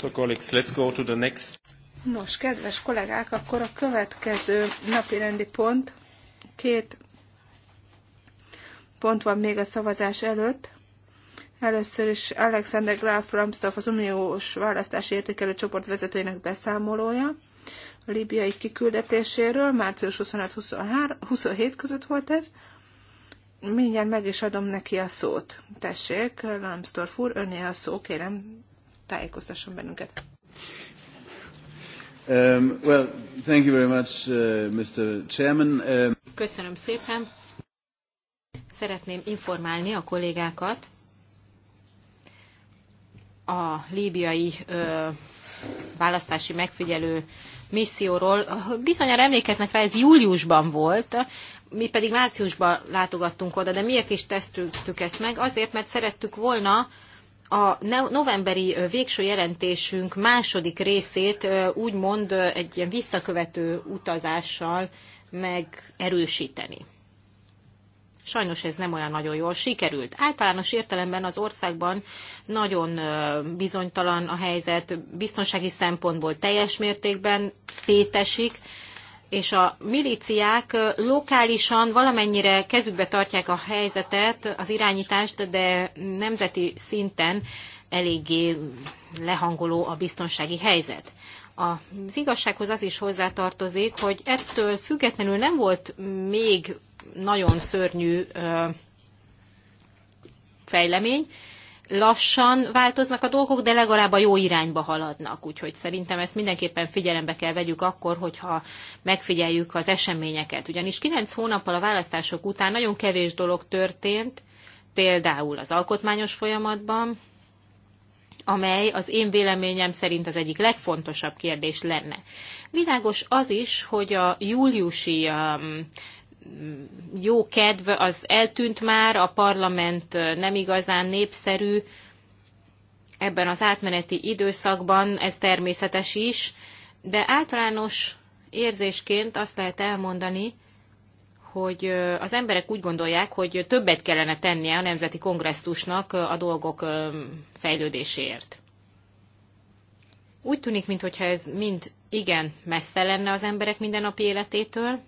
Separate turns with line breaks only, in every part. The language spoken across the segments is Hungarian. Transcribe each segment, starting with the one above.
So colleagues, let's go to the next.
Nos, kedves kollégák, akkor a következő napi rendi pont, két pont van még a szavazás előtt. Először is Alexander Graf Ramstaff, az uniós választási értékelő csoport vezetőjének beszámolója. A libiai kiküldetéséről március 25-27 között volt ez. Mindjárt meg is adom neki a szót. Tessék, Lambsdorff úr, öné a szó, kérem, tájékoztasson bennünket. Um, well, thank you very much, uh, Mr. Chairman. Um...
Köszönöm szépen. Szeretném informálni a kollégákat a líbiai ö, választási megfigyelő misszióról. Bizonyára emlékeznek rá, ez júliusban volt, mi pedig márciusban látogattunk oda, de miért is tesztük ezt meg? Azért, mert szerettük volna a novemberi végső jelentésünk második részét úgymond egy ilyen visszakövető utazással megerősíteni. Sajnos ez nem olyan nagyon jól sikerült. Általános értelemben az országban nagyon bizonytalan a helyzet, biztonsági szempontból teljes mértékben szétesik, és a milíciák lokálisan valamennyire kezükbe tartják a helyzetet, az irányítást, de nemzeti szinten eléggé lehangoló a biztonsági helyzet. Az igazsághoz az is hozzátartozik, hogy ettől függetlenül nem volt még nagyon szörnyű fejlemény, lassan változnak a dolgok, de legalább a jó irányba haladnak. Úgyhogy szerintem ezt mindenképpen figyelembe kell vegyük akkor, hogyha megfigyeljük az eseményeket. Ugyanis 9 hónappal a választások után nagyon kevés dolog történt, például az alkotmányos folyamatban, amely az én véleményem szerint az egyik legfontosabb kérdés lenne. Világos az is, hogy a júliusi um, jó kedv az eltűnt már, a parlament nem igazán népszerű ebben az átmeneti időszakban, ez természetes is, de általános érzésként azt lehet elmondani, hogy az emberek úgy gondolják, hogy többet kellene tennie a Nemzeti Kongresszusnak a dolgok fejlődéséért. Úgy tűnik, mintha ez mind igen messze lenne az emberek mindennapi életétől,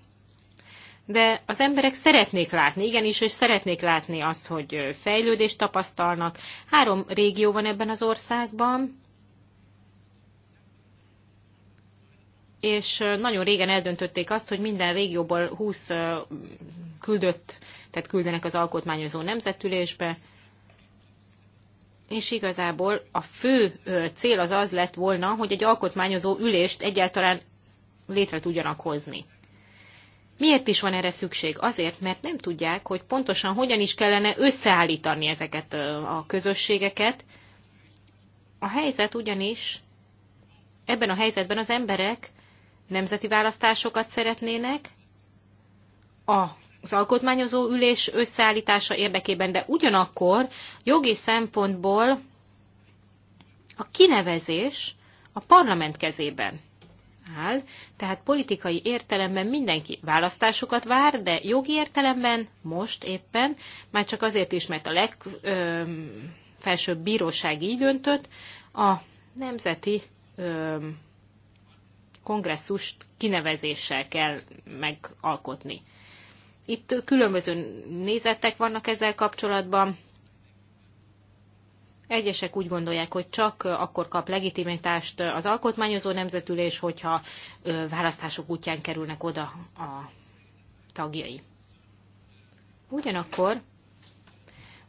de az emberek szeretnék látni, igenis, és szeretnék látni azt, hogy fejlődést tapasztalnak. Három régió van ebben az országban, és nagyon régen eldöntötték azt, hogy minden régióból 20 küldött, tehát küldenek az alkotmányozó nemzetülésbe, és igazából a fő cél az az lett volna, hogy egy alkotmányozó ülést egyáltalán létre tudjanak hozni. Miért is van erre szükség? Azért, mert nem tudják, hogy pontosan hogyan is kellene összeállítani ezeket a közösségeket. A helyzet ugyanis, ebben a helyzetben az emberek nemzeti választásokat szeretnének, a az alkotmányozó ülés összeállítása érdekében, de ugyanakkor jogi szempontból a kinevezés a parlament kezében áll, tehát politikai értelemben mindenki választásokat vár, de jogi értelemben most éppen, már csak azért is, mert a legfelsőbb bíróság így döntött, a nemzeti ö, kongresszust kinevezéssel kell megalkotni. Itt különböző nézetek vannak ezzel kapcsolatban, Egyesek úgy gondolják, hogy csak akkor kap legitimitást az alkotmányozó nemzetülés, hogyha választások útján kerülnek oda a tagjai. Ugyanakkor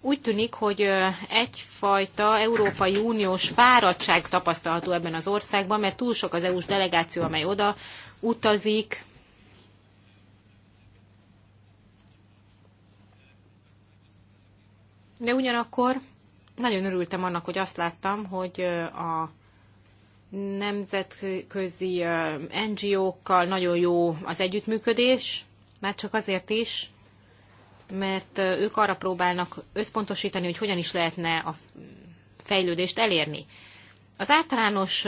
úgy tűnik, hogy egyfajta Európai Uniós fáradtság tapasztalható ebben az országban, mert túl sok az EU-s delegáció, amely oda utazik. De ugyanakkor nagyon örültem annak, hogy azt láttam, hogy a nemzetközi NGO-kkal nagyon jó az együttműködés, már csak azért is, mert ők arra próbálnak összpontosítani, hogy hogyan is lehetne a fejlődést elérni. Az általános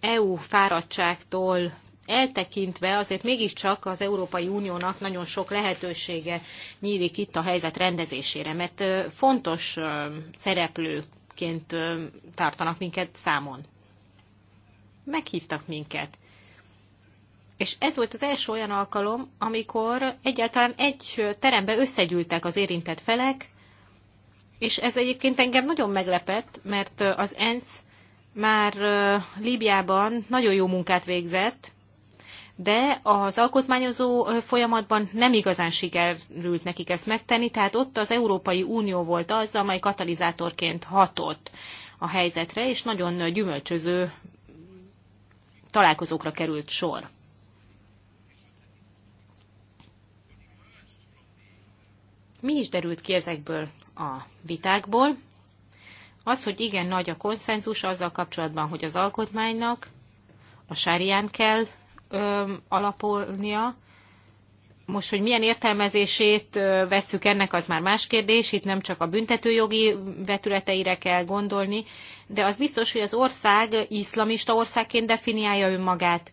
EU fáradtságtól eltekintve azért mégiscsak az Európai Uniónak nagyon sok lehetősége nyílik itt a helyzet rendezésére, mert fontos szereplőként tartanak minket számon. Meghívtak minket. És ez volt az első olyan alkalom, amikor egyáltalán egy terembe összegyűltek az érintett felek, és ez egyébként engem nagyon meglepett, mert az ENSZ már Líbiában nagyon jó munkát végzett, de az alkotmányozó folyamatban nem igazán sikerült nekik ezt megtenni, tehát ott az Európai Unió volt az, amely katalizátorként hatott a helyzetre, és nagyon gyümölcsöző találkozókra került sor. Mi is derült ki ezekből a vitákból? Az, hogy igen nagy a konszenzus azzal kapcsolatban, hogy az alkotmánynak a sárián kell alapolnia. Most, hogy milyen értelmezését vesszük ennek, az már más kérdés. Itt nem csak a büntetőjogi vetületeire kell gondolni, de az biztos, hogy az ország iszlamista országként definiálja önmagát,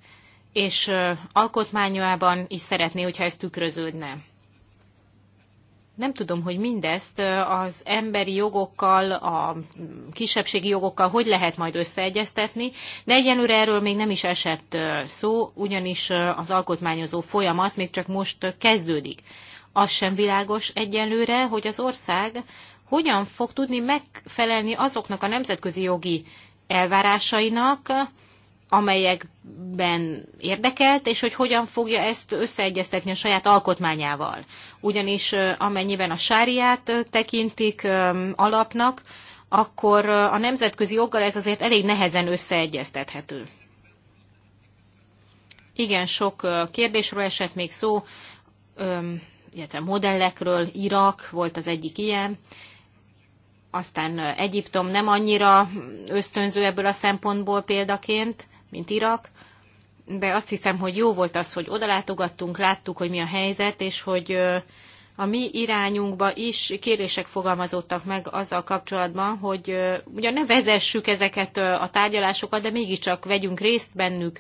és alkotmányában is szeretné, hogyha ez tükröződne nem tudom, hogy mindezt az emberi jogokkal, a kisebbségi jogokkal hogy lehet majd összeegyeztetni, de egyenlőre erről még nem is esett szó, ugyanis az alkotmányozó folyamat még csak most kezdődik. Az sem világos egyenlőre, hogy az ország hogyan fog tudni megfelelni azoknak a nemzetközi jogi elvárásainak, amelyekben érdekelt, és hogy hogyan fogja ezt összeegyeztetni a saját alkotmányával. Ugyanis amennyiben a sáriát tekintik alapnak, akkor a nemzetközi joggal ez azért elég nehezen összeegyeztethető. Igen, sok kérdésről esett még szó, illetve modellekről, Irak volt az egyik ilyen, aztán Egyiptom nem annyira ösztönző ebből a szempontból példaként, mint Irak, de azt hiszem, hogy jó volt az, hogy odalátogattunk, láttuk, hogy mi a helyzet, és hogy a mi irányunkba is kérések fogalmazódtak meg azzal kapcsolatban, hogy ugyan ne vezessük ezeket a tárgyalásokat, de mégiscsak vegyünk részt bennük,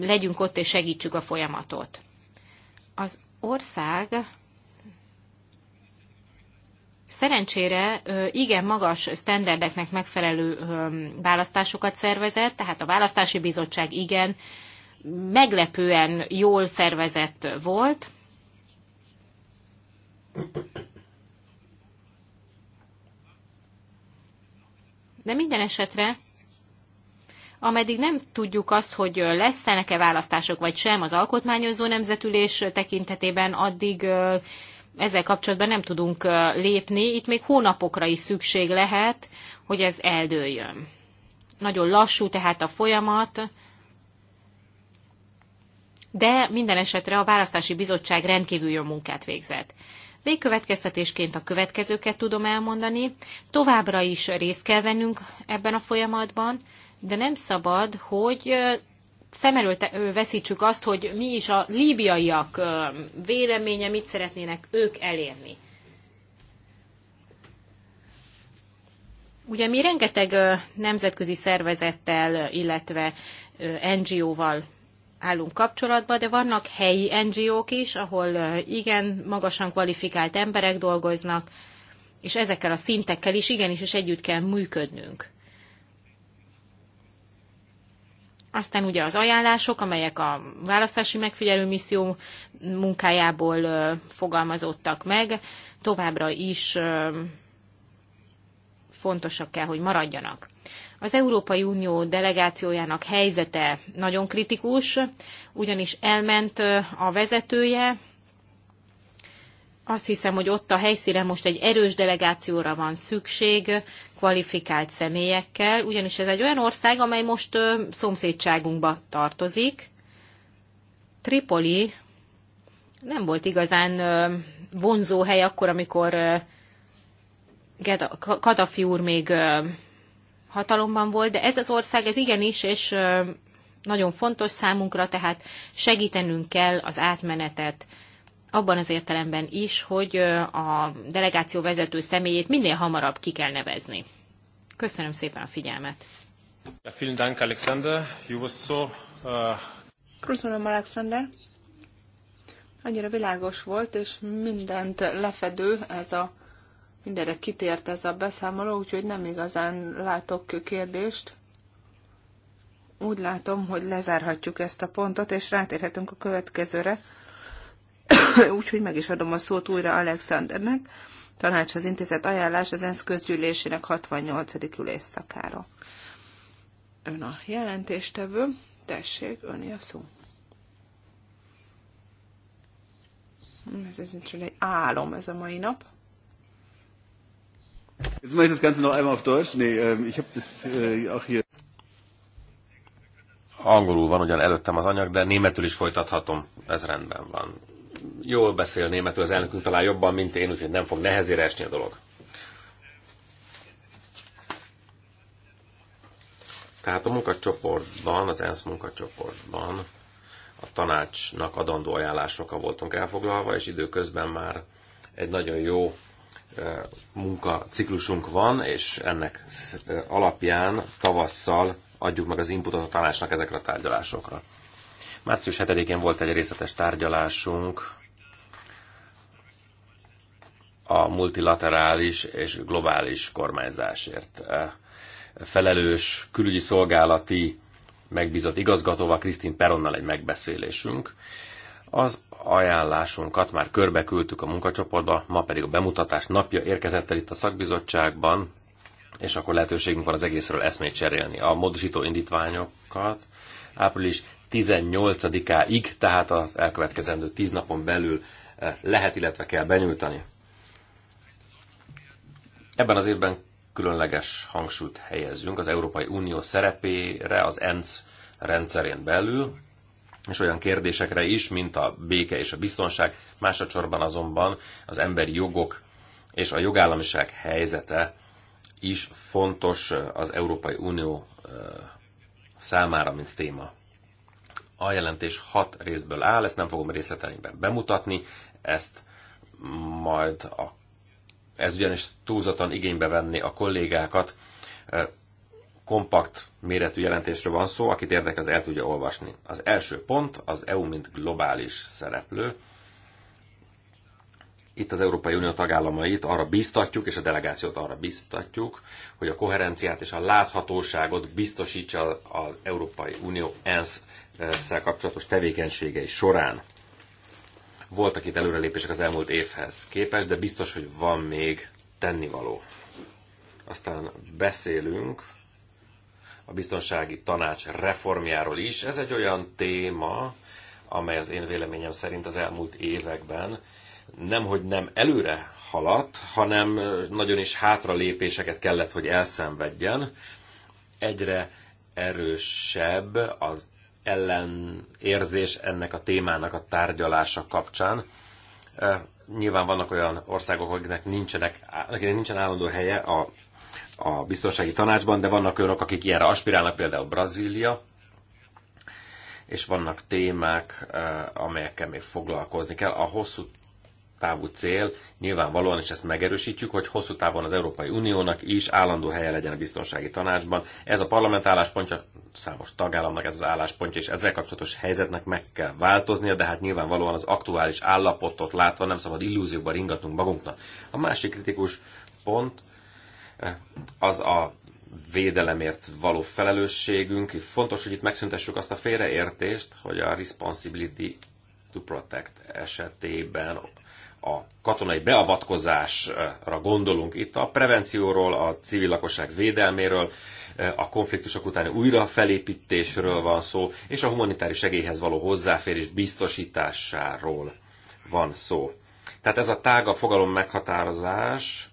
legyünk ott és segítsük a folyamatot. Az ország Szerencsére igen magas sztenderdeknek megfelelő választásokat szervezett, tehát a választási bizottság igen meglepően jól szervezett volt. De minden esetre, ameddig nem tudjuk azt, hogy lesz-e neke választások vagy sem az alkotmányozó nemzetülés tekintetében, addig ezzel kapcsolatban nem tudunk lépni. Itt még hónapokra is szükség lehet, hogy ez eldőljön. Nagyon lassú tehát a folyamat, de minden esetre a választási bizottság rendkívül jó munkát végzett. Végkövetkeztetésként a következőket tudom elmondani. Továbbra is részt kell vennünk ebben a folyamatban, de nem szabad, hogy szemelől veszítsük azt, hogy mi is a líbiaiak véleménye, mit szeretnének ők elérni. Ugye mi rengeteg nemzetközi szervezettel, illetve NGO-val állunk kapcsolatban, de vannak helyi NGO-k is, ahol igen, magasan kvalifikált emberek dolgoznak, és ezekkel a szintekkel is igenis, és együtt kell működnünk. Aztán ugye az ajánlások, amelyek a választási megfigyelő misszió munkájából fogalmazódtak meg, továbbra is fontosak kell, hogy maradjanak. Az Európai Unió delegációjának helyzete nagyon kritikus, ugyanis elment a vezetője, azt hiszem, hogy ott a helyszínen most egy erős delegációra van szükség, kvalifikált személyekkel, ugyanis ez egy olyan ország, amely most ö, szomszédságunkba tartozik. Tripoli nem volt igazán ö, vonzó hely akkor, amikor Kadafi úr még ö, hatalomban volt, de ez az ország, ez igenis, és ö, nagyon fontos számunkra, tehát segítenünk kell az átmenetet abban az értelemben is, hogy a delegáció vezető személyét minél hamarabb ki kell nevezni. Köszönöm szépen a figyelmet.
Ja, vielen Dank, Alexander. You were so, uh,
Köszönöm, Alexander. Annyira világos volt, és
mindent lefedő ez a mindenre kitért ez a beszámoló, úgyhogy nem igazán látok kérdést. Úgy látom, hogy lezárhatjuk ezt a pontot, és rátérhetünk a következőre. Úgyhogy meg is adom a szót újra Alexandernek. Tanács az intézet ajánlás az ENSZ közgyűlésének 68. ülésszakára. Ön a jelentéstevő. Tessék, ön a szó. Ez egyszerűen egy álom ez a mai nap. Jetzt mache ich das Ganze noch einmal auf Deutsch. Nee, ähm, ich habe das äh, auch hier.
Angolul van ugyan előttem az anyag, de németül is folytathatom. Ez rendben van jól beszél németül az elnökünk, talán jobban, mint én, úgyhogy nem fog nehezére esni a dolog. Tehát a munkacsoportban, az ENSZ munkacsoportban a tanácsnak adandó ajánlásokkal voltunk elfoglalva, és időközben már egy nagyon jó munkaciklusunk van, és ennek alapján tavasszal adjuk meg az inputot a tanácsnak ezekre a tárgyalásokra. Március 7-én volt egy részletes tárgyalásunk a multilaterális és globális kormányzásért. Felelős külügyi szolgálati megbízott igazgatóval, Krisztin Peronnal egy megbeszélésünk. Az ajánlásunkat már körbe küldtük a munkacsoportba, ma pedig a bemutatás napja érkezett el itt a szakbizottságban, és akkor lehetőségünk van az egészről eszmét cserélni. A módosító indítványokat április 18-áig, tehát az elkövetkezendő 10 napon belül eh, lehet, illetve kell benyújtani. Ebben az évben különleges hangsúlyt helyezünk az Európai Unió szerepére az ENSZ rendszerén belül, és olyan kérdésekre is, mint a béke és a biztonság, másodszorban azonban az emberi jogok és a jogállamiság helyzete is fontos az Európai Unió eh, számára, mint téma. A jelentés hat részből áll, ezt nem fogom részleteiben bemutatni, ezt majd a, ez ugyanis túlzaton igénybe venni a kollégákat. Kompakt méretű jelentésről van szó, akit érdekel, az el tudja olvasni. Az első pont az EU, mint globális szereplő. Itt az Európai Unió tagállamait arra biztatjuk, és a delegációt arra biztatjuk, hogy a koherenciát és a láthatóságot biztosítsa az Európai Unió ENSZ szel kapcsolatos tevékenységei során. Voltak itt előrelépések az elmúlt évhez képest, de biztos, hogy van még tennivaló. Aztán beszélünk a biztonsági tanács reformjáról is. Ez egy olyan téma, amely az én véleményem szerint az elmúlt években nem, hogy nem előre haladt, hanem nagyon is hátra lépéseket kellett, hogy elszenvedjen. Egyre erősebb az ellen érzés ennek a témának a tárgyalása kapcsán. Nyilván vannak olyan országok, akiknek, nincsenek, akiknek nincsen állandó helye a, a biztonsági tanácsban, de vannak olyanok, akik ilyenre aspirálnak, például Brazília, és vannak témák, amelyekkel még foglalkozni kell. A hosszú távú cél nyilvánvalóan, és ezt megerősítjük, hogy hosszú távon az Európai Uniónak is állandó helye legyen a biztonsági tanácsban. Ez a parlament álláspontja, számos tagállamnak ez az álláspontja, és ezzel kapcsolatos helyzetnek meg kell változnia, de hát nyilvánvalóan az aktuális állapotot látva nem szabad illúzióba ringatnunk magunknak. A másik kritikus pont eh, az a védelemért való felelősségünk. Fontos, hogy itt megszüntessük azt a félreértést, hogy a responsibility to protect esetében a katonai beavatkozásra gondolunk itt, a prevencióról, a civil lakosság védelméről, a konfliktusok utáni újrafelépítésről van szó, és a humanitári segélyhez való hozzáférés biztosításáról van szó. Tehát ez a tágabb fogalom meghatározás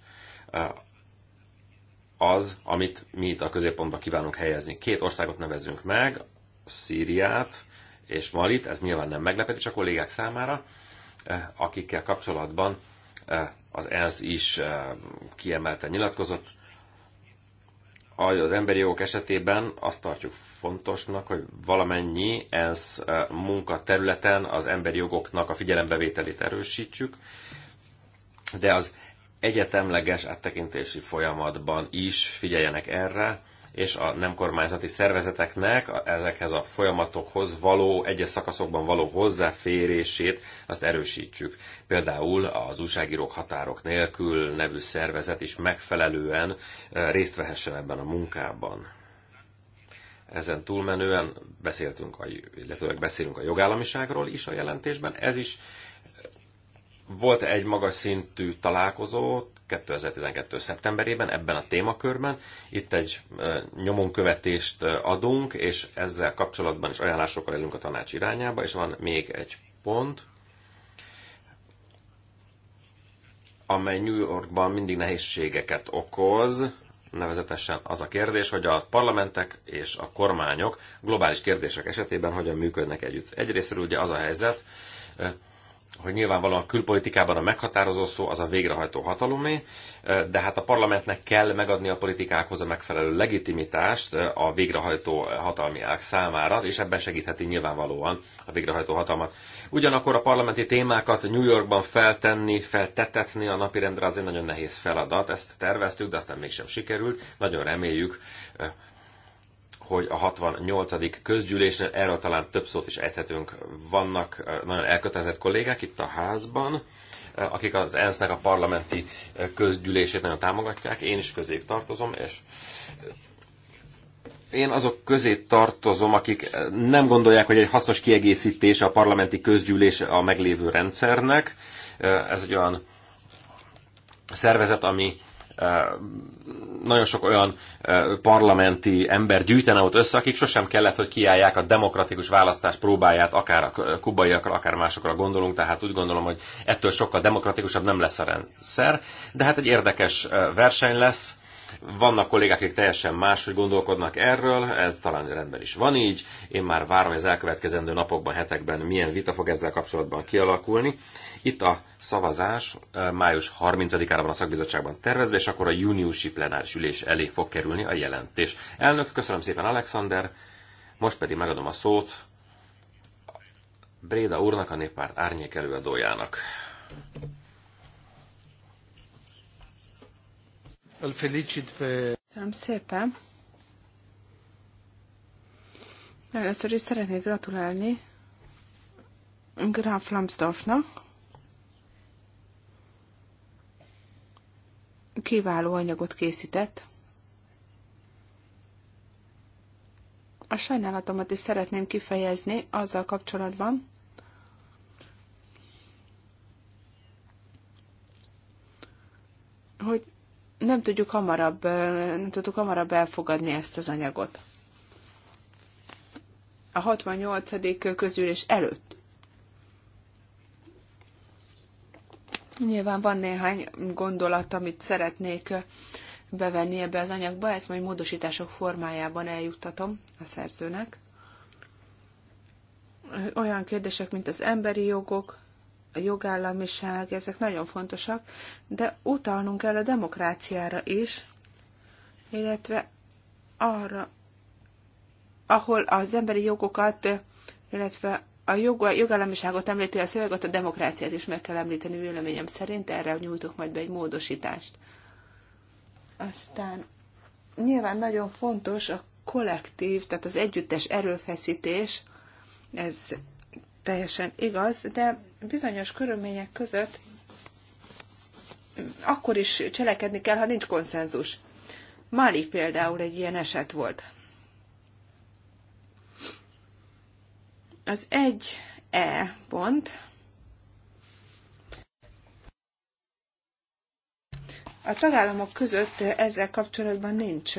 az, amit mi itt a középpontba kívánunk helyezni. Két országot nevezünk meg, Szíriát és Malit, ez nyilván nem meglepetés a kollégák számára, E, akikkel kapcsolatban e, az ENSZ is e, kiemelten nyilatkozott. Az emberi jogok esetében azt tartjuk fontosnak, hogy valamennyi ENSZ munkaterületen az emberi jogoknak a figyelembevételét erősítsük, de az egyetemleges áttekintési folyamatban is figyeljenek erre, és a nem kormányzati szervezeteknek ezekhez a folyamatokhoz való, egyes szakaszokban való hozzáférését, azt erősítsük. Például az újságírók határok nélkül nevű szervezet is megfelelően részt vehessen ebben a munkában. Ezen túlmenően beszéltünk, a, illetőleg beszélünk a jogállamiságról is a jelentésben. Ez is volt egy magas szintű találkozó, 2012. szeptemberében ebben a témakörben. Itt egy nyomonkövetést adunk, és ezzel kapcsolatban is ajánlásokkal élünk a tanács irányába, és van még egy pont, amely New Yorkban mindig nehézségeket okoz, nevezetesen az a kérdés, hogy a parlamentek és a kormányok globális kérdések esetében hogyan működnek együtt. Egyrészt ugye az a helyzet, hogy nyilvánvalóan a külpolitikában a meghatározó szó az a végrehajtó hatalomé, eh, de hát a parlamentnek kell megadni a politikákhoz a megfelelő legitimitást eh, a végrehajtó hatalmi ág számára, és ebben segítheti nyilvánvalóan a végrehajtó hatalmat. Ugyanakkor a parlamenti témákat New Yorkban feltenni, feltetetni a napirendre azért nagyon nehéz feladat, ezt terveztük, de aztán mégsem sikerült. Nagyon reméljük, eh, hogy a 68. közgyűlésnél erről talán több szót is ejthetünk. Vannak nagyon elkötelezett kollégák itt a házban, akik az ENSZ-nek a parlamenti közgyűlését nagyon támogatják, én is közé tartozom, és én azok közé tartozom, akik nem gondolják, hogy egy hasznos kiegészítés a parlamenti közgyűlés a meglévő rendszernek. Ez egy olyan szervezet, ami nagyon sok olyan parlamenti ember gyűjtene ott össze, akik sosem kellett, hogy kiállják a demokratikus választás próbáját, akár a kubaiakra, akár másokra gondolunk, tehát úgy gondolom, hogy ettől sokkal demokratikusabb nem lesz a rendszer, de hát egy érdekes verseny lesz, vannak kollégák, akik teljesen máshogy gondolkodnak erről, ez talán rendben is van így. Én már várom, hogy az elkövetkezendő napokban, hetekben milyen vita fog ezzel kapcsolatban kialakulni. Itt a szavazás május 30-ára van a szakbizottságban tervezve, és akkor a júniusi plenáris ülés elé fog kerülni a jelentés. Elnök, köszönöm szépen Alexander, most pedig megadom a szót Bréda úrnak, a néppárt árnyék előadójának.
Köszönöm szépen. Először is szeretnék gratulálni Graf Lambsdorffnak kiváló anyagot készített. A sajnálatomat is szeretném kifejezni azzal kapcsolatban, hogy nem tudjuk hamarabb, nem tudtuk hamarabb elfogadni ezt az anyagot. A 68. közülés előtt Nyilván van néhány gondolat, amit szeretnék bevenni ebbe az anyagba, ezt majd módosítások formájában eljuttatom a szerzőnek. Olyan kérdések, mint az emberi jogok, a jogállamiság, ezek nagyon fontosak, de utalnunk kell a demokráciára is, illetve arra, ahol az emberi jogokat, illetve a jogállamiságot említi a szöveg, ott a demokráciát is meg kell említeni véleményem szerint, erre nyújtok majd be egy módosítást. Aztán nyilván nagyon fontos a kollektív, tehát az együttes erőfeszítés, ez teljesen igaz, de bizonyos körülmények között akkor is cselekedni kell, ha nincs konszenzus. Mali például egy ilyen eset volt. Az egy e pont a tagállamok között ezzel kapcsolatban nincs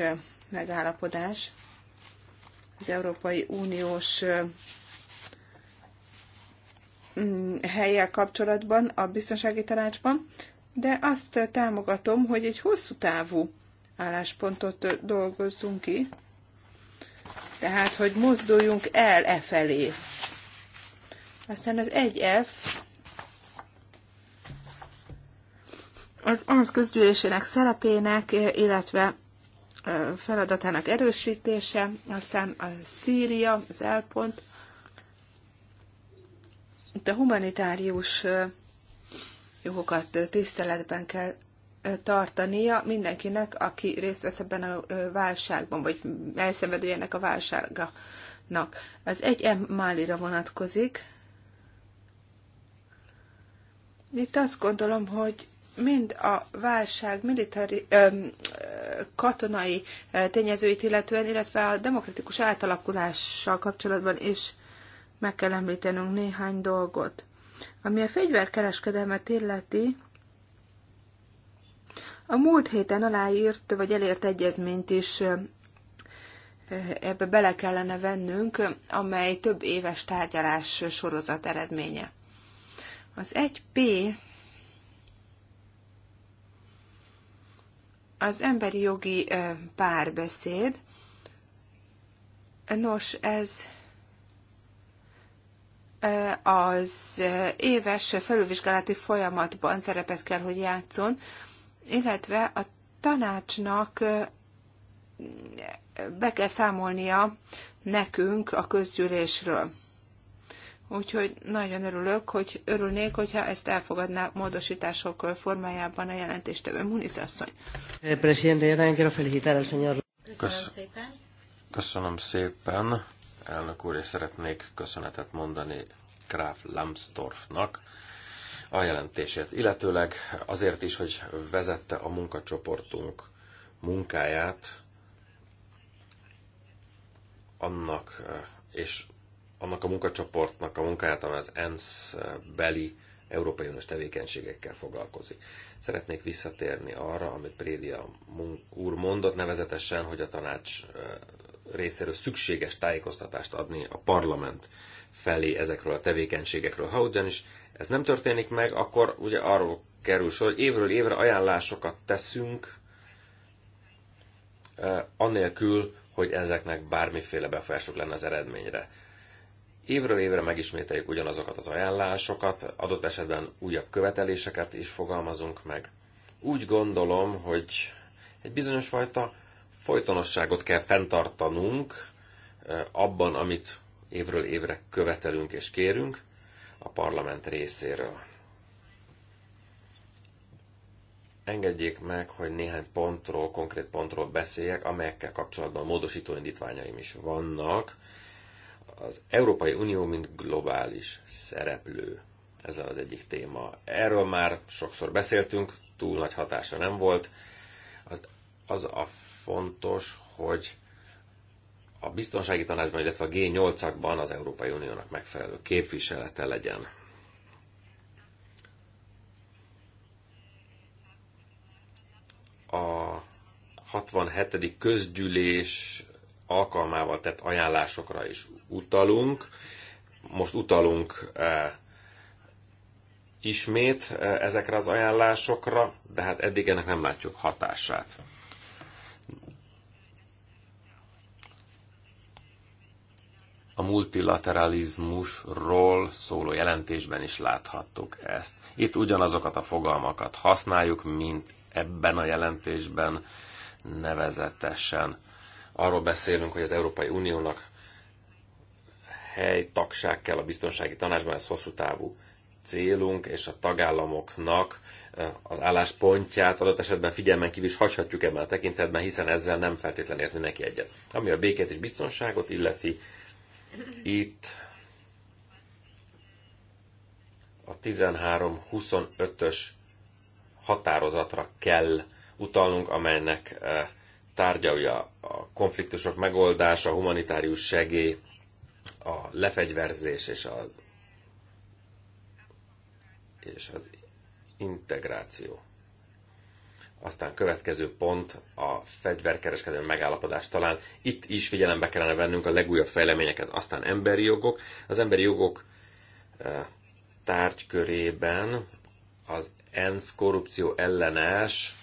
megállapodás. Az Európai Uniós mm, helyel kapcsolatban, a biztonsági tanácsban, de azt támogatom, hogy egy hosszú távú álláspontot dolgozzunk ki, tehát, hogy mozduljunk el e felé aztán az 1F az ENSZ közgyűlésének szerepének, illetve feladatának erősítése, aztán a Szíria, az elpont, itt a humanitárius jogokat tiszteletben kell tartania mindenkinek, aki részt vesz ebben a válságban, vagy elszenvedőjének a válságnak. Az egy m Málira vonatkozik, itt azt gondolom, hogy mind a válság militári, ö, katonai tényezőit illetően, illetve a demokratikus átalakulással kapcsolatban is meg kell említenünk néhány dolgot. Ami a fegyverkereskedelmet illeti, a múlt héten aláírt vagy elért egyezményt is ebbe bele kellene vennünk, amely több éves tárgyalás sorozat eredménye. Az 1P az emberi jogi párbeszéd. Nos, ez az éves felülvizsgálati folyamatban szerepet kell, hogy játszon, illetve a tanácsnak be kell számolnia nekünk a közgyűlésről. Úgyhogy nagyon örülök, hogy örülnék, hogyha ezt elfogadná módosítások formájában a jelentéstevő Muniz asszony.
Eh, Köszönöm szépen. Köszönöm szépen. Elnök úr, és szeretnék köszönetet mondani Graf Lambsdorffnak a jelentését, illetőleg azért is, hogy vezette a munkacsoportunk munkáját annak eh, és annak a munkacsoportnak a munkáját, amely az ENSZ beli Európai Uniós tevékenységekkel foglalkozik. Szeretnék visszatérni arra, amit Prédia úr mondott, nevezetesen, hogy a tanács részéről szükséges tájékoztatást adni a parlament felé ezekről a tevékenységekről. Ha ugyanis ez nem történik meg, akkor ugye arról kerül sor, hogy évről évre ajánlásokat teszünk, anélkül, hogy ezeknek bármiféle befolyásuk lenne az eredményre évről évre megismételjük ugyanazokat az ajánlásokat, adott esetben újabb követeléseket is fogalmazunk meg. Úgy gondolom, hogy egy bizonyos fajta folytonosságot kell fenntartanunk abban, amit évről évre követelünk és kérünk a parlament részéről. Engedjék meg, hogy néhány pontról, konkrét pontról beszéljek, amelyekkel kapcsolatban módosító indítványaim is vannak az Európai Unió, mint globális szereplő. Ez az egyik téma. Erről már sokszor beszéltünk, túl nagy hatása nem volt. Az, az a fontos, hogy a biztonsági tanácsban, illetve a G8-akban az Európai Uniónak megfelelő képviselete legyen. A 67. közgyűlés alkalmával tett ajánlásokra is utalunk. Most utalunk e, ismét e, ezekre az ajánlásokra, de hát eddig ennek nem látjuk hatását. a multilateralizmusról szóló jelentésben is láthattuk ezt. Itt ugyanazokat a fogalmakat használjuk, mint ebben a jelentésben nevezetesen arról beszélünk, hogy az Európai Uniónak hely, tagság kell a biztonsági tanácsban, ez hosszú távú célunk, és a tagállamoknak az álláspontját adott esetben figyelmen kívül is hagyhatjuk ebben a tekintetben, hiszen ezzel nem feltétlenül ért neki egyet. Ami a békét és biztonságot illeti, itt a 13-25-ös határozatra kell utalnunk, amelynek tárgyalja a konfliktusok megoldása, a humanitárius segély, a lefegyverzés és, a, és az integráció. Aztán következő pont a fegyverkereskedelmi megállapodás talán. Itt is figyelembe kellene vennünk a legújabb fejleményeket, aztán emberi jogok. Az emberi jogok tárgykörében az ENSZ korrupció ellenes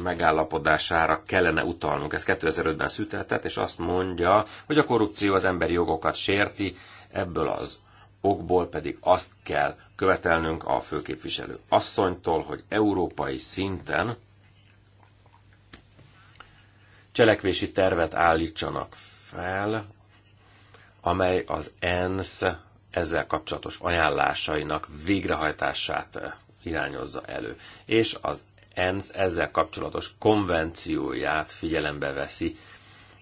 megállapodására kellene utalnunk. Ez 2005-ben szüteltet, és azt mondja, hogy a korrupció az emberi jogokat sérti, ebből az okból pedig azt kell követelnünk a főképviselő asszonytól, hogy európai szinten cselekvési tervet állítsanak fel, amely az ENSZ ezzel kapcsolatos ajánlásainak végrehajtását irányozza elő. És az ENSZ ezzel kapcsolatos konvencióját figyelembe veszi,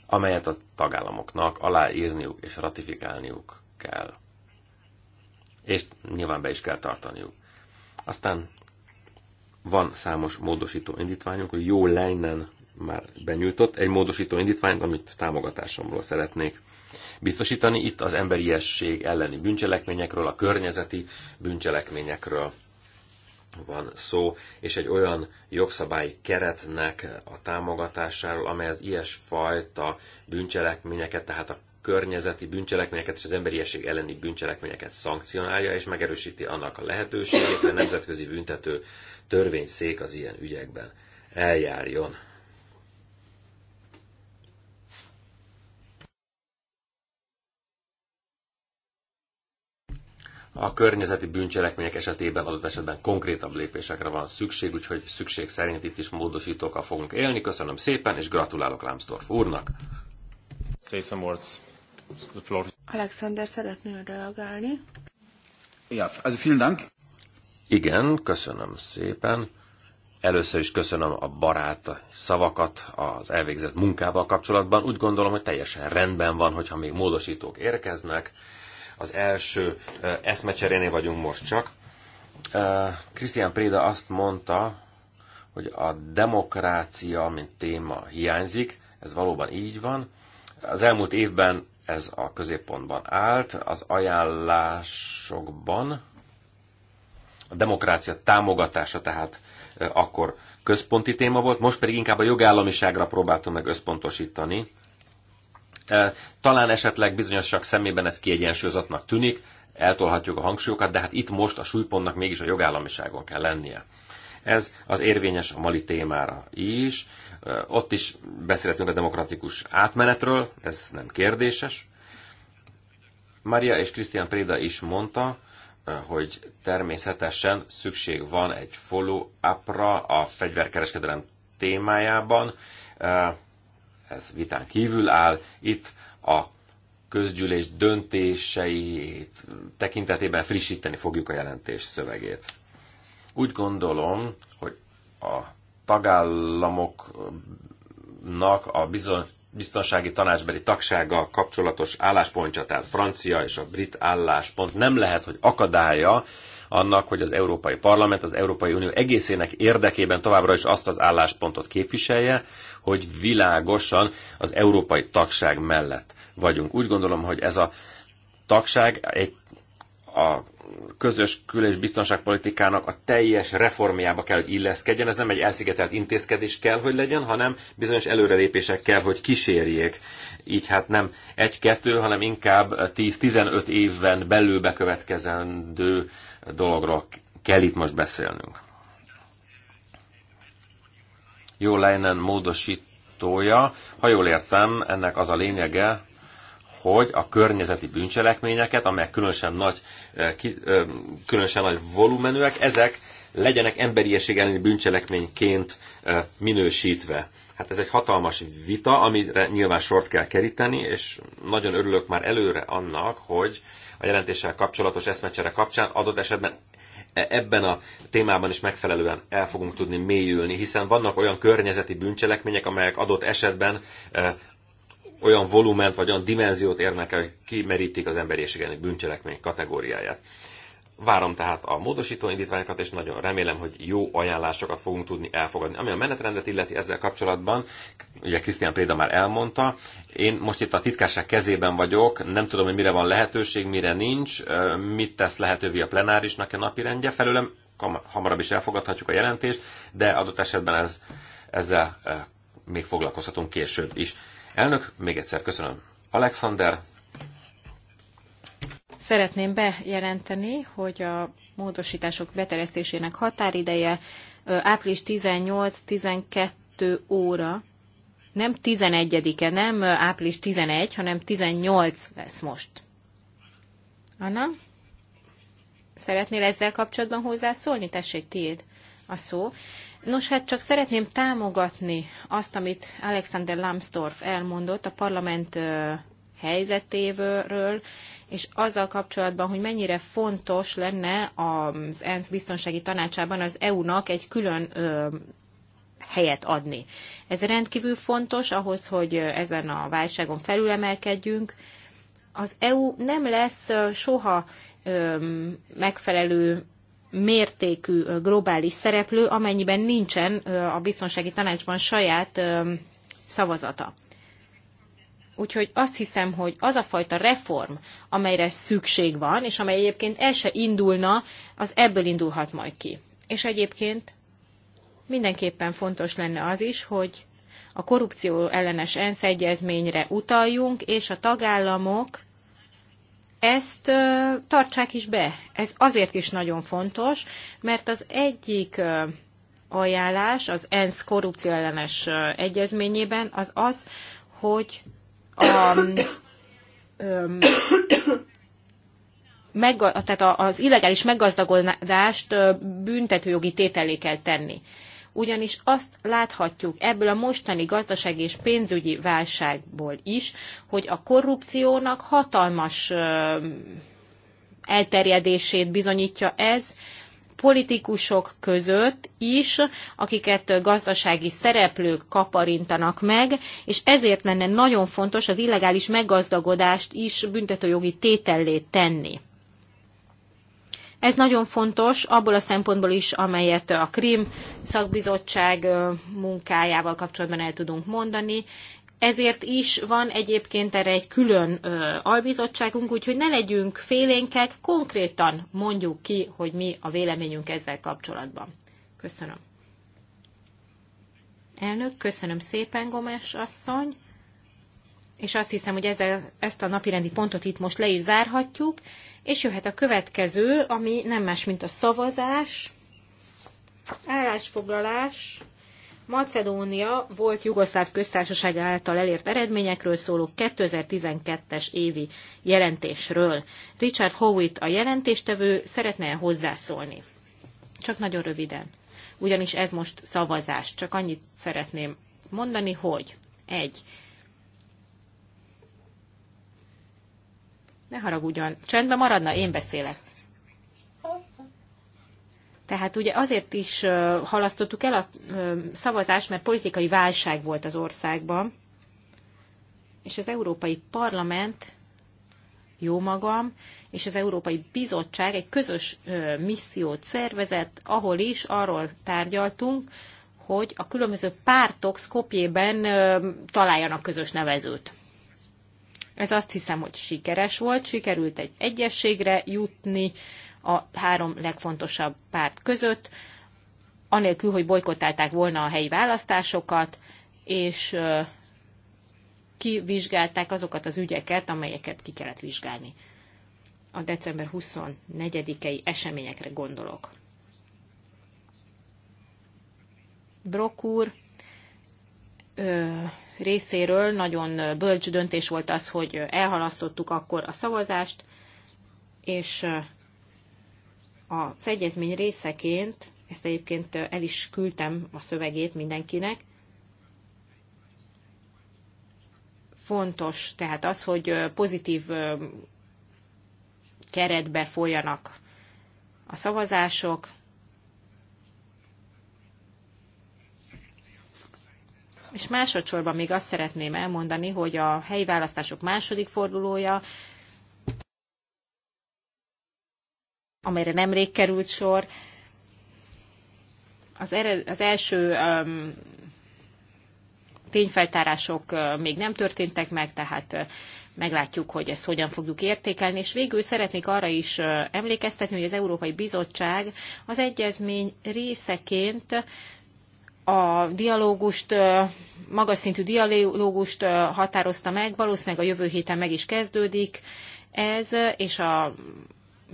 amelyet a tagállamoknak aláírniuk és ratifikálniuk kell. És nyilván be is kell tartaniuk. Aztán van számos módosító indítványunk, hogy jó lejnen már benyújtott egy módosító indítványt, amit támogatásomról szeretnék biztosítani. Itt az emberiesség elleni bűncselekményekről, a környezeti bűncselekményekről van szó, és egy olyan jogszabályi keretnek a támogatásáról, amely az ilyesfajta bűncselekményeket, tehát a környezeti bűncselekményeket és az emberiesség elleni bűncselekményeket szankcionálja, és megerősíti annak a lehetőségét, hogy a Nemzetközi Büntető Törvényszék az ilyen ügyekben eljárjon. A környezeti bűncselekmények esetében adott esetben konkrétabb lépésekre van szükség, úgyhogy szükség szerint itt is módosítókkal fogunk élni. Köszönöm szépen, és gratulálok Lámsdorf úrnak. Say some words. The floor.
Alexander szeretnél reagálni?
also vielen Dank. Igen, köszönöm szépen. Először is köszönöm a barát szavakat az elvégzett munkával kapcsolatban. Úgy gondolom, hogy teljesen rendben van, hogyha még módosítók érkeznek az első eh, eszmecserénél vagyunk most csak. Krisztián eh, Préda azt mondta, hogy a demokrácia, mint téma hiányzik, ez valóban így van. Az elmúlt évben ez a középpontban állt, az ajánlásokban a demokrácia támogatása tehát eh, akkor központi téma volt, most pedig inkább a jogállamiságra próbáltam meg összpontosítani, talán esetleg bizonyosak szemében ez kiegyensúlyozatnak tűnik, eltolhatjuk a hangsúlyokat, de hát itt most a súlypontnak mégis a jogállamiságon kell lennie. Ez az érvényes a mali témára is. Ott is beszéltünk a demokratikus átmenetről, ez nem kérdéses. Maria és Krisztián Préda is mondta, hogy természetesen szükség van egy follow-upra a fegyverkereskedelem témájában ez vitán kívül áll. Itt a közgyűlés döntései tekintetében frissíteni fogjuk a jelentés szövegét. Úgy gondolom, hogy a tagállamoknak a bizony, biztonsági tanácsbeli tagsága kapcsolatos álláspontja, tehát francia és a brit álláspont nem lehet, hogy akadálya annak, hogy az Európai Parlament az Európai Unió egészének érdekében továbbra is azt az álláspontot képviselje, hogy világosan az európai tagság mellett vagyunk. Úgy gondolom, hogy ez a tagság egy a közös kül- és biztonságpolitikának a teljes reformjába kell, hogy illeszkedjen. Ez nem egy elszigetelt intézkedés kell, hogy legyen, hanem bizonyos előrelépések kell, hogy kísérjék. Így hát nem egy-kettő, hanem inkább 10-15 évben belül bekövetkezendő dologról kell itt most beszélnünk. Jó Leinen módosítója, ha jól értem, ennek az a lényege, hogy a környezeti bűncselekményeket, amelyek különösen nagy, eh, eh, különösen nagy volumenűek, ezek legyenek emberiesség elleni bűncselekményként eh, minősítve. Hát ez egy hatalmas vita, amire nyilván sort kell keríteni, és nagyon örülök már előre annak, hogy a jelentéssel kapcsolatos eszmecsere kapcsán adott esetben e, ebben a témában is megfelelően el fogunk tudni mélyülni, hiszen vannak olyan környezeti bűncselekmények, amelyek adott esetben e, olyan volument vagy olyan dimenziót érnek el, hogy kimerítik az emberiségenek bűncselekmény kategóriáját. Várom tehát a módosító indítványokat, és nagyon remélem, hogy jó ajánlásokat fogunk tudni elfogadni. Ami a menetrendet illeti ezzel kapcsolatban, ugye Krisztián Préda már elmondta, én most itt a titkárság kezében vagyok, nem tudom, hogy mire van lehetőség, mire nincs, mit tesz lehetővé a plenárisnak a e napi rendje felőlem, hamarabb is elfogadhatjuk a jelentést, de adott esetben ez, ezzel még foglalkozhatunk később is. Elnök, még egyszer köszönöm. Alexander,
Szeretném bejelenteni, hogy a módosítások beteresztésének határideje április 18-12 óra, nem 11-e, nem április 11, hanem 18 lesz most. Anna, szeretnél ezzel kapcsolatban hozzászólni? Tessék, tiéd a szó. Nos, hát csak szeretném támogatni azt, amit Alexander Lambsdorff elmondott a parlament helyzetéről, és azzal kapcsolatban, hogy mennyire fontos lenne az ENSZ biztonsági tanácsában az EU-nak egy külön ö, helyet adni. Ez rendkívül fontos ahhoz, hogy ezen a válságon felülemelkedjünk. Az EU nem lesz soha ö, megfelelő mértékű globális szereplő, amennyiben nincsen a biztonsági tanácsban saját szavazata. Úgyhogy azt hiszem, hogy az a fajta reform, amelyre szükség van, és amely egyébként el se indulna, az ebből indulhat majd ki. És egyébként mindenképpen fontos lenne az is, hogy a korrupció ellenes ENSZ egyezményre utaljunk, és a tagállamok ezt ö, tartsák is be. Ez azért is nagyon fontos, mert az egyik ö, ajánlás az ENSZ korrupció ellenes egyezményében az az, hogy a, öm, meg, tehát az illegális meggazdagodást büntetőjogi tételé kell tenni. Ugyanis azt láthatjuk ebből a mostani gazdasági és pénzügyi válságból is, hogy a korrupciónak hatalmas elterjedését bizonyítja ez, politikusok között is, akiket gazdasági szereplők kaparintanak meg, és ezért lenne nagyon fontos az illegális meggazdagodást is büntetőjogi tétellé tenni. Ez nagyon fontos abból a szempontból is, amelyet a Krim szakbizottság munkájával kapcsolatban el tudunk mondani, ezért is van egyébként erre egy külön ö, albizottságunk, úgyhogy ne legyünk félénkek, konkrétan mondjuk ki, hogy mi a véleményünk ezzel kapcsolatban. Köszönöm. Elnök, köszönöm szépen, Gomes asszony. És azt hiszem, hogy ezzel, ezt a napirendi pontot itt most le is zárhatjuk, és jöhet a következő, ami nem más, mint a szavazás, állásfoglalás, Macedónia volt Jugoszláv köztársaság által elért eredményekről szóló 2012-es évi jelentésről. Richard Howitt a jelentéstevő szeretne -e hozzászólni? Csak nagyon röviden. Ugyanis ez most szavazás. Csak annyit szeretném mondani, hogy egy. Ne haragudjon, csendben maradna, én beszélek. Tehát ugye azért is halasztottuk el a szavazást, mert politikai válság volt az országban, és az Európai Parlament, jó magam, és az Európai Bizottság egy közös missziót szervezett, ahol is arról tárgyaltunk, hogy a különböző pártok szkopjében találjanak közös nevezőt. Ez azt hiszem, hogy sikeres volt, sikerült egy egyességre jutni a három legfontosabb párt között, anélkül, hogy bolykottálták volna a helyi választásokat, és kivizsgálták azokat az ügyeket, amelyeket ki kellett vizsgálni. A december 24-i eseményekre gondolok. Brock úr ö, részéről nagyon bölcs döntés volt az, hogy elhalasztottuk akkor a szavazást, és az egyezmény részeként, ezt egyébként el is küldtem a szövegét mindenkinek, fontos, tehát az, hogy pozitív keretbe folyanak a szavazások. És másodszorban még azt szeretném elmondani, hogy a helyi választások második fordulója amelyre nemrég került sor. Az, ered, az első um, tényfeltárások uh, még nem történtek meg, tehát uh, meglátjuk, hogy ezt hogyan fogjuk értékelni, és végül szeretnék arra is uh, emlékeztetni, hogy az Európai Bizottság az egyezmény részeként a dialógust, uh, magas szintű dialógust uh, határozta meg, valószínűleg a jövő héten meg is kezdődik ez, és a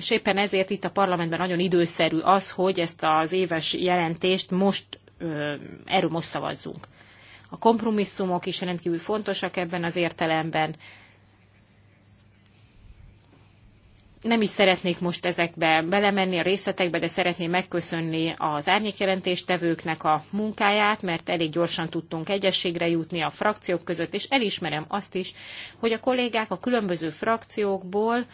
és éppen ezért itt a parlamentben nagyon időszerű az, hogy ezt az éves jelentést most erről most szavazzunk. A kompromisszumok is rendkívül fontosak ebben az értelemben. Nem is szeretnék most ezekbe belemenni a részletekbe, de szeretném megköszönni az árnyékjelentéstevőknek a munkáját, mert elég gyorsan tudtunk egyességre jutni a frakciók között, és elismerem azt is, hogy a kollégák a különböző frakciókból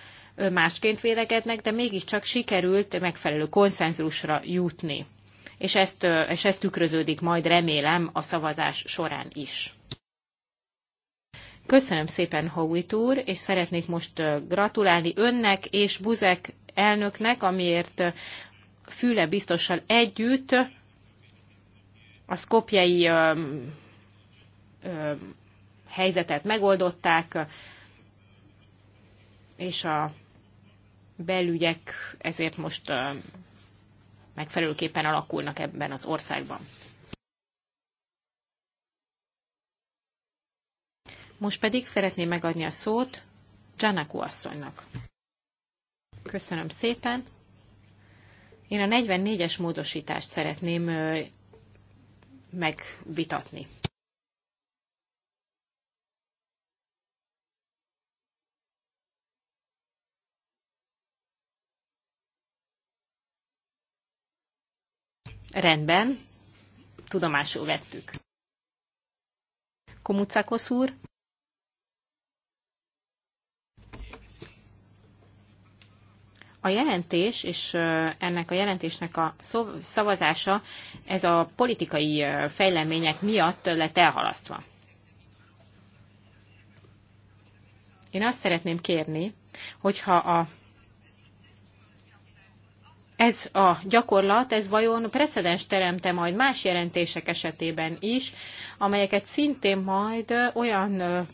másként vélekednek, de mégiscsak sikerült megfelelő konszenzusra jutni. És ezt, és ezt tükröződik majd remélem a szavazás során is. Köszönöm szépen, Howitt úr, és szeretnék most gratulálni önnek és Buzek elnöknek, amiért Füle biztosan együtt a szkopjai helyzetet megoldották, és a belügyek ezért most megfelelőképpen alakulnak ebben az országban. Most pedig szeretném megadni a szót Janaku asszonynak. Köszönöm szépen. Én a 44-es módosítást szeretném megvitatni. Rendben, tudomásul vettük. Komucákos úr. A jelentés és ennek a jelentésnek a szavazása, ez a politikai fejlemények miatt lett elhalasztva. Én azt szeretném kérni, hogyha a ez a gyakorlat, ez vajon precedens teremte majd más jelentések esetében is, amelyeket szintén majd olyan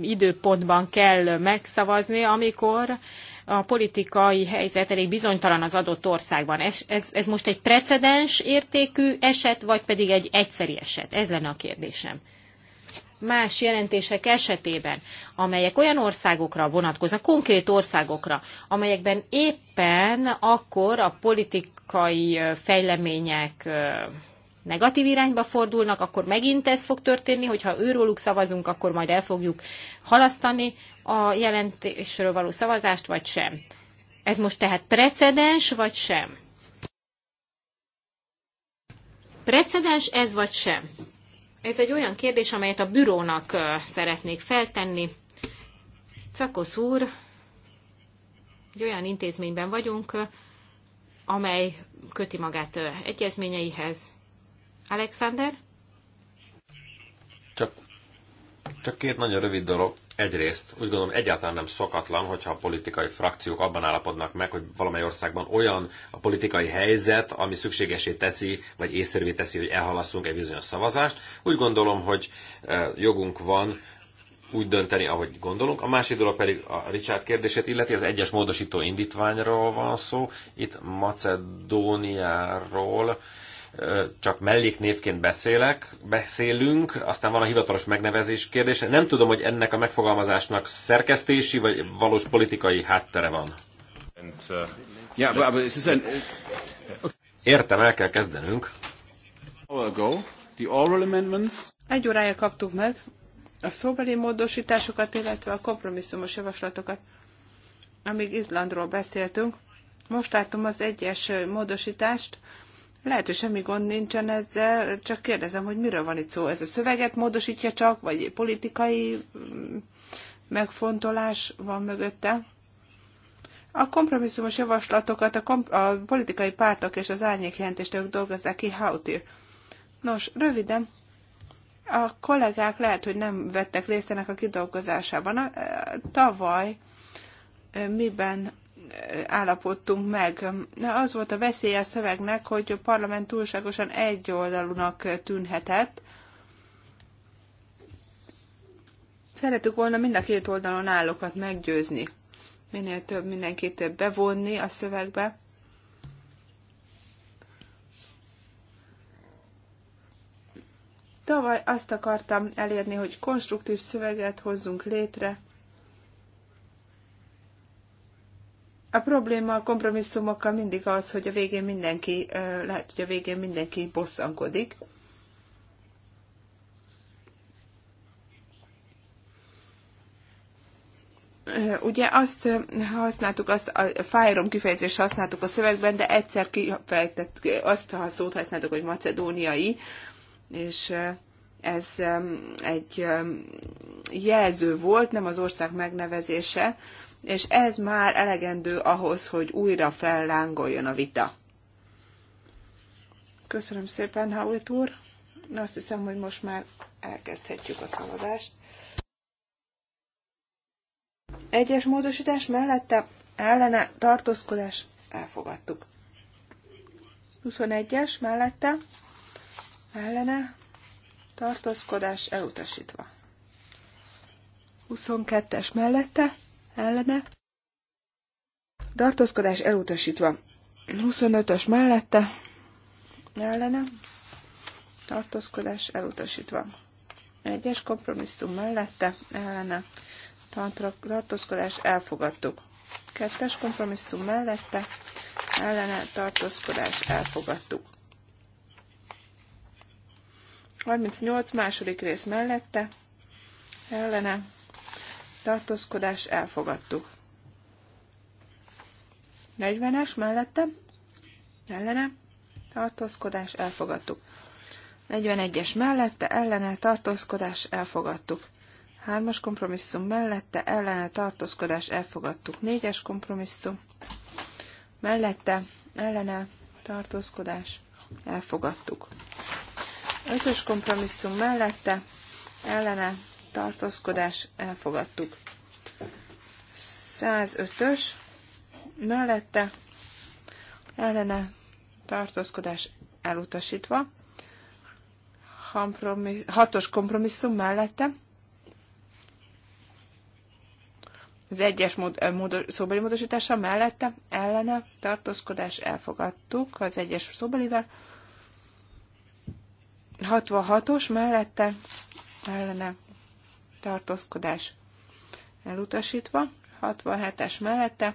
időpontban kell megszavazni, amikor a politikai helyzet elég bizonytalan az adott országban. Ez, ez, ez most egy precedens értékű eset, vagy pedig egy egyszeri eset? Ez lenne a kérdésem más jelentések esetében, amelyek olyan országokra vonatkoznak, konkrét országokra, amelyekben éppen akkor a politikai fejlemények negatív irányba fordulnak, akkor megint ez fog történni, hogyha őróluk szavazunk, akkor majd el fogjuk halasztani a jelentésről való szavazást, vagy sem. Ez most tehát precedens, vagy sem? Precedens ez, vagy sem? Ez egy olyan kérdés, amelyet a bürónak szeretnék feltenni. Cakosz úr, egy olyan intézményben vagyunk, amely köti magát egyezményeihez. Alexander?
Csak két nagyon rövid dolog. Egyrészt úgy gondolom egyáltalán nem szokatlan, hogyha a politikai frakciók abban állapodnak meg, hogy valamely országban olyan a politikai helyzet, ami szükségesé teszi, vagy észrevé teszi, hogy elhalasszunk egy bizonyos szavazást. Úgy gondolom, hogy e, jogunk van úgy dönteni, ahogy gondolunk. A másik dolog pedig a Richard kérdését illeti, az egyes módosító indítványról van szó. Itt Macedóniáról csak melléknévként beszélek, beszélünk, aztán van a hivatalos megnevezés kérdése. Nem tudom, hogy ennek a megfogalmazásnak szerkesztési vagy valós politikai háttere van. Uh, uh, Értem, el kell kezdenünk.
Egy órája kaptuk meg a szóbeli módosításokat, illetve a kompromisszumos javaslatokat. Amíg Izlandról beszéltünk, most látom az egyes módosítást, lehet, hogy semmi gond nincsen ezzel, csak kérdezem, hogy miről van itt szó. Ez a szöveget módosítja csak, vagy politikai mm, megfontolás van mögötte? A kompromisszumos javaslatokat a, komp- a politikai pártok és az árnyékjelentéstők dolgozzák ki Hautir. Nos, röviden, a kollégák lehet, hogy nem vettek részt ennek a kidolgozásában. A, e, tavaly e, miben állapodtunk meg. Az volt a veszélye a szövegnek, hogy a parlament túlságosan egyoldalúnak tűnhetett. Szeretük volna mind a két oldalon állókat meggyőzni, minél több mindenkit bevonni a szövegbe. Tavaly azt akartam elérni, hogy konstruktív szöveget hozzunk létre, A probléma a kompromisszumokkal mindig az, hogy a végén mindenki, lehet, hogy a végén mindenki bosszankodik. Ugye azt használtuk, azt a fájrom kifejezést használtuk a szövegben, de egyszer kifejtett, azt a szót használtuk, hogy macedóniai, és ez egy jelző volt, nem az ország megnevezése, és ez már elegendő ahhoz, hogy újra fellángoljon a vita. Köszönöm szépen, Haulit úr. Azt hiszem, hogy most már elkezdhetjük a szavazást. Egyes módosítás mellette ellene tartózkodás elfogadtuk. 21-es mellette ellene tartózkodás elutasítva. 22-es mellette ellene. Tartózkodás elutasítva. 25-ös mellette ellene. Tartózkodás elutasítva. Egyes kompromisszum mellette ellene. Tartózkodás elfogadtuk. Kettes kompromisszum mellette ellene tartózkodás elfogadtuk. 38 második rész mellette ellene tartózkodás elfogadtuk. 40-es mellette, ellene, tartózkodás elfogadtuk. 41-es mellette, ellene, tartózkodás elfogadtuk. 3-as kompromisszum mellette, ellene, tartózkodás elfogadtuk. 4-es kompromisszum mellette, ellene, tartózkodás elfogadtuk. 5-ös kompromisszum mellette, ellene, tartózkodás elfogadtuk. 105-ös mellette ellene tartózkodás elutasítva, hatos kompromisszum mellette, az egyes mód, mód, szóbeli módosítása mellette, ellene tartózkodás elfogadtuk az egyes szóbelivel, 66-os mellette ellene tartózkodás elutasítva, 67-es mellette,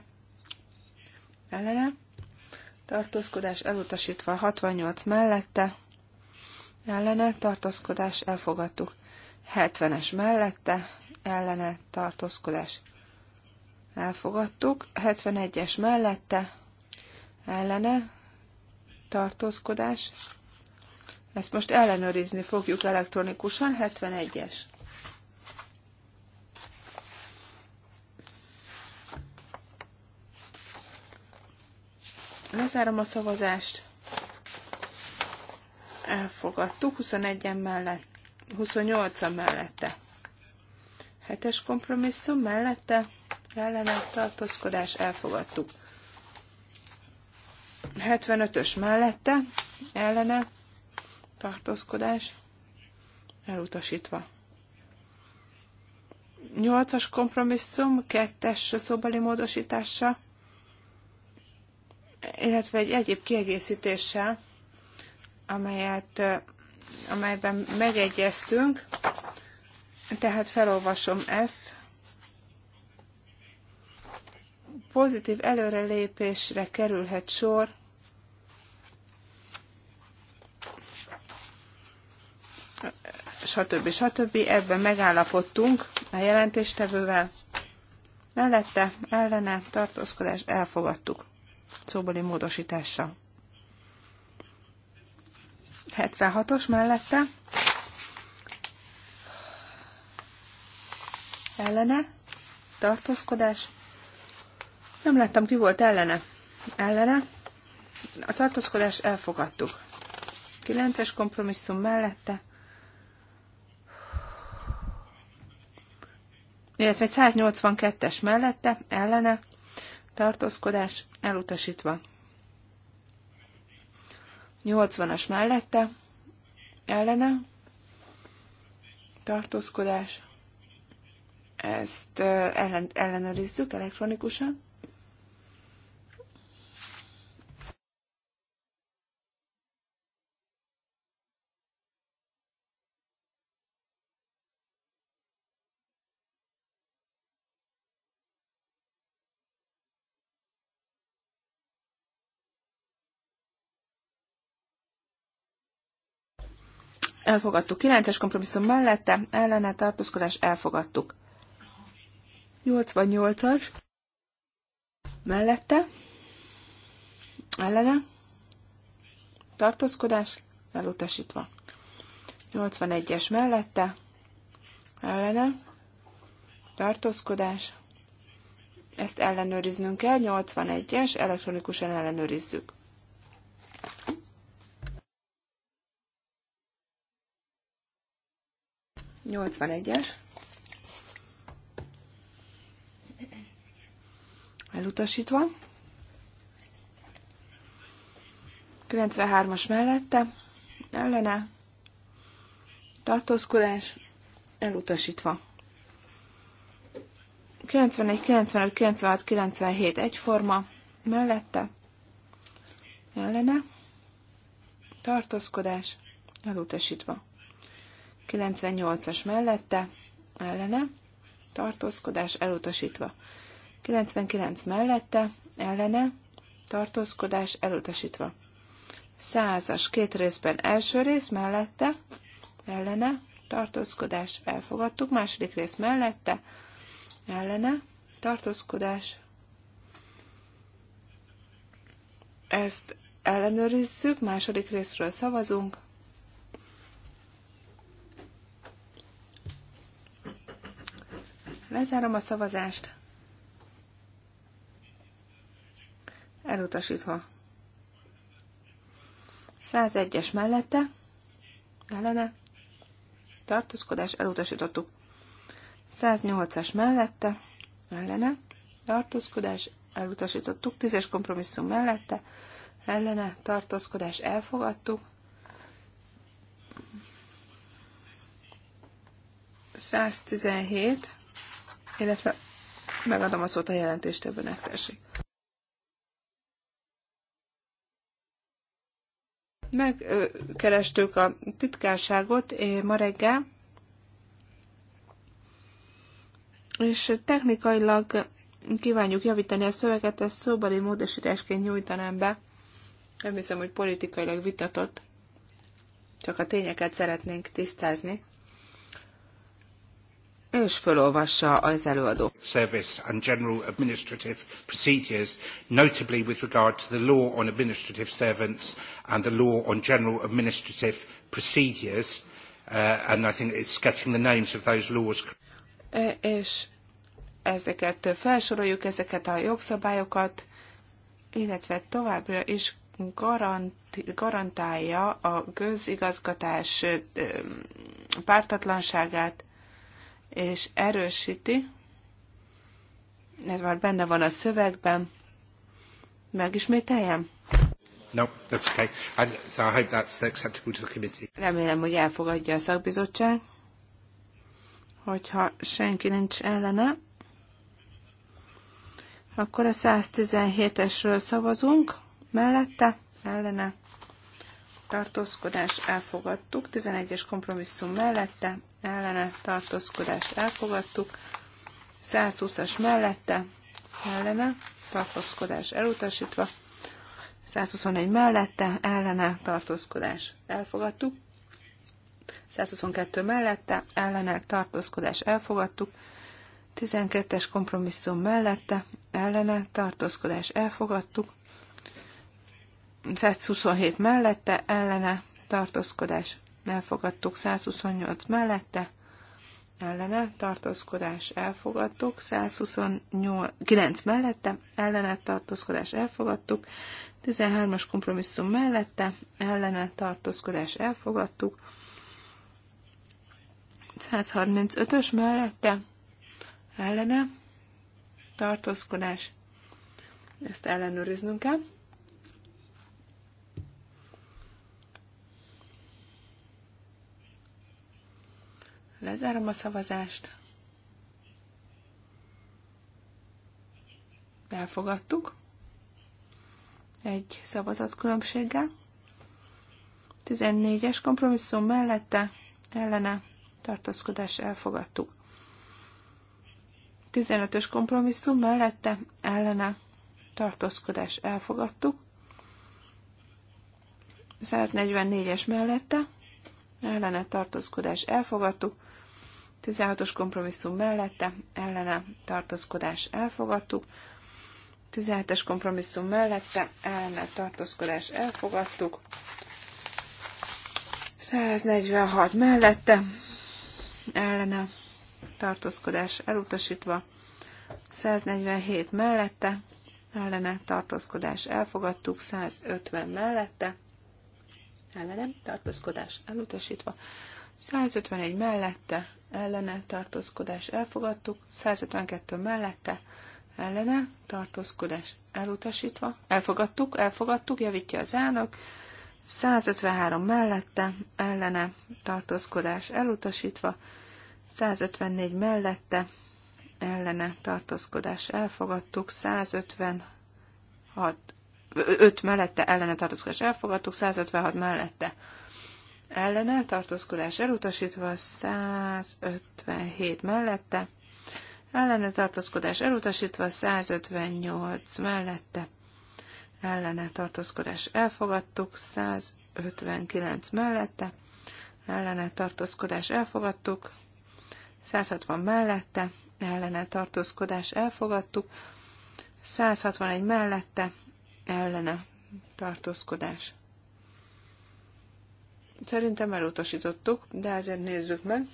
ellene, tartózkodás elutasítva, 68 mellette, ellene, tartózkodás elfogadtuk, 70-es mellette, ellene, tartózkodás elfogadtuk, 71-es mellette, ellene, tartózkodás, ezt most ellenőrizni fogjuk elektronikusan, 71-es. Lezárom a szavazást. Elfogadtuk. 21-en mellett, 28 mellette. 7-es kompromisszum mellette ellene tartózkodás elfogadtuk. 75-ös mellette ellene tartózkodás elutasítva. 8-as kompromisszum, 2-es szóbeli módosítása illetve egy egyéb kiegészítéssel, amelyet, amelyben megegyeztünk, tehát felolvasom ezt. Pozitív előrelépésre kerülhet sor stb. stb. Ebben megállapodtunk a jelentéstevővel. Mellette, ellene, tartózkodás elfogadtuk szóbeli módosítása. 76-os mellette. Ellene. Tartózkodás. Nem láttam, ki volt ellene. Ellene. A tartózkodást elfogadtuk. 9-es kompromisszum mellette. Illetve 182-es mellette, ellene, tartózkodás elutasítva. 80-as mellette, ellene, tartózkodás, ezt ellen, ellenőrizzük elektronikusan. elfogadtuk. Kilences kompromisszum mellette, ellene tartózkodás, elfogadtuk. 88-as mellette, ellene, tartózkodás, elutasítva. 81-es mellette, ellene, tartózkodás, ezt ellenőriznünk kell, 81-es, elektronikusan ellenőrizzük. 81-es. Elutasítva. 93-as mellette. Ellene. Tartózkodás. Elutasítva. 91, 95, 96, 97 egyforma. Mellette. Ellene. Tartózkodás. Elutasítva. 98-as mellette, ellene, tartózkodás elutasítva. 99 mellette, ellene, tartózkodás elutasítva. 100-as két részben első rész mellette, ellene, tartózkodás elfogadtuk, második rész mellette, ellene, tartózkodás. Ezt ellenőrizzük, második részről szavazunk. Lezárom a szavazást. Elutasítva. 101-es mellette, ellene, tartózkodás, elutasítottuk. 108-as mellette, ellene, tartózkodás, elutasítottuk. 10-es kompromisszum mellette, ellene, tartózkodás, elfogadtuk. 117 illetve megadom a szót a jelentéstevőnek, tessék. Megkerestük a titkárságot ma reggel, és technikailag kívánjuk javítani a szöveget, ezt szóbeli módosításként nyújtanám be. Nem hiszem, hogy politikailag vitatott, csak a tényeket szeretnénk tisztázni és fölolvassa az előadó. Service and general administrative procedures, notably with regard to the law on administrative servants and the law on general administrative procedures, uh, and I think it's getting the names of those laws. E és ezeket felsoroljuk, ezeket a jogszabályokat, illetve továbbra is garant, garantálja a közigazgatás pártatlanságát, és erősíti, ez már benne van a szövegben, megismételjem? No, that's okay. And so I hope that's acceptable to the committee. Remélem, hogy elfogadja a szakbizottság, hogyha senki nincs ellene. Akkor a 117-esről szavazunk, mellette, ellene, tartózkodás elfogadtuk, 11-es kompromisszum mellette, ellene tartózkodás elfogadtuk, 120-as mellette, ellene tartózkodás elutasítva, 121 mellette, ellene tartózkodás elfogadtuk, 122 mellette, ellene tartózkodás elfogadtuk, 12-es kompromisszum mellette, ellene tartózkodás elfogadtuk, 127 mellette, ellene, tartózkodás, elfogadtuk 128 mellette, ellene, tartózkodás, elfogadtuk, 129 mellette, ellene, tartózkodás, elfogadtuk, 13-as kompromisszum mellette, ellene, tartózkodás, elfogadtuk, 135-ös mellette, ellene, tartózkodás, ezt ellenőriznünk kell. Lezárom a szavazást. Elfogadtuk. Egy szavazat különbséggel. 14-es kompromisszum mellette ellene tartózkodás elfogadtuk. 15-ös kompromisszum mellette ellene tartózkodás elfogadtuk. 144-es mellette ellene tartózkodás elfogadtuk, 16-os kompromisszum mellette ellene tartózkodás elfogadtuk, 17-es kompromisszum mellette ellene tartózkodás elfogadtuk, 146 mellette ellene tartózkodás elutasítva, 147 mellette ellene tartózkodás elfogadtuk, 150 mellette ellenem tartózkodás elutasítva, 151 mellette ellene tartózkodás elfogadtuk, 152 mellette ellene tartózkodás elutasítva, elfogadtuk, elfogadtuk, javítja az elnök, 153 mellette ellene tartózkodás elutasítva, 154 mellette ellene tartózkodás elfogadtuk, 156 5 mellette ellene tartózkodás elfogadtuk, 156 mellette ellene tartózkodás elutasítva, 157 mellette ellene tartózkodás elutasítva, 158 mellette ellene tartózkodás elfogadtuk, 159 mellette ellene tartózkodás elfogadtuk, 160 mellette ellene tartózkodás elfogadtuk, 161 mellette ellene tartózkodás. Szerintem elutasítottuk, de azért nézzük meg.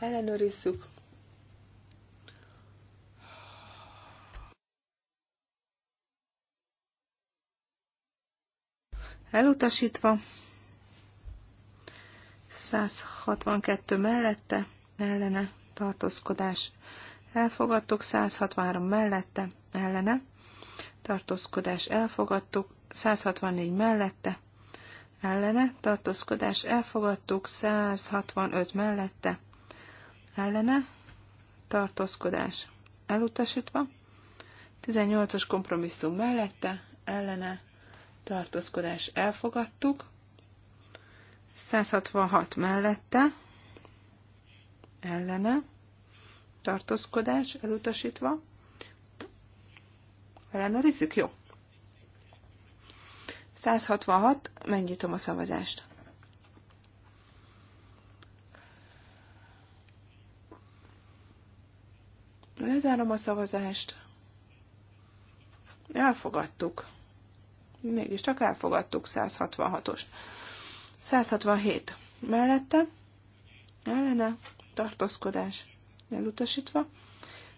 Ellenőrizzük. Elutasítva. 162 mellette, ellene tartózkodás. Elfogadtuk 163 mellette, ellene tartózkodás elfogadtuk, 164 mellette, ellene, tartózkodás elfogadtuk, 165 mellette, ellene, tartózkodás elutasítva, 18-as kompromisszum mellette, ellene, tartózkodás elfogadtuk, 166 mellette, ellene, tartózkodás elutasítva, Ellenőrizzük? Jó. 166, megnyitom a szavazást. Lezárom a szavazást. Elfogadtuk. Mégis csak elfogadtuk 166-ost. 167. Mellette ellene tartózkodás elutasítva.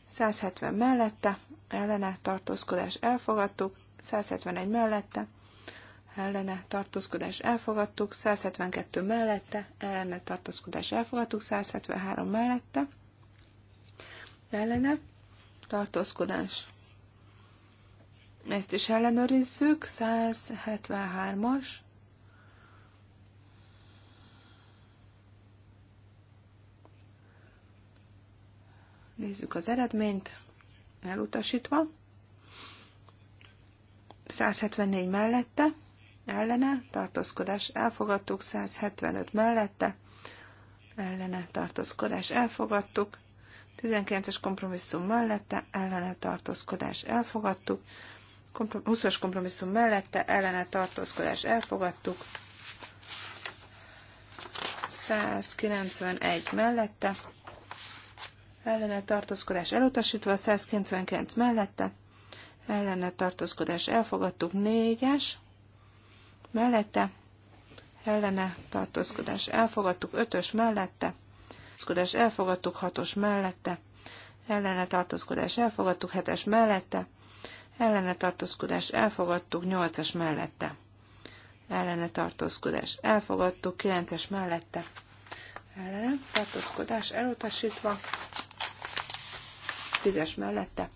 170 mellette, ellene tartózkodás elfogadtuk, 171 mellette, ellene tartózkodás elfogadtuk, 172 mellette, ellene tartózkodás elfogadtuk, 173 mellette, ellene tartózkodás. Ezt is ellenőrizzük, 173-as, Nézzük az eredményt. Elutasítva. 174 mellette, ellene, tartózkodás elfogadtuk, 175 mellette, ellene, tartózkodás elfogadtuk, 19-es kompromisszum mellette, ellene, tartózkodás elfogadtuk, 20-as kompromisszum mellette, ellene, tartózkodás elfogadtuk, 191 mellette, ellene tartózkodás elutasítva, 199 mellette, ellene tartózkodás elfogadtuk, 4-es mellette, ellene tartózkodás elfogadtuk, 5-ös mellette, tartózkodás elfogadtuk, 6-os mellette, ellene tartózkodás elfogadtuk, 7-es mellette, ellene tartózkodás elfogadtuk, 8 es mellette, ellene tartózkodás elfogadtuk, 9-es mellette, ellene tartózkodás elutasítva, 10-es mellette,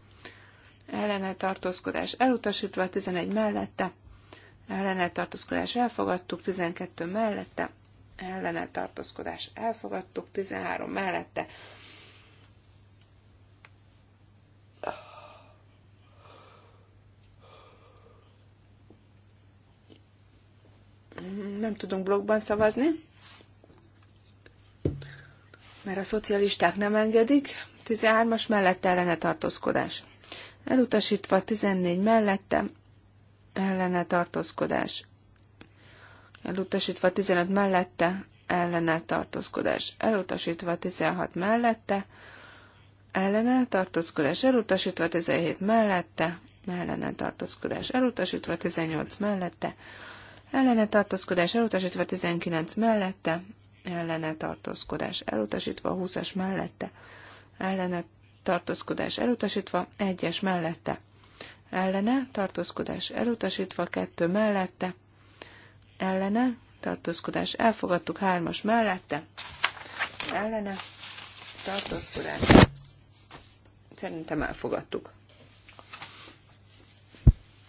ellene tartózkodás elutasítva, 11 mellette, ellene tartózkodás elfogadtuk, 12 mellette, ellene tartózkodás elfogadtuk, 13 mellette, nem tudunk blogban szavazni, mert a szocialisták nem engedik. 13-as mellette ellene tartózkodás. Elutasítva 14 mellette ellene tartózkodás. Elutasítva 15 mellette ellene tartózkodás. Elutasítva 16 mellette ellene tartózkodás. Elutasítva 17 mellette ellene tartózkodás. Elutasítva 18 mellette ellene tartózkodás. Elutasítva 19 mellette ellene tartózkodás. Elutasítva 20-as mellette ellene tartózkodás elutasítva, egyes mellette ellene tartózkodás elutasítva, kettő mellette ellene tartózkodás elfogadtuk, hármas mellette ellene tartózkodás szerintem elfogadtuk.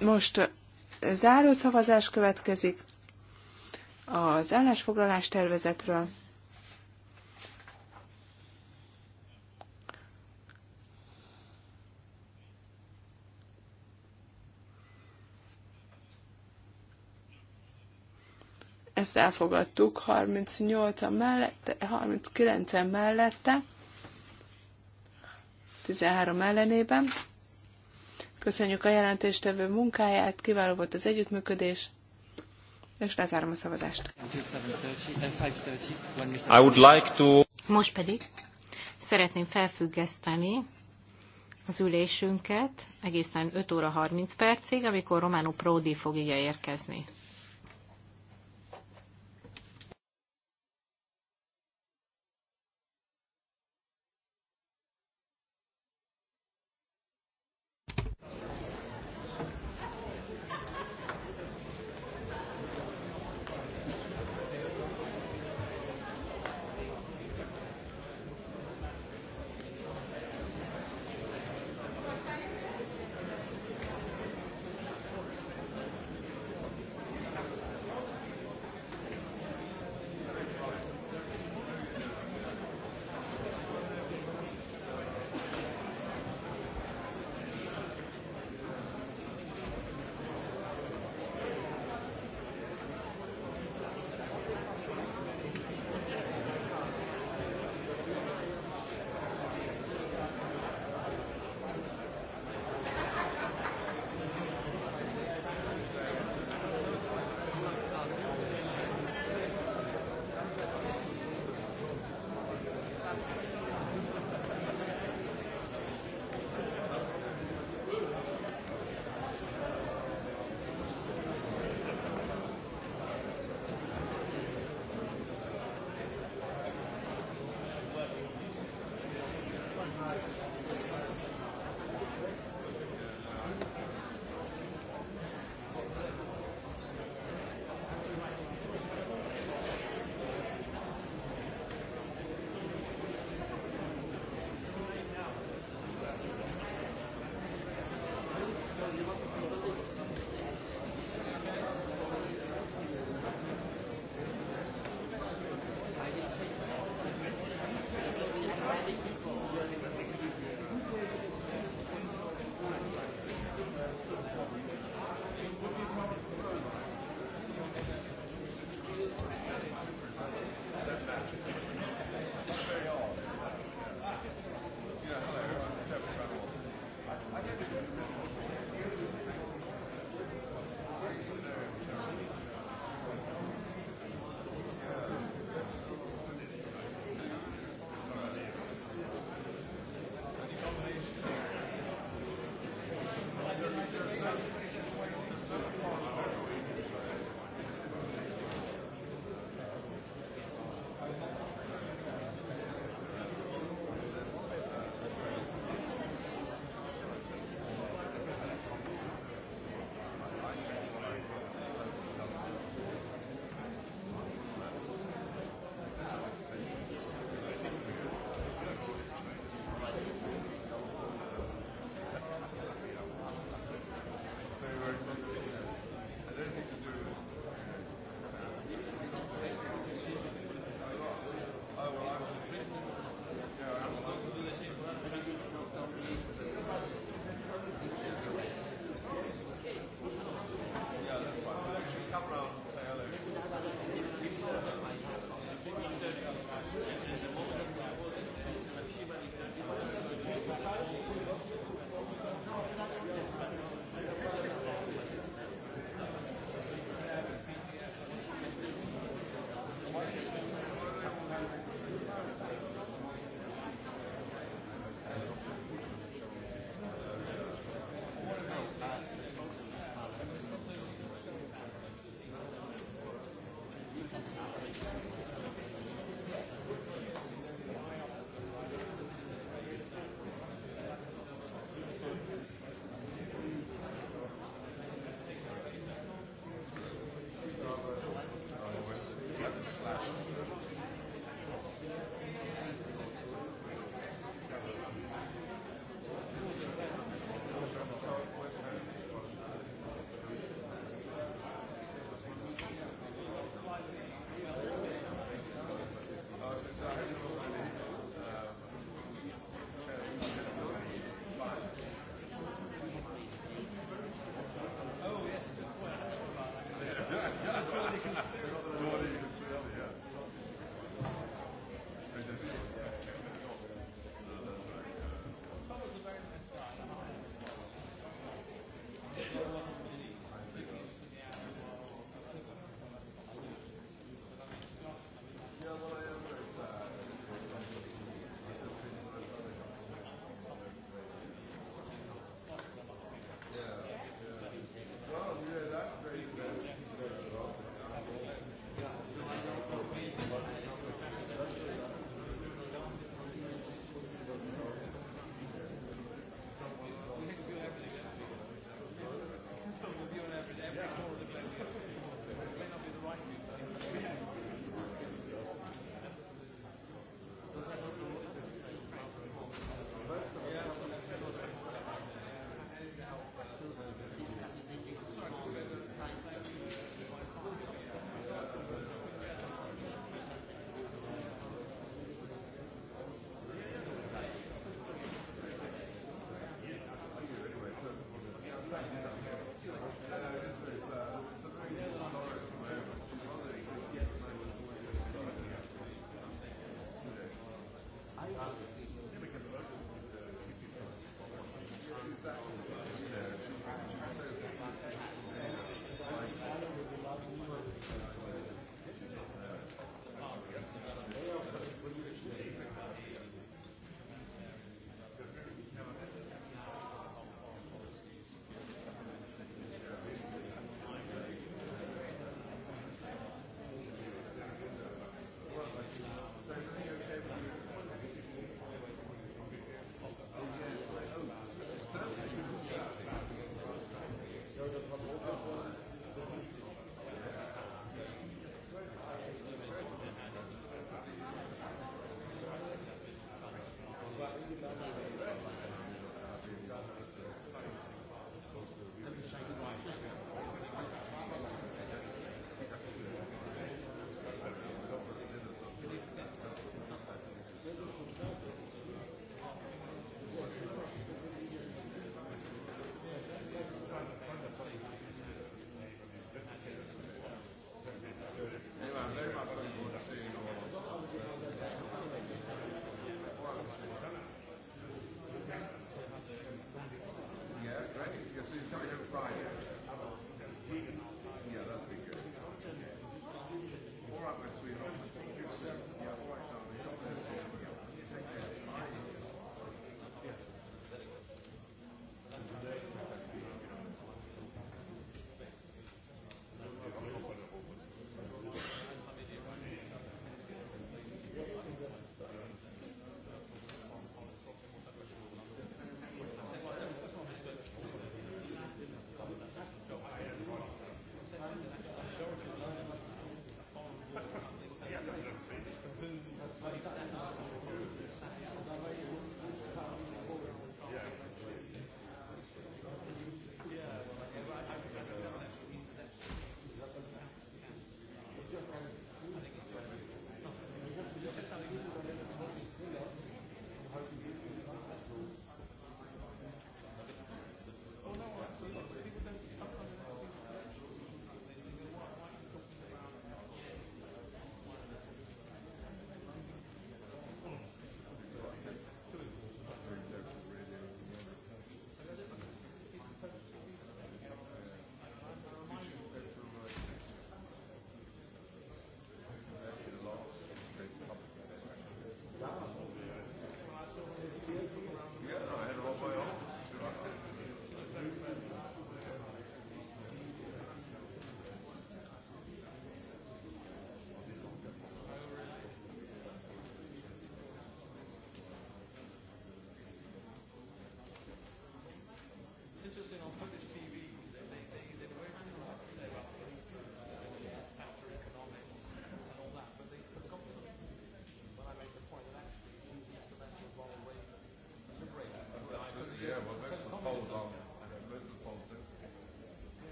Most záró szavazás következik az állásfoglalás tervezetről. ezt elfogadtuk 38-an mellette, 39-en mellette, 13 ellenében. Köszönjük a jelentéstevő munkáját, kiváló volt az együttműködés, és
lezárom a szavazást.
I would like to...
Most pedig szeretném felfüggeszteni az ülésünket egészen 5 óra 30 percig, amikor Romano Prodi fog ide érkezni.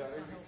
yeah,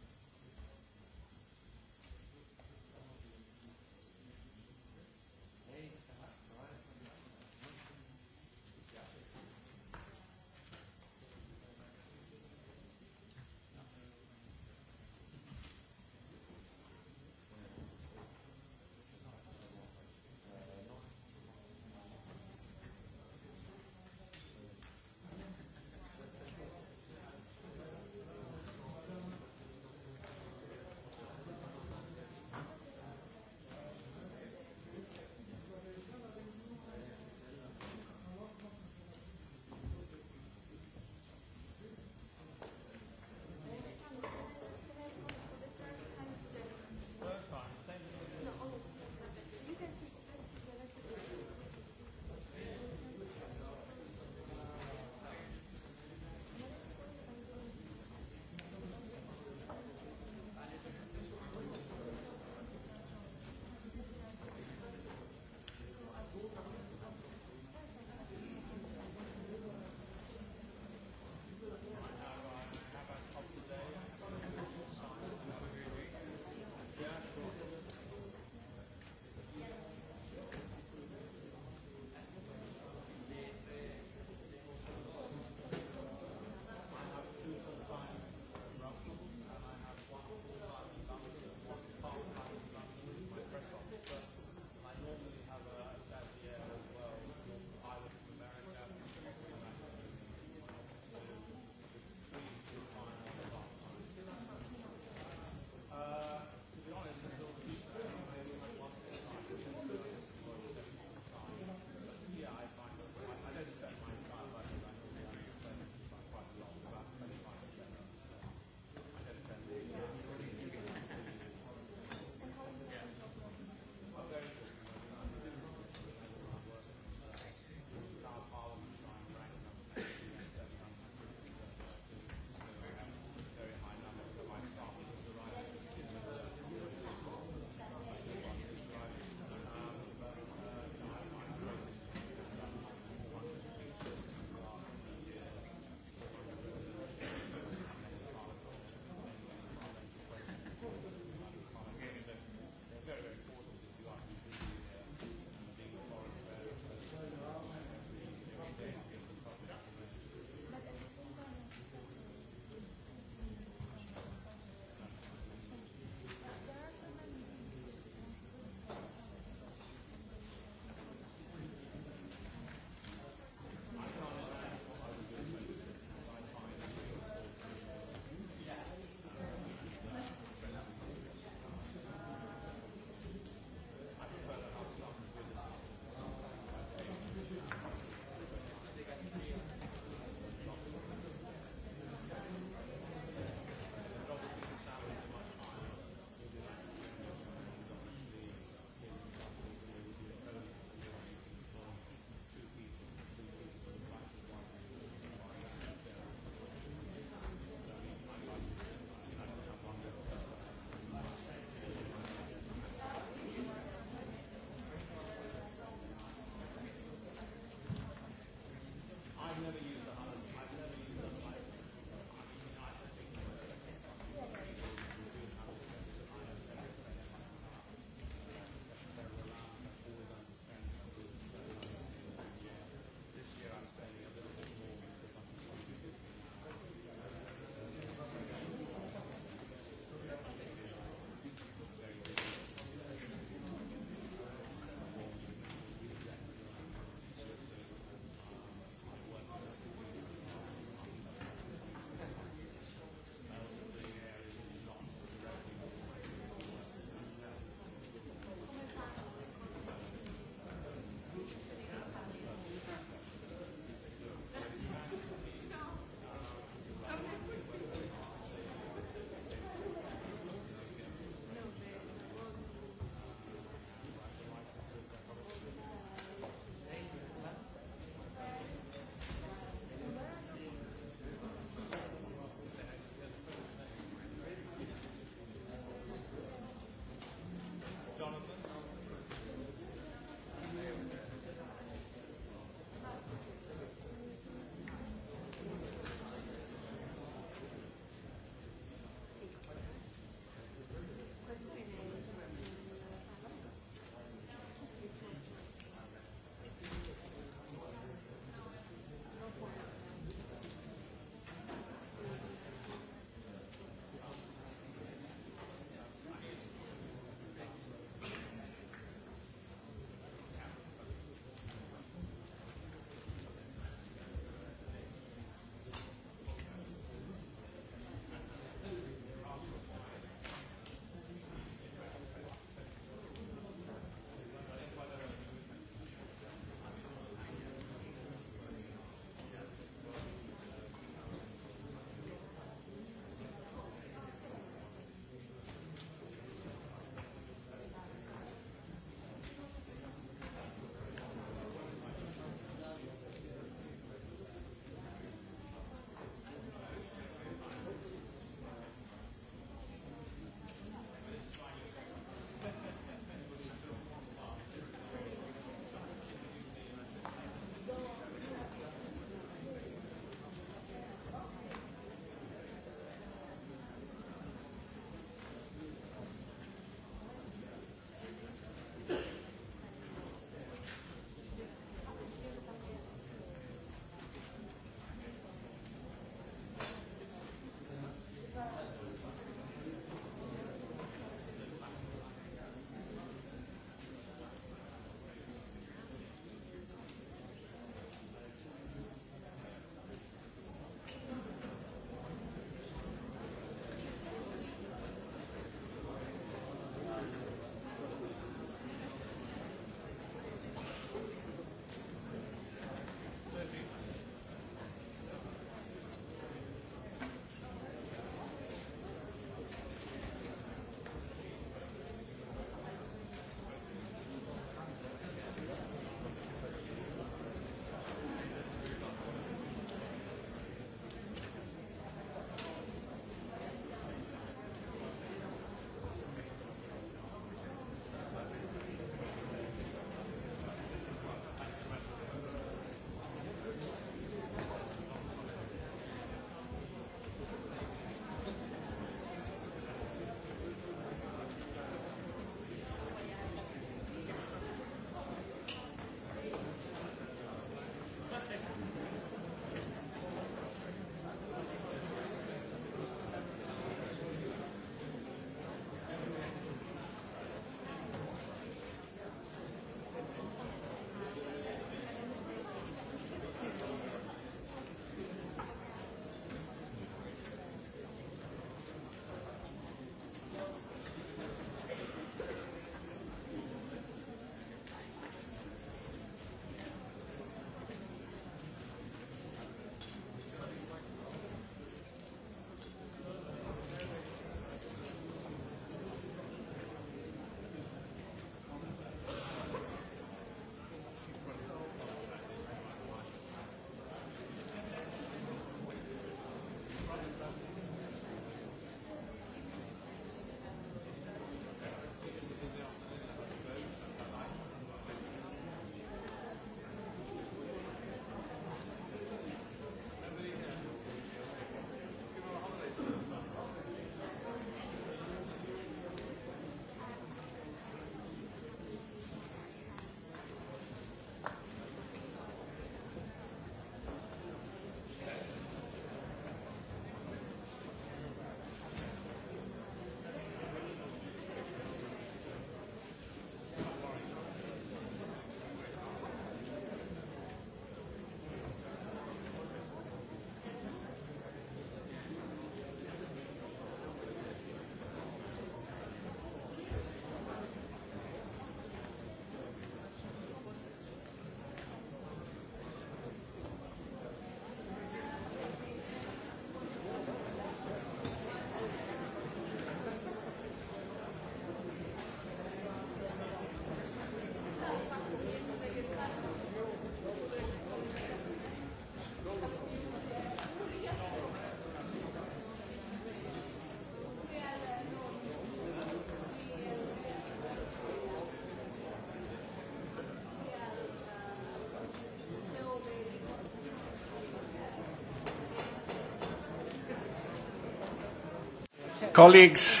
Colleagues.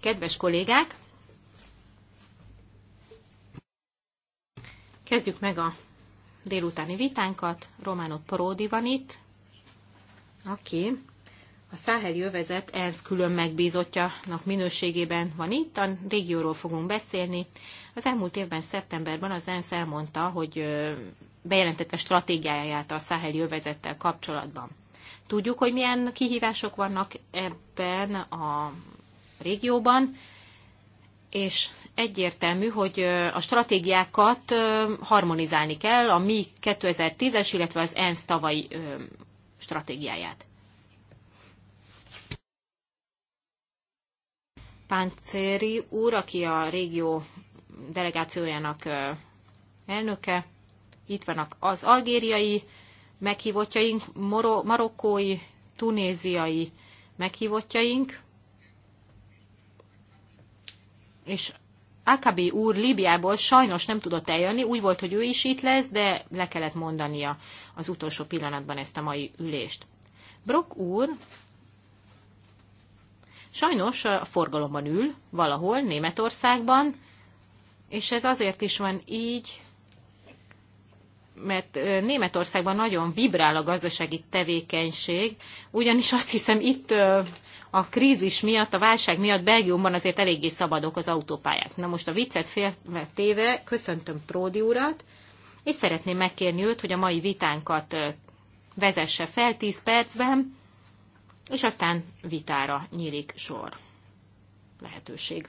Kedves kollégák, kezdjük meg a délutáni vitánkat. Románot Paródi van itt, aki a Száheli övezet ENSZ külön megbízottjának minőségében van itt, a régióról fogunk beszélni. Az elmúlt évben szeptemberben az ENSZ elmondta, hogy bejelentette stratégiáját a Száheli övezettel kapcsolatban. Tudjuk, hogy milyen kihívások vannak ebben a régióban, és egyértelmű, hogy a stratégiákat harmonizálni kell, a mi 2010-es, illetve az ENSZ tavalyi stratégiáját. Páncéri úr, aki a régió delegációjának elnöke, itt vannak az algériai meghívottjaink, moro, marokkói, tunéziai meghívottjaink, és Akabi úr Líbiából sajnos nem tudott eljönni, úgy volt, hogy ő is itt lesz, de le kellett mondania az utolsó pillanatban ezt a mai ülést. Brock úr sajnos a forgalomban ül valahol Németországban, és ez azért is van így, mert Németországban nagyon vibrál a gazdasági tevékenység, ugyanis azt hiszem itt a krízis miatt, a válság miatt Belgiumban azért eléggé szabadok az autópályák. Na most a viccet félvetéve köszöntöm Pródi urat, és szeretném megkérni őt, hogy a mai vitánkat vezesse fel 10 percben, és aztán vitára nyílik sor lehetőség.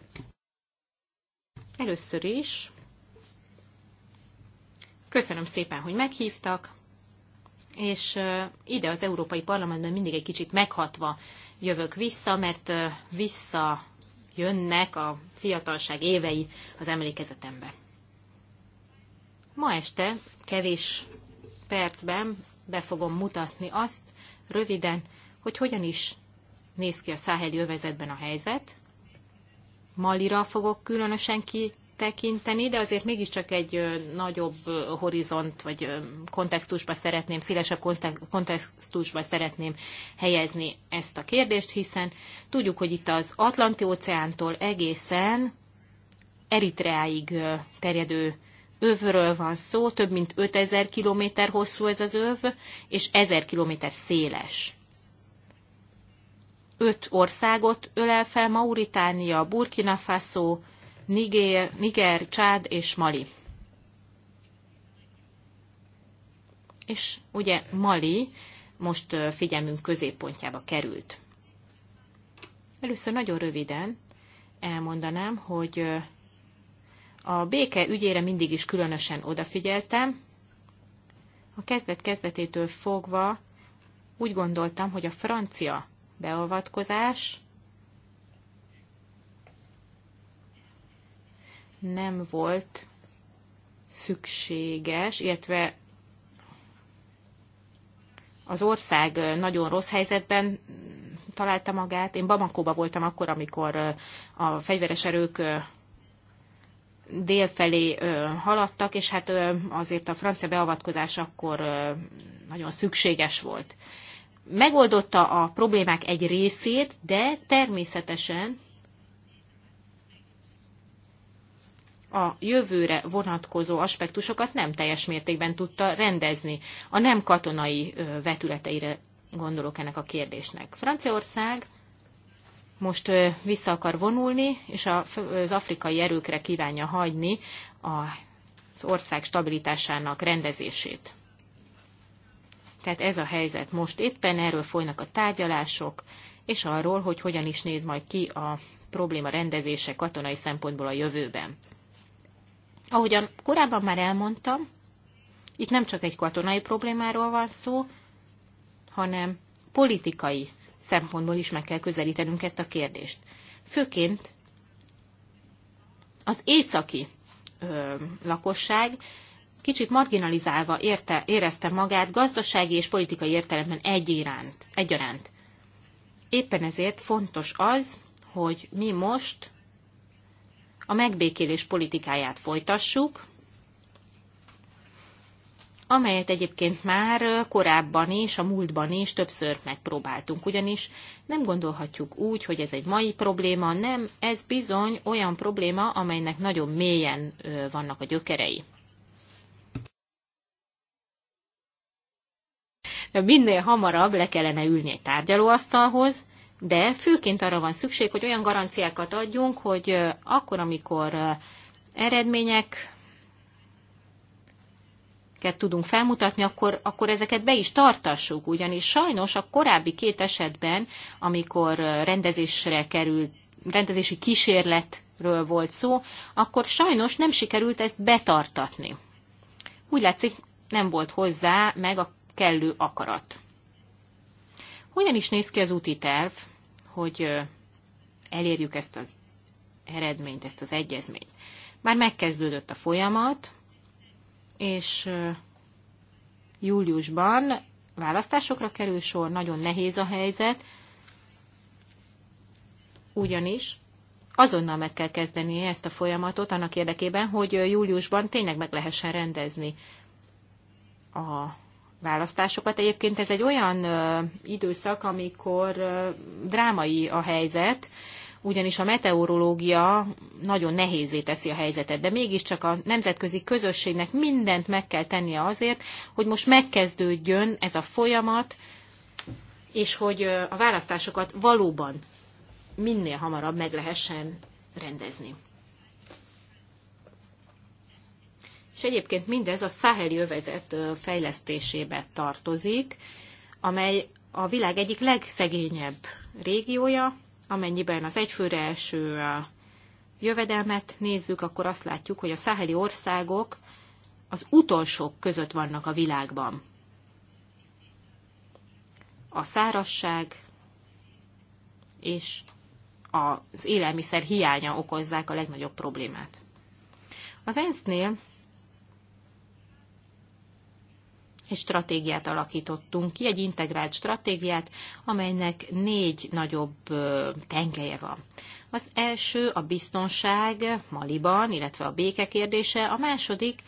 Először is Köszönöm szépen, hogy meghívtak, és ide az Európai Parlamentben mindig egy kicsit meghatva jövök vissza, mert vissza jönnek a fiatalság évei az emlékezetembe. Ma este kevés percben be fogom mutatni azt röviden, hogy hogyan is néz ki a száheli övezetben a helyzet. Malira fogok különösen ki tekinteni, de azért mégiscsak egy nagyobb horizont, vagy kontextusba szeretném, szélesebb kontextusba szeretném helyezni ezt a kérdést, hiszen tudjuk, hogy itt az Atlanti-óceántól egészen Eritreáig terjedő övről van szó, több mint 5000 km hosszú ez az öv, és 1000 km széles. Öt országot ölel fel, Mauritánia, Burkina Faso, Niger, Niger, Csád és Mali. És ugye Mali most figyelmünk középpontjába került. Először nagyon röviden elmondanám, hogy a béke ügyére mindig is különösen odafigyeltem. A kezdet kezdetétől fogva úgy gondoltam, hogy a francia beavatkozás nem volt szükséges, illetve az ország nagyon rossz helyzetben találta magát. Én Bamakóba voltam akkor, amikor a fegyveres erők délfelé haladtak, és hát azért a francia beavatkozás akkor nagyon szükséges volt. Megoldotta a problémák egy részét, de természetesen a jövőre vonatkozó aspektusokat nem teljes mértékben tudta rendezni. A nem katonai vetületeire gondolok ennek a kérdésnek. Franciaország most vissza akar vonulni, és az afrikai erőkre kívánja hagyni az ország stabilitásának rendezését. Tehát ez a helyzet most éppen, erről folynak a tárgyalások, és arról, hogy hogyan is néz majd ki a probléma rendezése katonai szempontból a jövőben. Ahogyan korábban már elmondtam, itt nem csak egy katonai problémáról van szó, hanem politikai szempontból is meg kell közelítenünk ezt a kérdést. Főként az északi ö, lakosság kicsit marginalizálva érte, érezte magát gazdasági és politikai értelemben egy iránt, egyaránt. Éppen ezért fontos az, hogy mi most a megbékélés politikáját folytassuk, amelyet egyébként már korábban is, a múltban is többször megpróbáltunk, ugyanis nem gondolhatjuk úgy, hogy ez egy mai probléma, nem, ez bizony olyan probléma, amelynek nagyon mélyen vannak a gyökerei. De minél hamarabb le kellene ülni egy tárgyalóasztalhoz, de főként arra van szükség, hogy olyan garanciákat adjunk, hogy akkor, amikor eredmények tudunk felmutatni, akkor, akkor ezeket be is tartassuk, ugyanis sajnos a korábbi két esetben, amikor rendezésre került, rendezési kísérletről volt szó, akkor sajnos nem sikerült ezt betartatni. Úgy látszik, nem volt hozzá meg a kellő akarat. Hogyan is néz ki az úti terv? hogy elérjük ezt az eredményt, ezt az egyezményt. Már megkezdődött a folyamat, és júliusban választásokra kerül sor, nagyon nehéz a helyzet, ugyanis azonnal meg kell kezdeni ezt a folyamatot annak érdekében, hogy júliusban tényleg meg lehessen rendezni a választásokat. Egyébként ez egy olyan időszak, amikor drámai a helyzet, ugyanis a meteorológia nagyon nehézé teszi a helyzetet, de mégiscsak a nemzetközi közösségnek mindent meg kell tennie azért, hogy most megkezdődjön ez a folyamat, és hogy a választásokat valóban minél hamarabb meg lehessen rendezni. és egyébként mindez a száheli övezet fejlesztésébe tartozik, amely a világ egyik legszegényebb régiója, amennyiben az egyfőre első jövedelmet nézzük, akkor azt látjuk, hogy a száheli országok az utolsók között vannak a világban. A szárasság és az élelmiszer hiánya okozzák a legnagyobb problémát. Az ENSZ-nél egy stratégiát alakítottunk ki, egy integrált stratégiát, amelynek négy nagyobb tengelye van. Az első a biztonság Maliban, illetve a béke kérdése, a második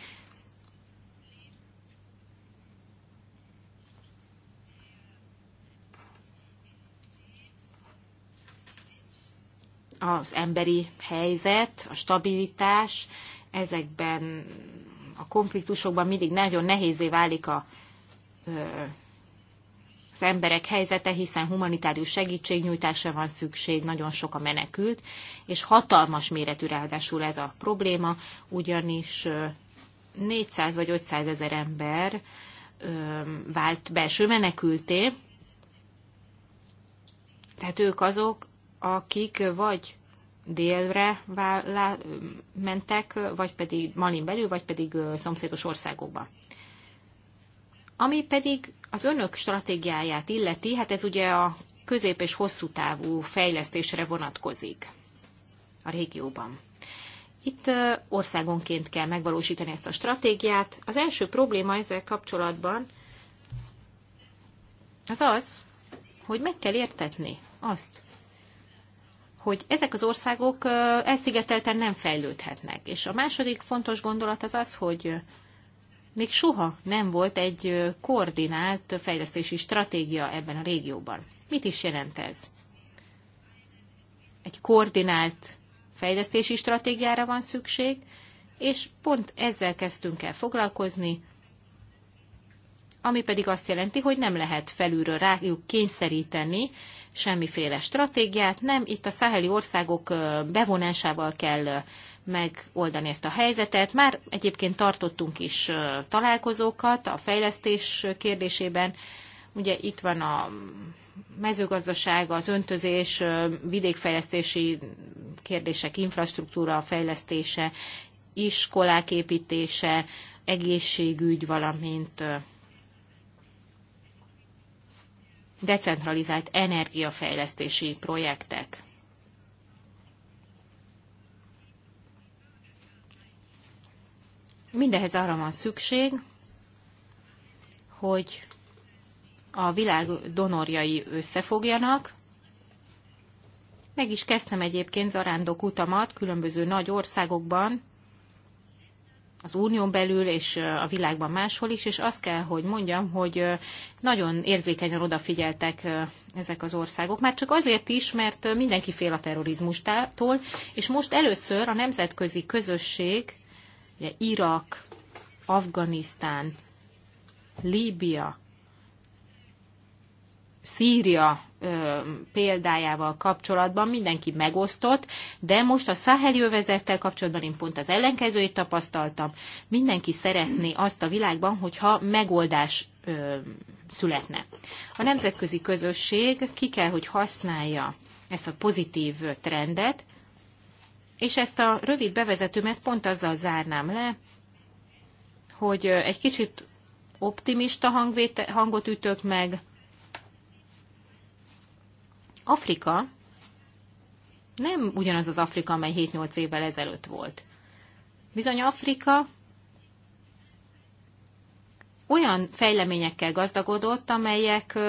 az emberi helyzet, a stabilitás, ezekben a konfliktusokban mindig nagyon nehézé válik a, az emberek helyzete, hiszen humanitárius segítségnyújtásra van szükség, nagyon sok a menekült, és hatalmas méretű ráadásul ez a probléma, ugyanis 400 vagy 500 ezer ember vált belső menekülté, tehát ők azok, akik vagy délre mentek, vagy pedig Malin belül, vagy pedig szomszédos országokba. Ami pedig az önök stratégiáját illeti, hát ez ugye a közép- és hosszú távú fejlesztésre vonatkozik a régióban. Itt országonként kell megvalósítani ezt a stratégiát. Az első probléma ezzel kapcsolatban az az, hogy meg kell értetni azt, hogy ezek az országok elszigetelten nem fejlődhetnek. És a második fontos gondolat az az, hogy még soha nem volt egy koordinált fejlesztési stratégia ebben a régióban. Mit is jelent ez? Egy koordinált fejlesztési stratégiára van szükség, és pont ezzel kezdtünk el foglalkozni, ami pedig azt jelenti, hogy nem lehet felülről rájuk kényszeríteni semmiféle stratégiát, nem, itt a száheli országok bevonásával kell megoldani ezt a helyzetet. Már egyébként tartottunk is találkozókat a fejlesztés kérdésében. Ugye itt van a mezőgazdaság, az öntözés, vidékfejlesztési kérdések, infrastruktúra fejlesztése, iskolák építése, egészségügy, valamint decentralizált energiafejlesztési projektek. Mindehez arra van szükség, hogy a világ donorjai összefogjanak. Meg is kezdtem egyébként zarándok utamat különböző nagy országokban, az unión belül és a világban máshol is, és azt kell, hogy mondjam, hogy nagyon érzékenyen odafigyeltek ezek az országok, már csak azért is, mert mindenki fél a terrorizmustól, és most először a nemzetközi közösség, ugye Irak, Afganisztán, Líbia, Szíria példájával kapcsolatban mindenki megosztott, de most a Szaheli övezettel kapcsolatban én pont az ellenkezőjét tapasztaltam. Mindenki szeretné azt a világban, hogyha megoldás ö, születne. A nemzetközi közösség ki kell, hogy használja ezt a pozitív trendet, és ezt a rövid bevezetőmet pont azzal zárnám le, hogy egy kicsit optimista hangvét, hangot ütök meg, Afrika nem ugyanaz az Afrika, amely 7-8 évvel ezelőtt volt. Bizony Afrika olyan fejleményekkel gazdagodott, amelyek,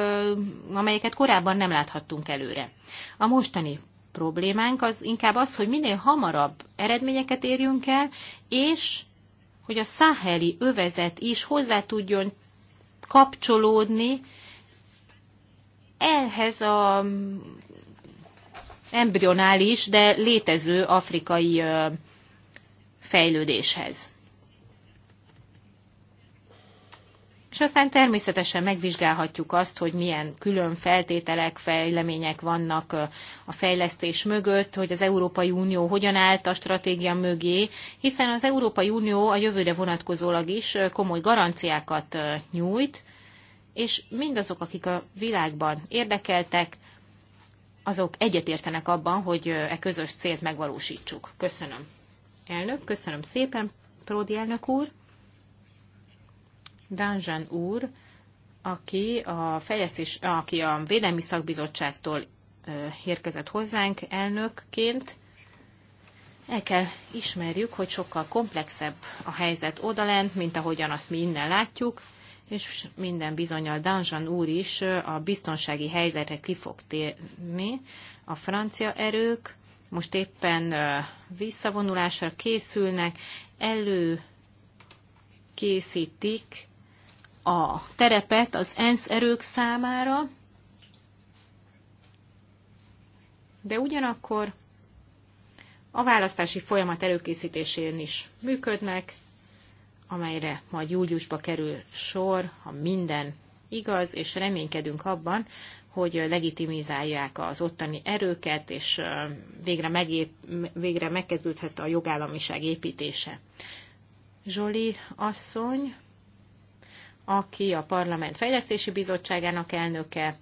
amelyeket korábban nem láthattunk előre. A mostani problémánk az inkább az, hogy minél hamarabb eredményeket érjünk el, és hogy a száheli övezet is hozzá tudjon kapcsolódni ehhez a embrionális, de létező afrikai fejlődéshez. És aztán természetesen megvizsgálhatjuk azt, hogy milyen külön feltételek, fejlemények vannak a fejlesztés mögött, hogy az Európai Unió hogyan állt a stratégia mögé, hiszen az Európai Unió a jövőre vonatkozólag is komoly garanciákat nyújt, és mindazok, akik a világban érdekeltek, azok egyetértenek abban, hogy e közös célt megvalósítsuk. Köszönöm. Elnök, köszönöm szépen, Pródi elnök úr. Danzsán úr, aki a, fejlesztés, aki a Védelmi Szakbizottságtól érkezett hozzánk elnökként, el kell ismerjük, hogy sokkal komplexebb a helyzet odalent, mint ahogyan azt mi innen látjuk és minden bizonyal Danzsan úr is a biztonsági helyzetre ki fog térni. A francia erők most éppen visszavonulásra készülnek, elő készítik a terepet az ENSZ erők számára, de ugyanakkor a választási folyamat előkészítésén is működnek, amelyre majd júliusba kerül sor, ha minden igaz, és reménykedünk abban, hogy legitimizálják az ottani erőket, és végre, megép, végre megkezdődhet a jogállamiság építése. Zsoli asszony, aki a Parlament Fejlesztési Bizottságának elnöke,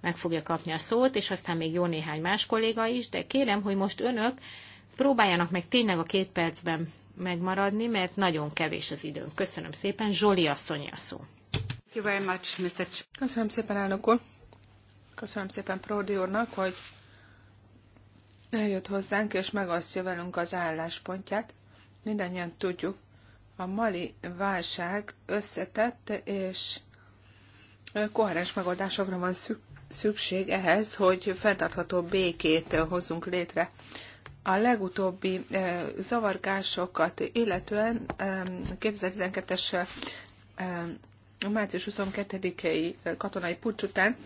meg fogja kapni a szót, és aztán még jó néhány más kolléga is, de kérem, hogy most önök próbáljanak meg tényleg a két percben megmaradni, mert nagyon kevés az időnk. Köszönöm szépen, Zsoli asszony a szó.
Köszönöm szépen, elnök úr. Köszönöm szépen Pródi úrnak, hogy eljött hozzánk, és megosztja velünk az álláspontját. Mindennyian tudjuk, a mali válság összetett, és koherens megoldásokra van szükség ehhez, hogy fenntartható békét hozzunk létre a legutóbbi zavargásokat, illetően 2012-es március 22-i katonai pucs után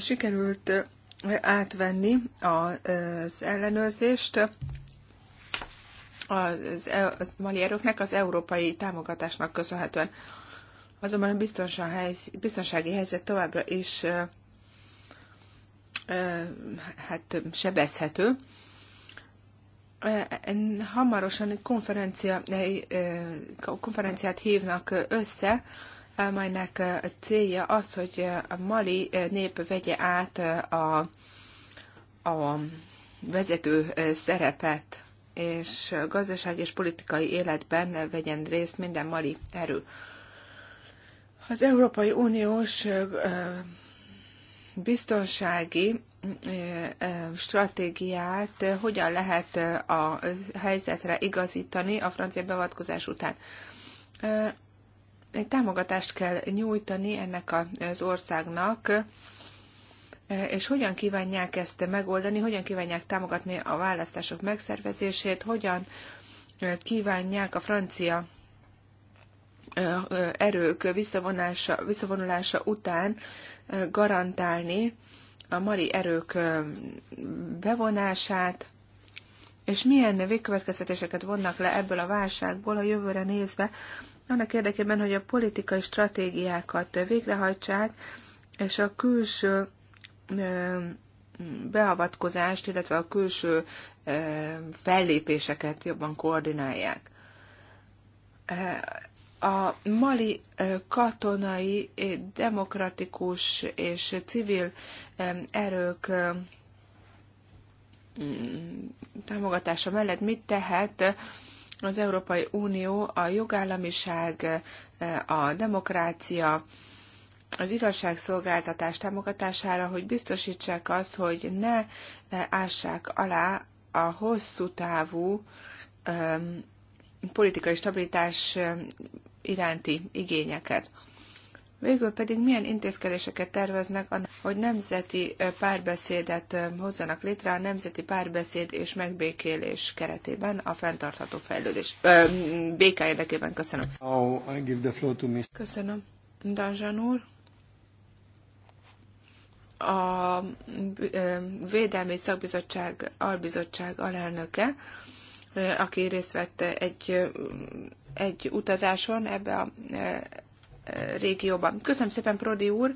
sikerült átvenni az ellenőrzést az, e, az mali erőknek az európai támogatásnak köszönhetően. Azonban a biztonsági helyzet továbbra is hát sebezhető hamarosan egy konferencia, konferenciát hívnak össze, amelynek célja az, hogy a mali nép vegye át a, a vezető szerepet, és gazdaság és politikai életben vegyen részt minden mali erő. Az Európai Uniós biztonsági stratégiát hogyan lehet a helyzetre igazítani a francia beavatkozás után. Egy támogatást kell nyújtani ennek az országnak, és hogyan kívánják ezt megoldani, hogyan kívánják támogatni a választások megszervezését, hogyan kívánják a francia erők visszavonulása után garantálni a mari erők bevonását, és milyen végkövetkeztetéseket vonnak le ebből a válságból a jövőre nézve, annak érdekében, hogy a politikai stratégiákat végrehajtsák, és a külső beavatkozást, illetve a külső fellépéseket jobban koordinálják a mali katonai, demokratikus és civil erők mm, támogatása mellett mit tehet az Európai Unió a jogállamiság, a demokrácia, az igazságszolgáltatás támogatására, hogy biztosítsák azt, hogy ne ássák alá a hosszú távú politikai stabilitás iránti igényeket. Végül pedig milyen intézkedéseket terveznek, hogy nemzeti párbeszédet hozzanak létre a nemzeti párbeszéd és megbékélés keretében a fenntartható fejlődés. Ö, béke érdekében köszönöm. Köszönöm. Danzsan úr. A Védelmi Szakbizottság albizottság alelnöke, aki részt vett egy egy utazáson ebbe a e, e, régióban. Köszönöm szépen, Prodi úr!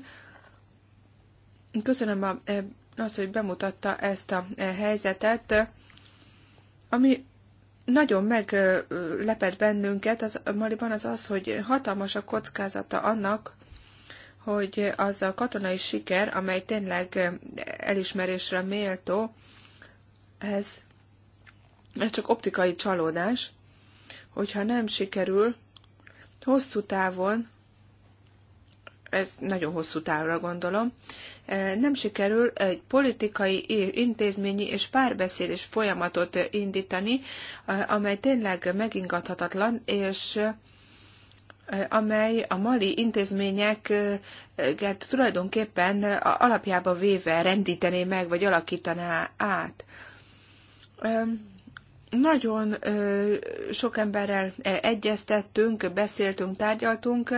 Köszönöm a, e, hogy bemutatta ezt a helyzetet, ami nagyon meglepett bennünket az, Maliban az az, hogy hatalmas a kockázata annak, hogy az a katonai siker, amely tényleg elismerésre méltó, ez, ez csak optikai csalódás, hogyha nem sikerül, hosszú távon, ez nagyon hosszú távra gondolom, eh, nem sikerül egy politikai, intézményi és párbeszédes folyamatot indítani, eh, amely tényleg megingathatatlan, és eh, amely a mali intézményeket tulajdonképpen alapjába véve rendítené meg, vagy alakítaná át. Nagyon sok emberrel egyeztettünk, beszéltünk, tárgyaltunk,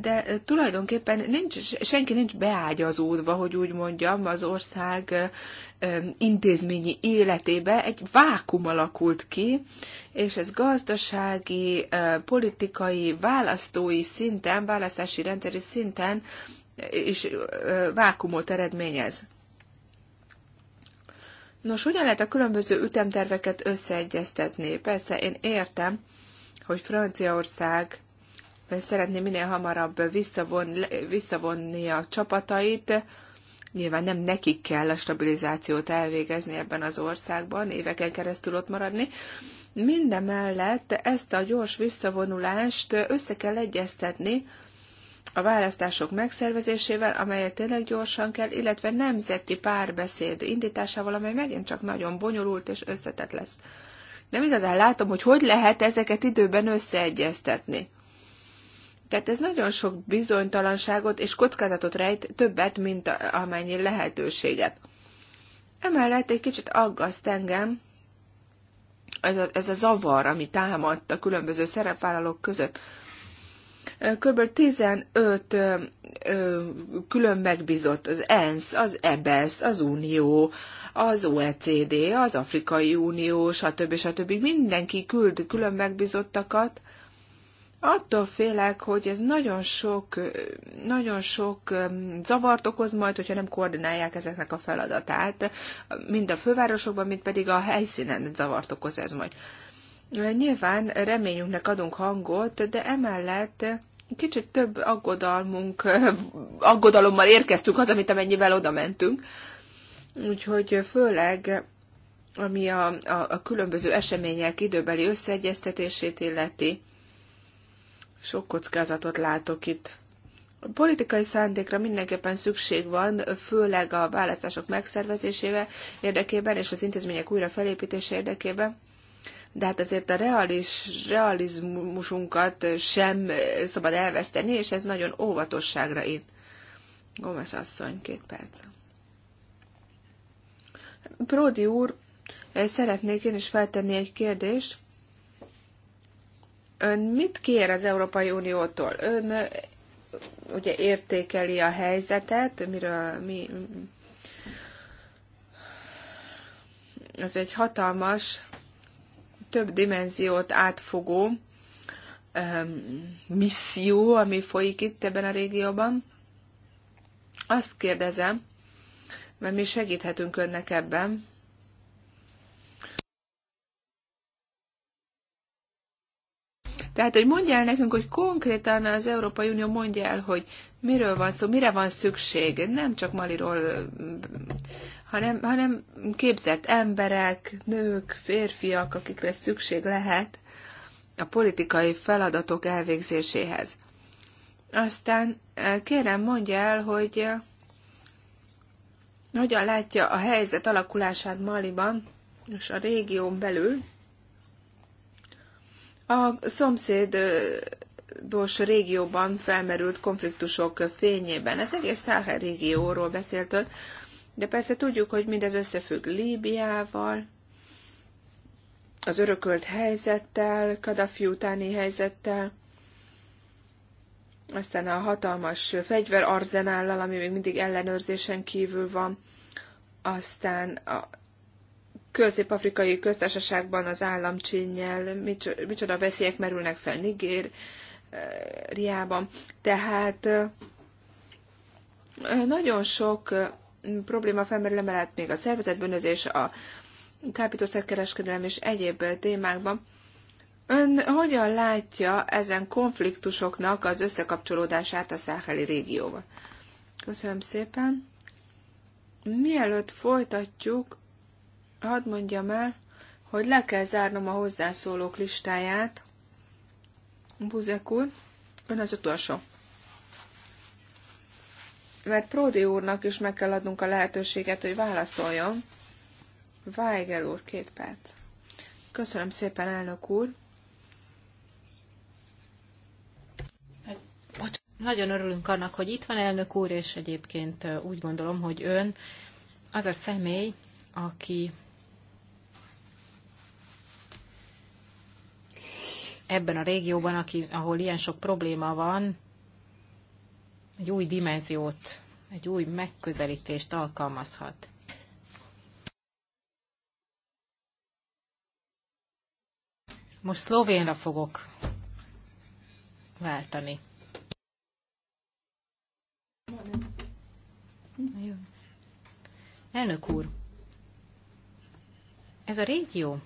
de tulajdonképpen nincs, senki nincs beágyazódva, hogy úgy mondjam, az ország intézményi életébe egy vákum alakult ki, és ez gazdasági, politikai, választói szinten, választási rendszeri szinten is vákumot eredményez. Nos, hogyan lehet a különböző ütemterveket összeegyeztetni? Persze én értem, hogy Franciaország szeretné minél hamarabb visszavon, visszavonni a csapatait. Nyilván nem nekik kell a stabilizációt elvégezni ebben az országban, éveken keresztül ott maradni. Mindemellett ezt a gyors visszavonulást össze kell egyeztetni a választások megszervezésével, amelyet tényleg gyorsan kell, illetve nemzeti párbeszéd indításával, amely megint csak nagyon bonyolult és összetett lesz. Nem igazán látom, hogy hogy lehet ezeket időben összeegyeztetni. Tehát ez nagyon sok bizonytalanságot és kockázatot rejt többet, mint amennyi lehetőséget. Emellett egy kicsit aggaszt engem ez a, ez a zavar, ami támadt a különböző szerepvállalók között kb. 15 külön megbízott, az ENSZ, az EBESZ, az Unió, az OECD, az Afrikai Unió, stb. stb. Mindenki küld külön megbizottakat, Attól félek, hogy ez nagyon sok, nagyon sok zavart okoz majd, hogyha nem koordinálják ezeknek a feladatát, mind a fővárosokban, mind pedig a helyszínen zavart okoz ez majd. Nyilván reményünknek adunk hangot, de emellett kicsit több aggodalmunk, aggodalommal érkeztünk haza, mint amennyivel oda mentünk. Úgyhogy főleg ami a, a, a különböző események időbeli összeegyeztetését illeti, sok kockázatot látok itt. A politikai szándékra mindenképpen szükség van, főleg a választások megszervezésével érdekében és az intézmények újra felépítése érdekében de hát azért a realis, realizmusunkat sem szabad elveszteni, és ez nagyon óvatosságra itt. Gomes asszony, két perc. Pródi úr, szeretnék én is feltenni egy kérdést. Ön mit kér az Európai Uniótól? Ön ugye értékeli a helyzetet, miről mi... Ez egy hatalmas több dimenziót átfogó misszió, ami folyik itt ebben a régióban. Azt kérdezem, mert mi segíthetünk önnek ebben, Tehát, hogy mondja el nekünk, hogy konkrétan az Európai Unió mondja el, hogy miről van szó, mire van szükség. Nem csak Maliról hanem, hanem képzett emberek, nők, férfiak, akikre szükség lehet a politikai feladatok elvégzéséhez. Aztán eh, kérem mondja el, hogy eh, hogyan látja a helyzet alakulását Maliban és a régión belül. A szomszédos régióban felmerült konfliktusok fényében. Ez egész Száhel régióról beszélt, de persze tudjuk, hogy mindez összefügg Líbiával, az örökölt helyzettel, Kadafi utáni helyzettel, aztán a hatalmas fegyverarzenállal, ami még mindig ellenőrzésen kívül van, aztán a közép-afrikai köztársaságban az államcsinnyel, micsoda veszélyek merülnek fel Nigér, eh, Riában. Tehát eh, nagyon sok eh, probléma felmerül emellett még a szervezetbűnözés, a kábítószerkereskedelem és egyéb témákban. Ön hogyan látja ezen konfliktusoknak az összekapcsolódását a száheli régióval? Köszönöm szépen. Mielőtt folytatjuk, hadd mondjam el, hogy le kell zárnom a hozzászólók listáját. Buzek úr, ön az utolsó mert Pródi úrnak is meg kell adnunk a lehetőséget, hogy válaszoljon. Weigel úr, két perc. Köszönöm szépen, elnök úr.
Nagyon örülünk annak, hogy itt van elnök úr, és egyébként úgy gondolom, hogy ön az a személy, aki ebben a régióban, aki, ahol ilyen sok probléma van, egy új dimenziót, egy új megközelítést alkalmazhat. Most szlovénra fogok váltani. Elnök úr, ez a régió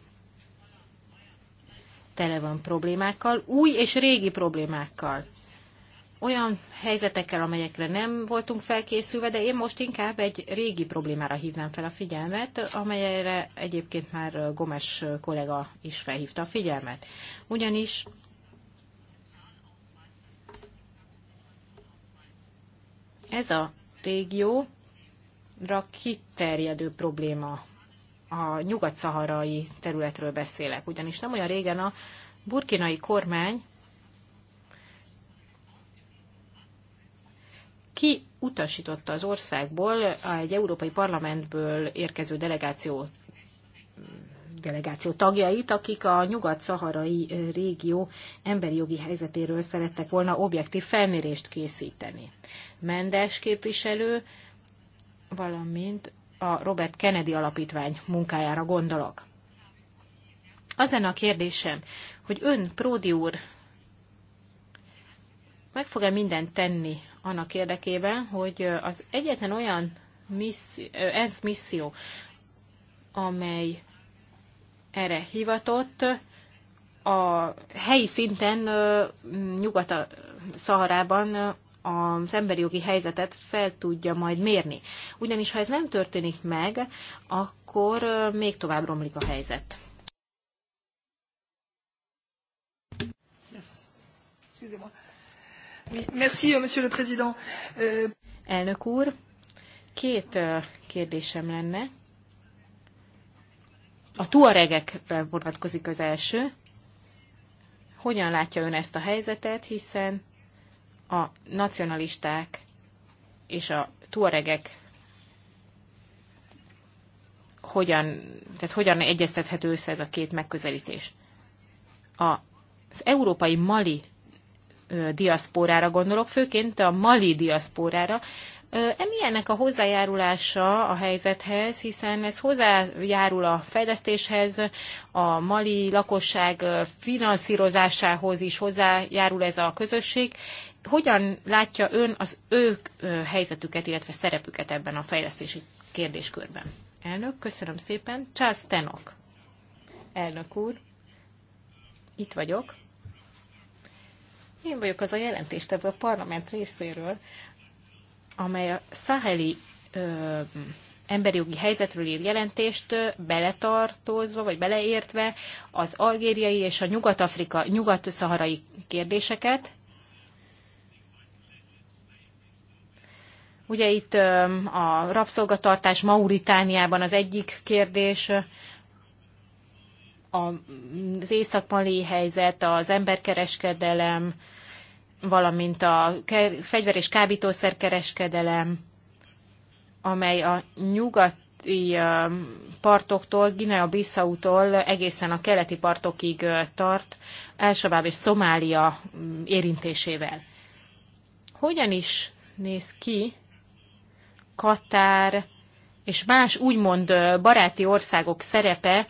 tele van problémákkal, új és régi problémákkal olyan helyzetekkel, amelyekre nem voltunk felkészülve, de én most inkább egy régi problémára hívnám fel a figyelmet, amelyre egyébként már Gomes kollega is felhívta a figyelmet. Ugyanis ez a régióra kiterjedő probléma. A nyugat-szaharai területről beszélek, ugyanis nem olyan régen a burkinai kormány ki utasította az országból egy európai parlamentből érkező delegáció delegáció tagjait, akik a nyugat-szaharai régió emberi jogi helyzetéről szerettek volna objektív felmérést készíteni. Mendes képviselő, valamint a Robert Kennedy alapítvány munkájára gondolok. Az lenne a kérdésem, hogy ön, Pródi úr, meg fog-e mindent tenni annak érdekében, hogy az egyetlen olyan misszió, ENSZ misszió, amely erre hivatott, a helyi szinten Nyugat-Szaharában az emberi jogi helyzetet fel tudja majd mérni. Ugyanis ha ez nem történik meg, akkor még tovább romlik a helyzet. Yes. Merci, euh, monsieur le président. Euh, Elnök úr, két kérdésem lenne. A tuaregekre vonatkozik az első. Hogyan látja ön ezt a helyzetet, hiszen a nacionalisták és a tuaregek hogyan, tehát hogyan egyeztethető össze ez a két megközelítés? A, az európai mali diaszpórára gondolok, főként a mali diaszpórára. Emilyennek a hozzájárulása a helyzethez, hiszen ez hozzájárul a fejlesztéshez, a mali lakosság finanszírozásához is hozzájárul ez a közösség. Hogyan látja ön az ők helyzetüket, illetve szerepüket ebben a fejlesztési kérdéskörben? Elnök, köszönöm szépen. Charles Tenok. Elnök úr, itt vagyok. Én vagyok az a ebből a parlament részéről, amely a száheli ö, emberi jogi helyzetről ír jelentést, beletartozva vagy beleértve az algériai és a nyugat-afrika, nyugat-szaharai kérdéseket. Ugye itt a rabszolgatartás Mauritániában az egyik kérdés, az északmali helyzet, az emberkereskedelem, valamint a fegyver- és kábítószerkereskedelem, amely a nyugati partoktól, Ginea bissautól egészen a keleti partokig tart, elsőbb és Szomália érintésével. Hogyan is néz ki Katár és más úgymond baráti országok szerepe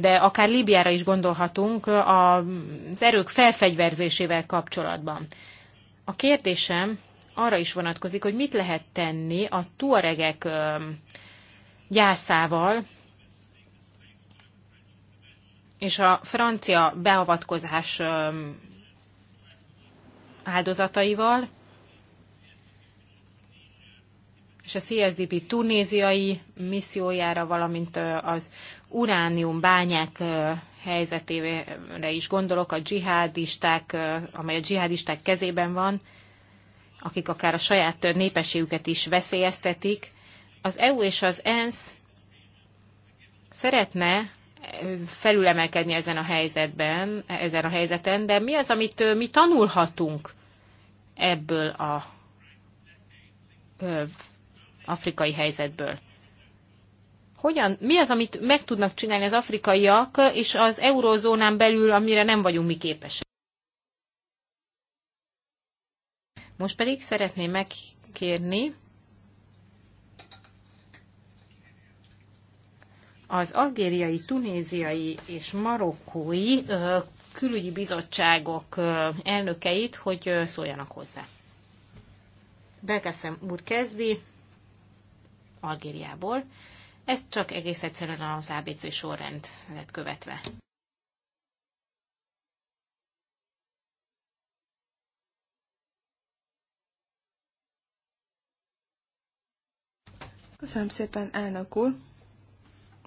de akár Líbiára is gondolhatunk az erők felfegyverzésével kapcsolatban. A kérdésem arra is vonatkozik, hogy mit lehet tenni a tuaregek gyászával, és a francia beavatkozás áldozataival, és a CSDP tunéziai missziójára, valamint az uránium bányák helyzetére is gondolok, a dzsihádisták, amely a dzsihádisták kezében van, akik akár a saját népességüket is veszélyeztetik. Az EU és az ENSZ szeretne felülemelkedni ezen a helyzetben, ezen a helyzeten, de mi az, amit mi tanulhatunk ebből a afrikai helyzetből. Hogyan, mi az, amit meg tudnak csinálni az afrikaiak, és az Eurózónán belül, amire nem vagyunk mi képesek? Most pedig szeretném megkérni az algériai, tunéziai és marokkói külügyi bizottságok elnökeit, hogy szóljanak hozzá. Belkeszem úr kezdi. Algériából. Ez csak egész egyszerűen az ABC sorrend lett követve.
Köszönöm szépen, elnök úr.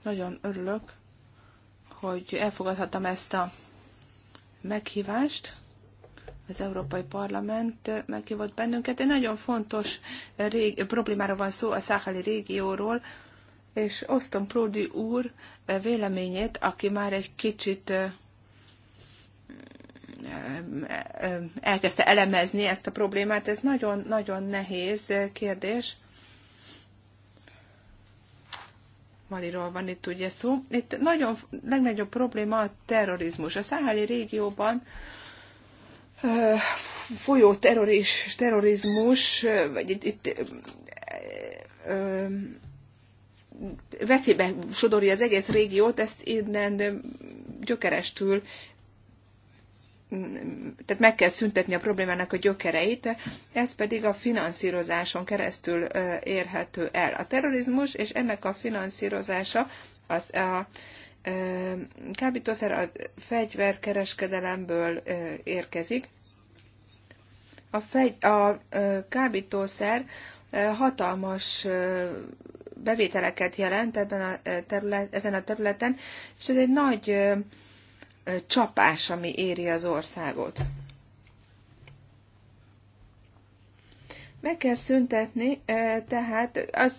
Nagyon örülök, hogy elfogadhattam ezt a meghívást az Európai Parlament meghívott bennünket. Egy nagyon fontos rég, problémára van szó a száhali régióról, és osztom Pródi úr véleményét, aki már egy kicsit elkezdte elemezni ezt a problémát. Ez nagyon-nagyon nehéz kérdés. Maliról van itt ugye szó. Itt nagyon legnagyobb probléma a terrorizmus. A száháli régióban folyó terroris, terrorizmus, vagy itt, itt veszélybe sodorja az egész régiót, ezt innen gyökerestül tehát meg kell szüntetni a problémának a gyökereit, ez pedig a finanszírozáson keresztül érhető el. A terrorizmus és ennek a finanszírozása az a kábítószer a fegyverkereskedelemből érkezik. A, fegy, a kábítószer hatalmas bevételeket jelent ebben a terület, ezen a területen, és ez egy nagy csapás, ami éri az országot. Meg kell szüntetni, tehát az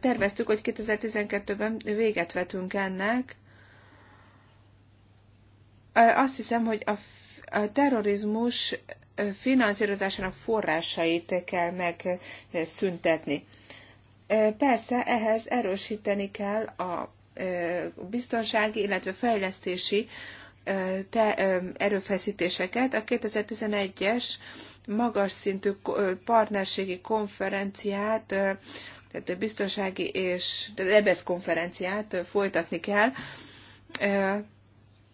terveztük, hogy 2012-ben véget vetünk ennek. Azt hiszem, hogy a, a terrorizmus finanszírozásának forrásait kell megszüntetni. Persze ehhez erősíteni kell a biztonsági, illetve fejlesztési te, erőfeszítéseket. A 2011-es magas szintű partnerségi konferenciát tehát biztonsági és EBSZ konferenciát folytatni kell,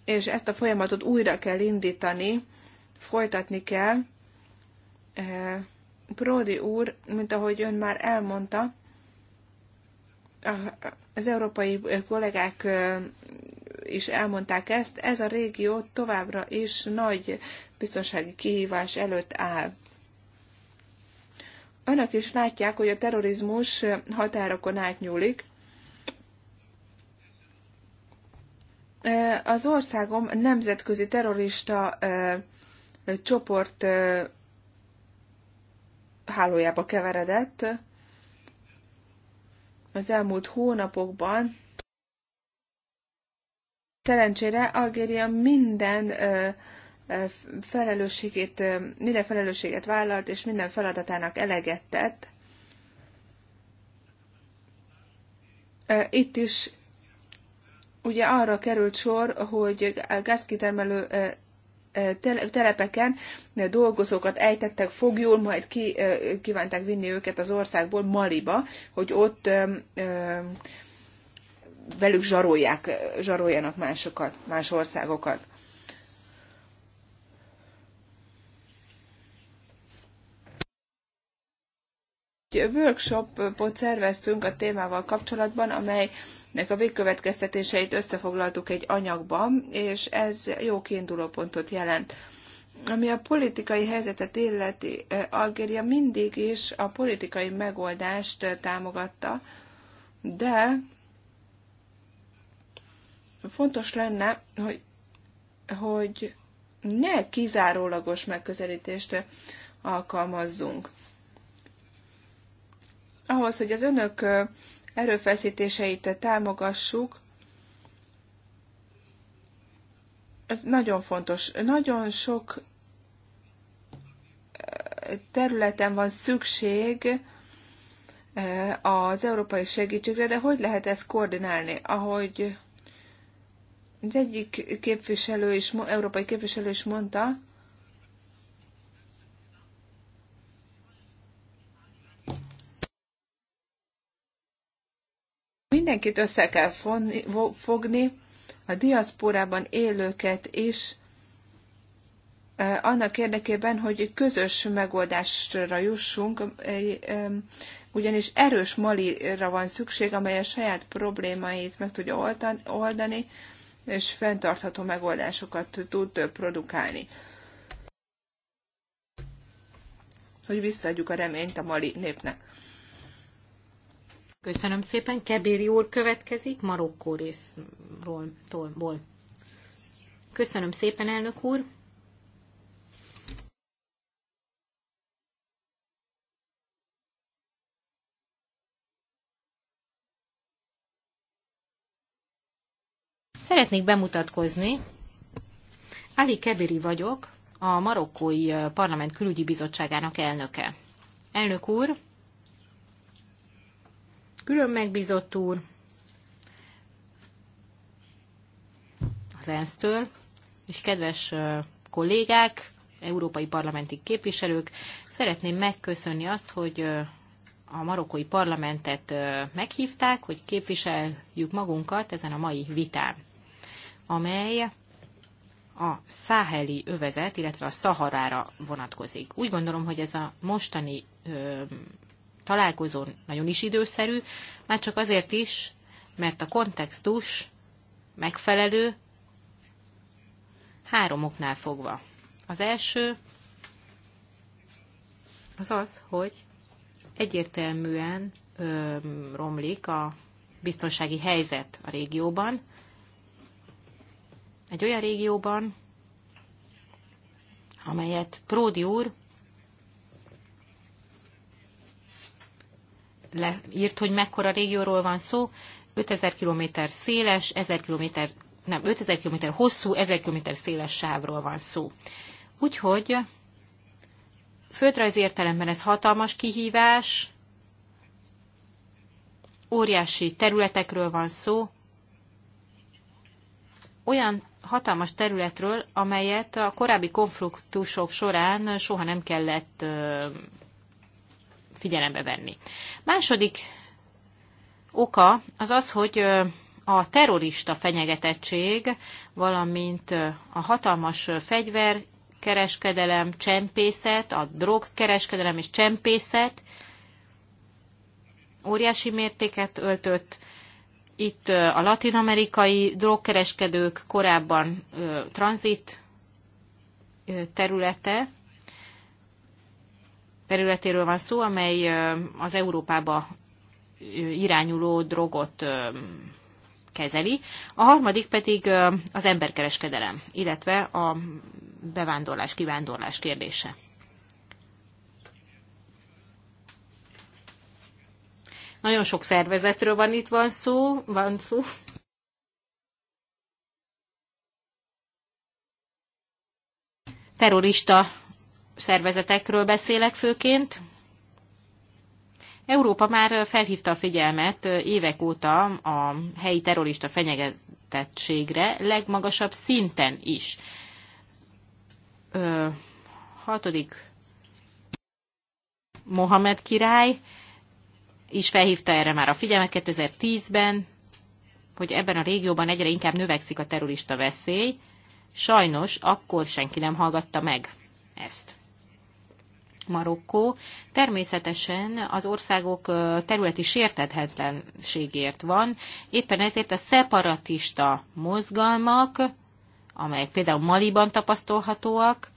és ezt a folyamatot újra kell indítani, folytatni kell. Pródi úr, mint ahogy ön már elmondta, az európai kollégák is elmondták ezt, ez a régió továbbra is nagy biztonsági kihívás előtt áll. Önök is látják, hogy a terrorizmus határokon átnyúlik. Az országom nemzetközi terrorista csoport hálójába keveredett az elmúlt hónapokban. Szerencsére Algéria minden felelősségét, minden felelősséget vállalt, és minden feladatának eleget tett. Itt is ugye arra került sor, hogy gázkitermelő telepeken dolgozókat ejtettek fogjul, majd ki kívánták vinni őket az országból Maliba, hogy ott velük zsarolják, zsaroljanak másokat, más országokat. egy workshopot szerveztünk a témával kapcsolatban, amelynek a végkövetkeztetéseit összefoglaltuk egy anyagban, és ez jó kiinduló pontot jelent. Ami a politikai helyzetet illeti, eh, Algéria mindig is a politikai megoldást eh, támogatta, de fontos lenne, hogy, hogy ne kizárólagos megközelítést eh, alkalmazzunk ahhoz, hogy az önök erőfeszítéseit támogassuk, ez nagyon fontos. Nagyon sok területen van szükség az európai segítségre, de hogy lehet ezt koordinálni? Ahogy az egyik képviselő is, európai képviselő is mondta, mindenkit össze kell fogni, a diaszporában élőket is, annak érdekében, hogy közös megoldásra jussunk, ugyanis erős Malira van szükség, amely a saját problémáit meg tudja oldani, és fenntartható megoldásokat tud produkálni.
Hogy visszaadjuk a reményt a mali népnek. Köszönöm szépen. Kebéri úr következik Marokkó részről. Köszönöm szépen, elnök úr. Szeretnék bemutatkozni. Ali Kebiri vagyok, a Marokkói Parlament Külügyi Bizottságának elnöke. Elnök úr, külön megbízott úr az ENSZ-től, és kedves kollégák, európai parlamenti képviselők, szeretném megköszönni azt, hogy a marokkói parlamentet meghívták, hogy képviseljük magunkat ezen a mai vitán, amely a száheli övezet, illetve a szaharára vonatkozik. Úgy gondolom, hogy ez a mostani találkozón nagyon is időszerű, már csak azért is, mert a kontextus megfelelő három oknál fogva. Az első az az, hogy egyértelműen ö, romlik a biztonsági helyzet a régióban. Egy olyan régióban, amelyet Pródi úr leírt, hogy mekkora régióról van szó, 5000 km széles, 1000 km, nem, 5000 km hosszú, 1000 km széles sávról van szó. Úgyhogy földrajz értelemben ez hatalmas kihívás, óriási területekről van szó, olyan hatalmas területről, amelyet a korábbi konfliktusok során soha nem kellett figyelembe venni. Második oka az az, hogy a terrorista fenyegetettség, valamint a hatalmas fegyverkereskedelem, csempészet, a drogkereskedelem és csempészet óriási mértéket öltött. Itt a latinamerikai drogkereskedők korábban tranzit területe, területéről van szó, amely az Európába irányuló drogot kezeli, a harmadik pedig az emberkereskedelem, illetve a bevándorlás, kivándorlás kérdése. Nagyon sok szervezetről van itt van szó, van szó. Terrorista szervezetekről beszélek főként. Európa már felhívta a figyelmet évek óta a helyi terrorista fenyegetettségre, legmagasabb szinten is. Ö, hatodik Mohamed király is felhívta erre már a figyelmet 2010-ben, hogy ebben a régióban egyre inkább növekszik a terrorista veszély. Sajnos akkor senki nem hallgatta meg ezt. Marokkó természetesen az országok területi sértethetlenségért van, éppen ezért a szeparatista mozgalmak, amelyek például Maliban tapasztalhatóak,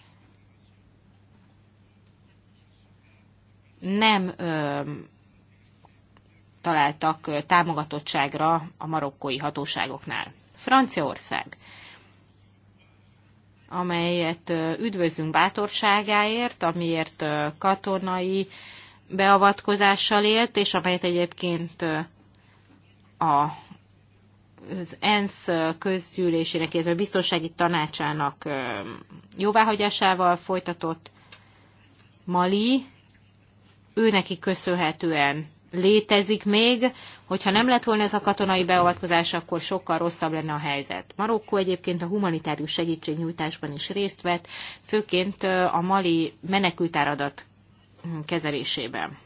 nem ö, találtak támogatottságra a marokkói hatóságoknál. Franciaország amelyet üdvözlünk bátorságáért, amiért katonai beavatkozással élt, és amelyet egyébként a az ENSZ közgyűlésének, illetve biztonsági tanácsának jóváhagyásával folytatott Mali, őneki köszönhetően létezik még, hogyha nem lett volna ez a katonai beavatkozás, akkor sokkal rosszabb lenne a helyzet. Marokkó egyébként a humanitárius segítségnyújtásban is részt vett, főként a mali menekültáradat hm, kezelésében.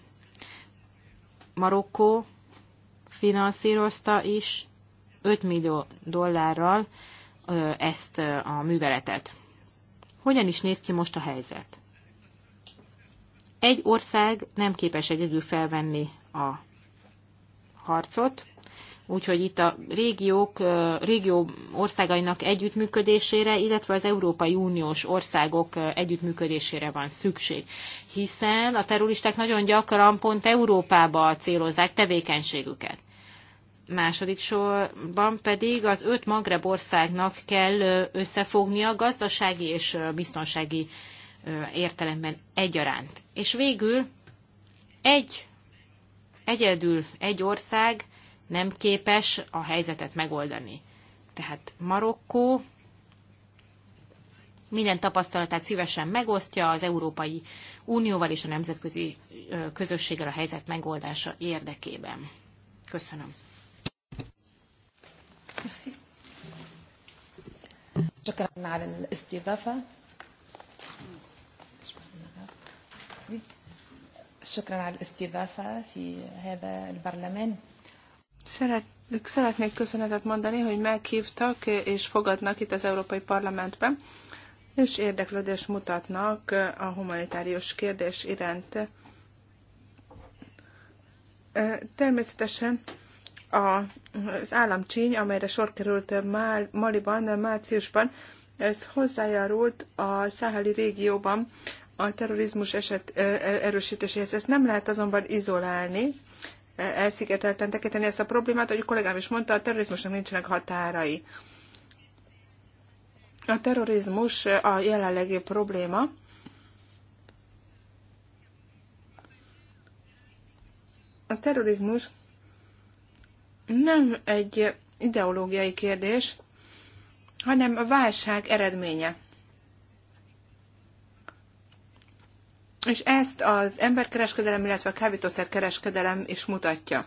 Marokkó finanszírozta is 5 millió dollárral ezt a műveletet. Hogyan is néz ki most a helyzet? Egy ország nem képes egyedül felvenni a harcot. Úgyhogy itt a régiók, régió országainak együttműködésére, illetve az Európai Uniós országok együttműködésére van szükség. Hiszen a terroristák nagyon gyakran pont Európába célozzák tevékenységüket. Második sorban pedig az öt Magreb országnak kell összefognia gazdasági és biztonsági értelemben egyaránt. És végül egy egyedül egy ország nem képes a helyzetet megoldani. Tehát Marokkó minden tapasztalatát szívesen megosztja az Európai Unióval és a nemzetközi közösséggel a helyzet megoldása érdekében. Köszönöm. Köszönöm,
شكرا على الاستضافة في هذا البرلمان. Szeret, szeretnék köszönetet mondani, hogy meghívtak és fogadnak itt az Európai Parlamentben, és érdeklődést mutatnak a humanitárius kérdés iránt. Természetesen az államcsíny, amelyre sor került Maliban, márciusban, ez hozzájárult a száheli régióban a terrorizmus eset e, erősítéséhez. Ezt nem lehet azonban izolálni, e, elszigetelten tekinteni ezt a problémát, ahogy a kollégám is mondta, a terrorizmusnak nincsenek határai. A terrorizmus a jelenlegi probléma, a terrorizmus nem egy ideológiai kérdés, hanem a válság eredménye. És ezt az emberkereskedelem, illetve a kábítószerkereskedelem is mutatja.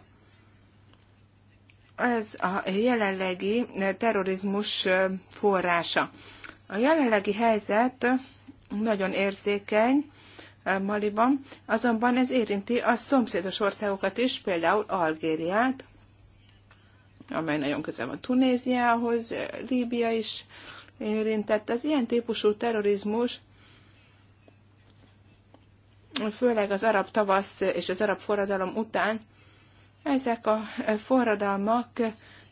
Ez a jelenlegi terrorizmus forrása. A jelenlegi helyzet nagyon érzékeny Maliban, azonban ez érinti a szomszédos országokat is, például Algériát, amely nagyon közel van Tunéziához, Líbia is érintett. Az ilyen típusú terrorizmus főleg az arab tavasz és az arab forradalom után, ezek a forradalmak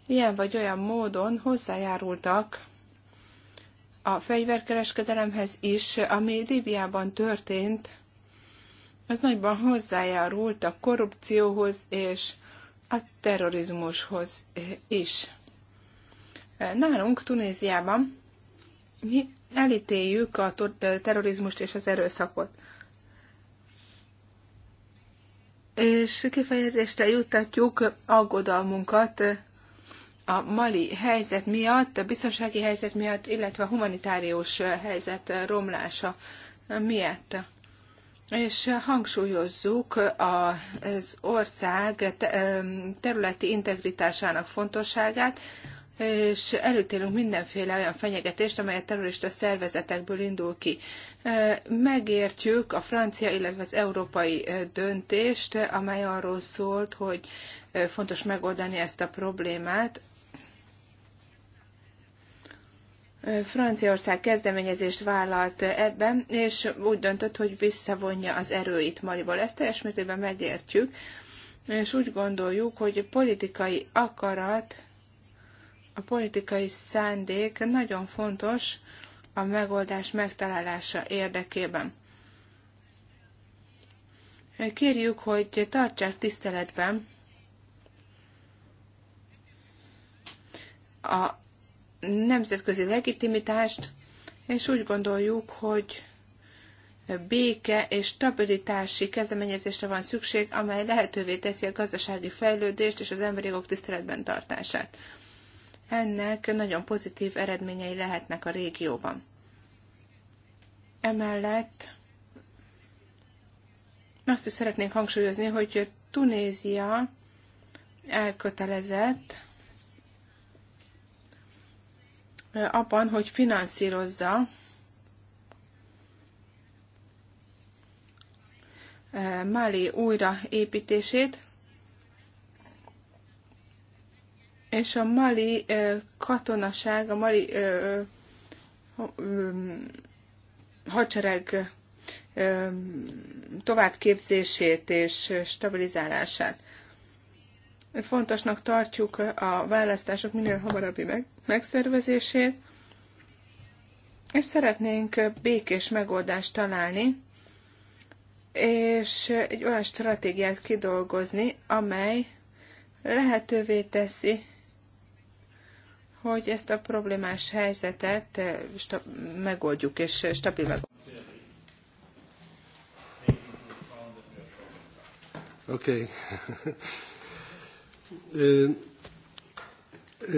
ilyen vagy olyan módon hozzájárultak a fegyverkereskedelemhez is, ami Líbiában történt, az nagyban hozzájárult a korrupcióhoz és a terrorizmushoz is. Nálunk, Tunéziában mi elítéljük a terrorizmust és az erőszakot és kifejezésre juttatjuk aggodalmunkat a mali helyzet miatt, a biztonsági helyzet miatt, illetve a humanitárius helyzet romlása miatt. És hangsúlyozzuk az ország területi integritásának fontosságát, és előtérünk mindenféle olyan fenyegetést, amely a terrorista szervezetekből indul ki. Megértjük a francia, illetve az európai döntést, amely arról szólt, hogy fontos megoldani ezt a problémát. Franciaország kezdeményezést vállalt ebben, és úgy döntött, hogy visszavonja az erőit Mariból. Ezt teljes mértékben megértjük, és úgy gondoljuk, hogy politikai akarat a politikai szándék nagyon fontos a megoldás megtalálása érdekében. Kérjük, hogy tartsák tiszteletben a nemzetközi legitimitást, és úgy gondoljuk, hogy béke és stabilitási kezdeményezésre van szükség, amely lehetővé teszi a gazdasági fejlődést és az emberi jogok tiszteletben tartását ennek nagyon pozitív eredményei lehetnek a régióban. Emellett azt is szeretnénk hangsúlyozni, hogy Tunézia elkötelezett abban, hogy finanszírozza Mali újraépítését, és a mali katonaság, a mali hadsereg továbbképzését és stabilizálását. Fontosnak tartjuk a választások minél hamarabbi meg, megszervezését, és szeretnénk békés megoldást találni, és egy olyan stratégiát kidolgozni, amely lehetővé teszi hogy ezt a problémás helyzetet eh, megoldjuk és stabilá. Okay. Eh, eh,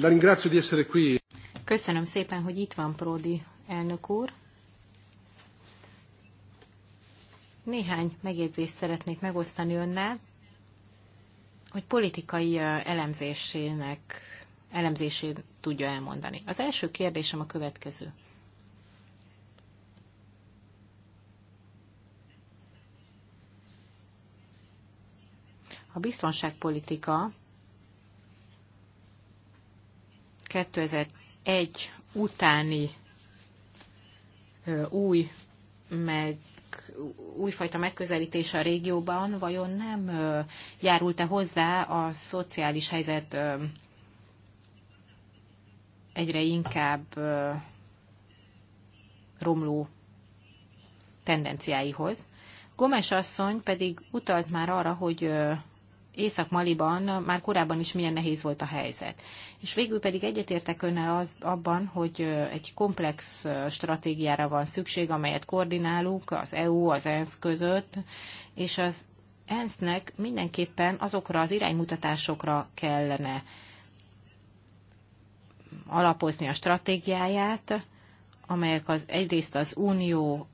la ringrazio di essere qui.
Köszönöm szépen, hogy itt van Prodi elnök úr. Néhány megjegyzést szeretnék megosztani önnel, hogy politikai elemzésének elemzését tudja elmondani. Az első kérdésem a következő. A biztonságpolitika 2001 utáni új meg újfajta megközelítése a régióban vajon nem járult-e hozzá a szociális helyzet egyre inkább romló tendenciáihoz. Gomes asszony pedig utalt már arra, hogy Észak-Maliban már korábban is milyen nehéz volt a helyzet. És végül pedig egyetértek önne az, abban, hogy egy komplex stratégiára van szükség, amelyet koordinálunk az EU, az ENSZ között, és az ENSZ-nek mindenképpen azokra az iránymutatásokra kellene alapozni a stratégiáját, amelyek az, egyrészt az unió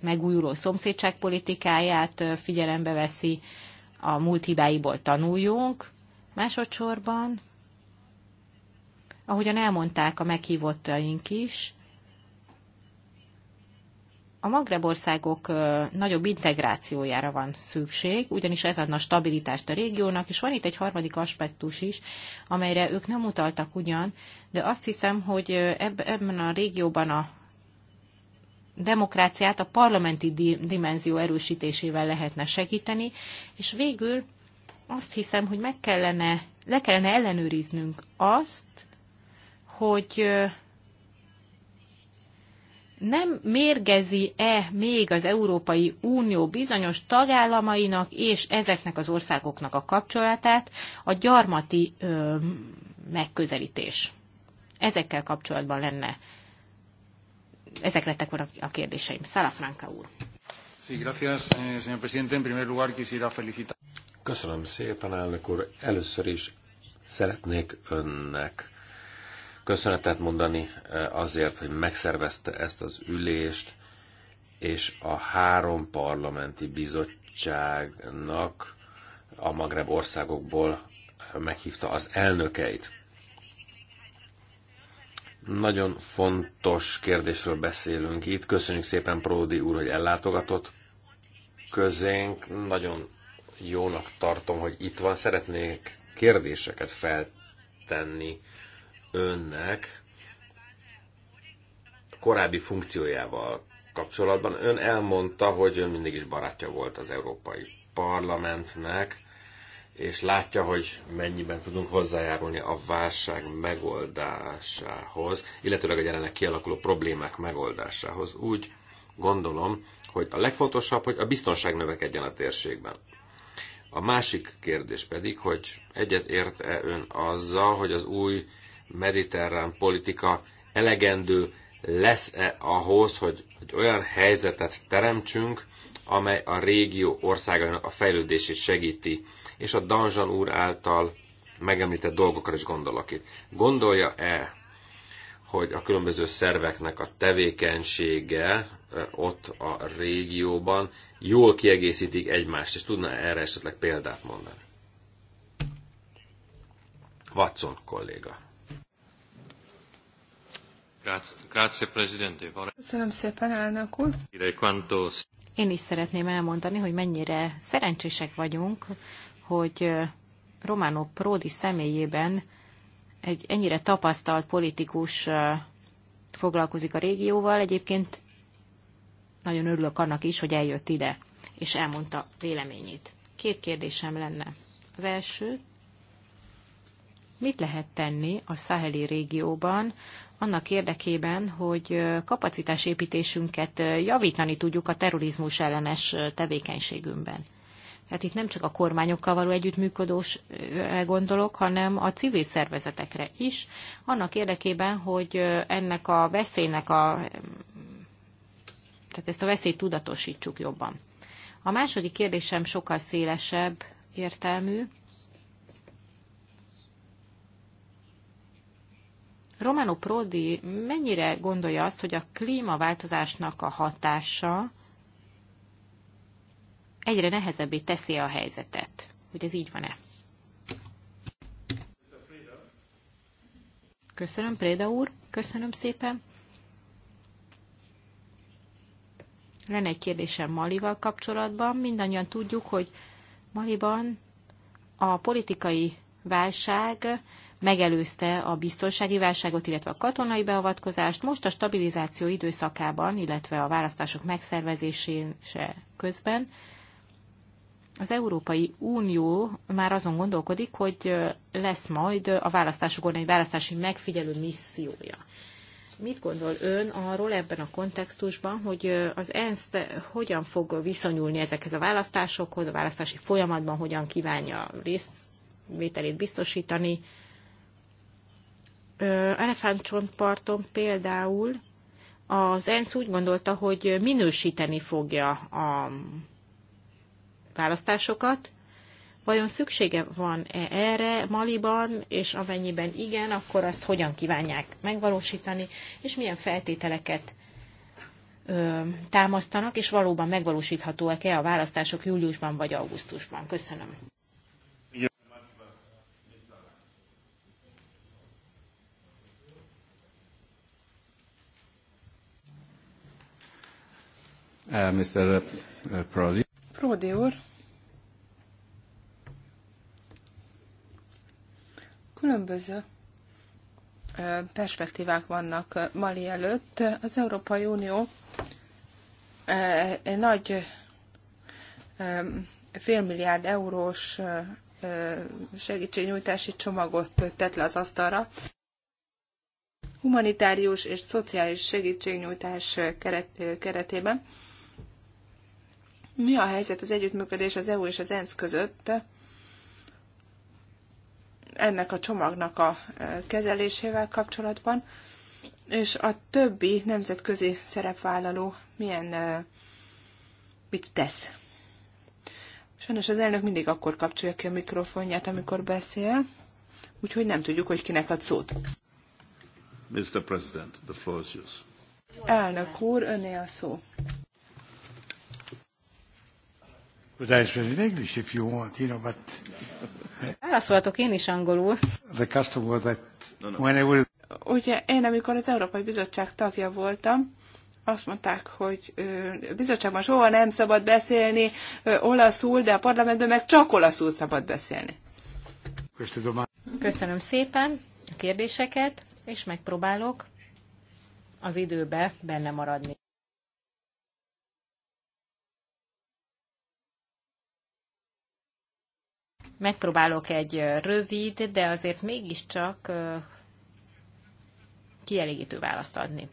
megújuló szomszédságpolitikáját figyelembe veszi, a múlt hibáiból tanuljunk, másodszorban, ahogyan elmondták a meghívottaink is, a Magrebországok nagyobb integrációjára van szükség, ugyanis ez adna stabilitást a régiónak, és van itt egy harmadik aspektus is, amelyre ők nem utaltak ugyan, de azt hiszem, hogy ebben a régióban a demokráciát a parlamenti dimenzió erősítésével lehetne segíteni, és végül azt hiszem, hogy meg kellene, le kellene ellenőriznünk azt, hogy nem mérgezi-e még az Európai Unió bizonyos tagállamainak és ezeknek az országoknak a kapcsolatát a gyarmati ö, megközelítés? Ezekkel kapcsolatban lenne. Ezek lettek volna a kérdéseim. Franca úr.
Sí, gracias, eh, señor presidente. En primer lugar, quisiera felicitar. Köszönöm szépen, elnök úr. Először is szeretnék önnek köszönetet mondani e, azért, hogy megszervezte ezt az ülést, és a három parlamenti bizottságnak a Magreb országokból meghívta az elnökeit. Nagyon fontos kérdésről beszélünk itt. Köszönjük szépen Pródi úr, hogy ellátogatott közénk. Nagyon jónak tartom, hogy itt van. Szeretnék kérdéseket feltenni önnek korábbi funkciójával kapcsolatban. Ön elmondta, hogy ön mindig is barátja volt az Európai Parlamentnek, és látja, hogy mennyiben tudunk hozzájárulni a válság megoldásához, illetőleg a jelenleg kialakuló problémák megoldásához. Úgy gondolom, hogy a legfontosabb, hogy a biztonság növekedjen a térségben. A másik kérdés pedig, hogy egyet ért-e ön azzal, hogy az új mediterrán politika elegendő lesz-e ahhoz, hogy egy olyan helyzetet teremtsünk, amely a régió országainak a fejlődését segíti, és a Danzsan úr által megemlített dolgokra is gondolok itt. Gondolja-e, hogy a különböző szerveknek a tevékenysége ott a régióban jól kiegészítik egymást, és tudna erre esetleg példát mondani? Watson kolléga.
Köszönöm szépen, elnök úr. Én is szeretném elmondani, hogy mennyire szerencsések vagyunk, hogy Romano Prodi személyében egy ennyire tapasztalt politikus foglalkozik a régióval. Egyébként nagyon örülök annak is, hogy eljött ide, és elmondta véleményét. Két kérdésem lenne. Az első, mit lehet tenni a szaheli régióban annak érdekében, hogy kapacitásépítésünket javítani tudjuk a terrorizmus ellenes tevékenységünkben. Tehát itt nem csak a kormányokkal való együttműködős gondolok, hanem a civil szervezetekre is, annak érdekében, hogy ennek a veszélynek a tehát ezt a veszélyt tudatosítsuk jobban. A második kérdésem sokkal szélesebb értelmű, Romano Prodi mennyire gondolja azt, hogy a klímaváltozásnak a hatása egyre nehezebbé teszi a helyzetet? Hogy ez így van-e? Köszönöm, Préda úr. Köszönöm szépen. Lenne egy kérdésem Malival kapcsolatban. Mindannyian tudjuk, hogy Maliban a politikai válság megelőzte a biztonsági válságot, illetve a katonai beavatkozást. Most a stabilizáció időszakában, illetve a választások megszervezésése közben az Európai Unió már azon gondolkodik, hogy lesz majd a választásokon egy választási megfigyelő missziója. Mit gondol ön arról ebben a kontextusban, hogy az ENSZ hogyan fog viszonyulni ezekhez a választásokhoz, a választási folyamatban hogyan kívánja részvételét biztosítani, elefántcsontparton például az ENSZ úgy gondolta, hogy minősíteni fogja a választásokat. Vajon szüksége van -e erre Maliban, és amennyiben igen, akkor azt hogyan kívánják megvalósítani, és milyen feltételeket ö, támasztanak, és valóban megvalósíthatóak-e a választások júliusban vagy augusztusban? Köszönöm.
Uh, Mr. Uh, Prodi.
Prodi úr. Különböző uh, perspektívák vannak Mali előtt. Az Európai Unió egy nagy um, félmilliárd eurós segítségnyújtási csomagot tett le az asztalra. Humanitárius és szociális segítségnyújtás keretében mi a helyzet az együttműködés az EU és az ENSZ között ennek a csomagnak a e, kezelésével kapcsolatban, és a többi nemzetközi szerepvállaló milyen e, mit tesz? Sajnos az elnök mindig akkor kapcsolja ki a mikrofonját, amikor beszél, úgyhogy nem tudjuk, hogy kinek ad szót.
Mr. President, the
floor is yours. Elnök úr, öné a szó. But I speak in English if you want, you know, but... Eh, Válaszoltok én is angolul. The customer that when I was... Ugye én, amikor az Európai Bizottság tagja voltam, azt mondták, hogy ö, bizottságban soha nem szabad
beszélni ö, olaszul, de a parlamentben meg csak olaszul szabad beszélni. Köszönöm szépen a kérdéseket, és megpróbálok az időbe benne maradni. Megpróbálok egy rövid, de azért mégiscsak kielégítő választ adni.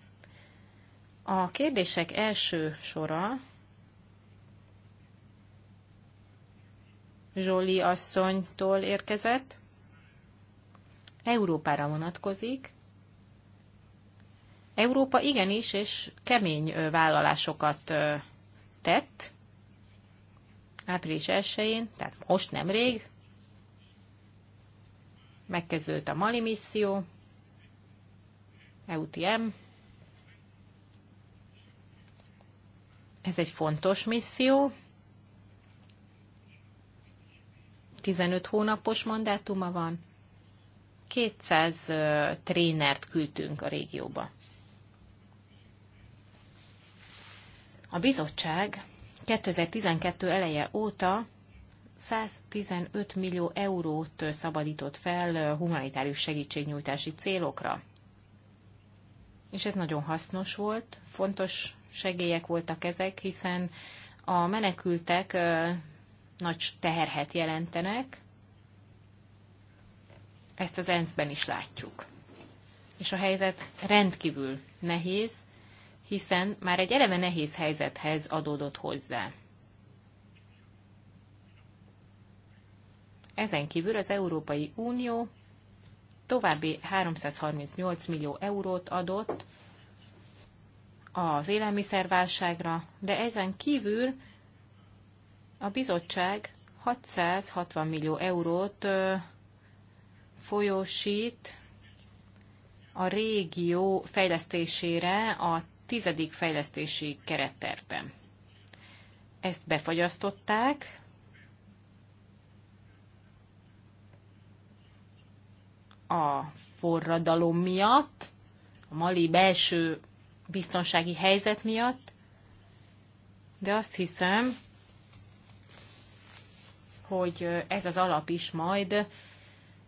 A kérdések első sora Zsoli asszonytól érkezett. Európára vonatkozik. Európa igenis, és kemény vállalásokat tett április 1-én, tehát most nemrég, megkezdődött a Mali misszió, EUTM. Ez egy fontos misszió. 15 hónapos mandátuma van. 200 trénert küldtünk a régióba. A bizottság 2012 eleje óta 115 millió eurót szabadított fel humanitárius segítségnyújtási célokra. És ez nagyon hasznos volt, fontos segélyek voltak ezek, hiszen a menekültek nagy teherhet jelentenek, ezt az ENSZ-ben is látjuk. És a helyzet rendkívül nehéz, hiszen már egy eleve nehéz helyzethez adódott hozzá. Ezen kívül az Európai Unió további 338 millió eurót adott az élelmiszerválságra, de ezen kívül a bizottság 660 millió eurót folyósít a régió fejlesztésére a tizedik fejlesztési kerettervben. Ezt befagyasztották a forradalom miatt, a mali belső biztonsági helyzet miatt, de azt hiszem, hogy ez az alap is majd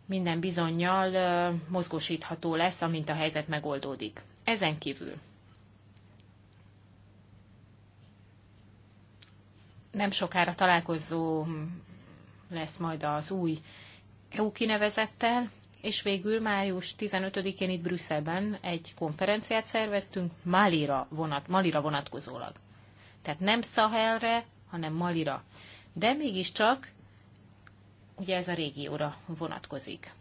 minden bizonyal mozgósítható lesz, amint a helyzet megoldódik. Ezen kívül nem sokára találkozó lesz majd az új EU kinevezettel, és végül május 15-én itt Brüsszelben egy konferenciát szerveztünk Malira, vonat, Malira vonatkozólag. Tehát nem Szahelre, hanem Malira. De mégiscsak ugye ez a régióra vonatkozik.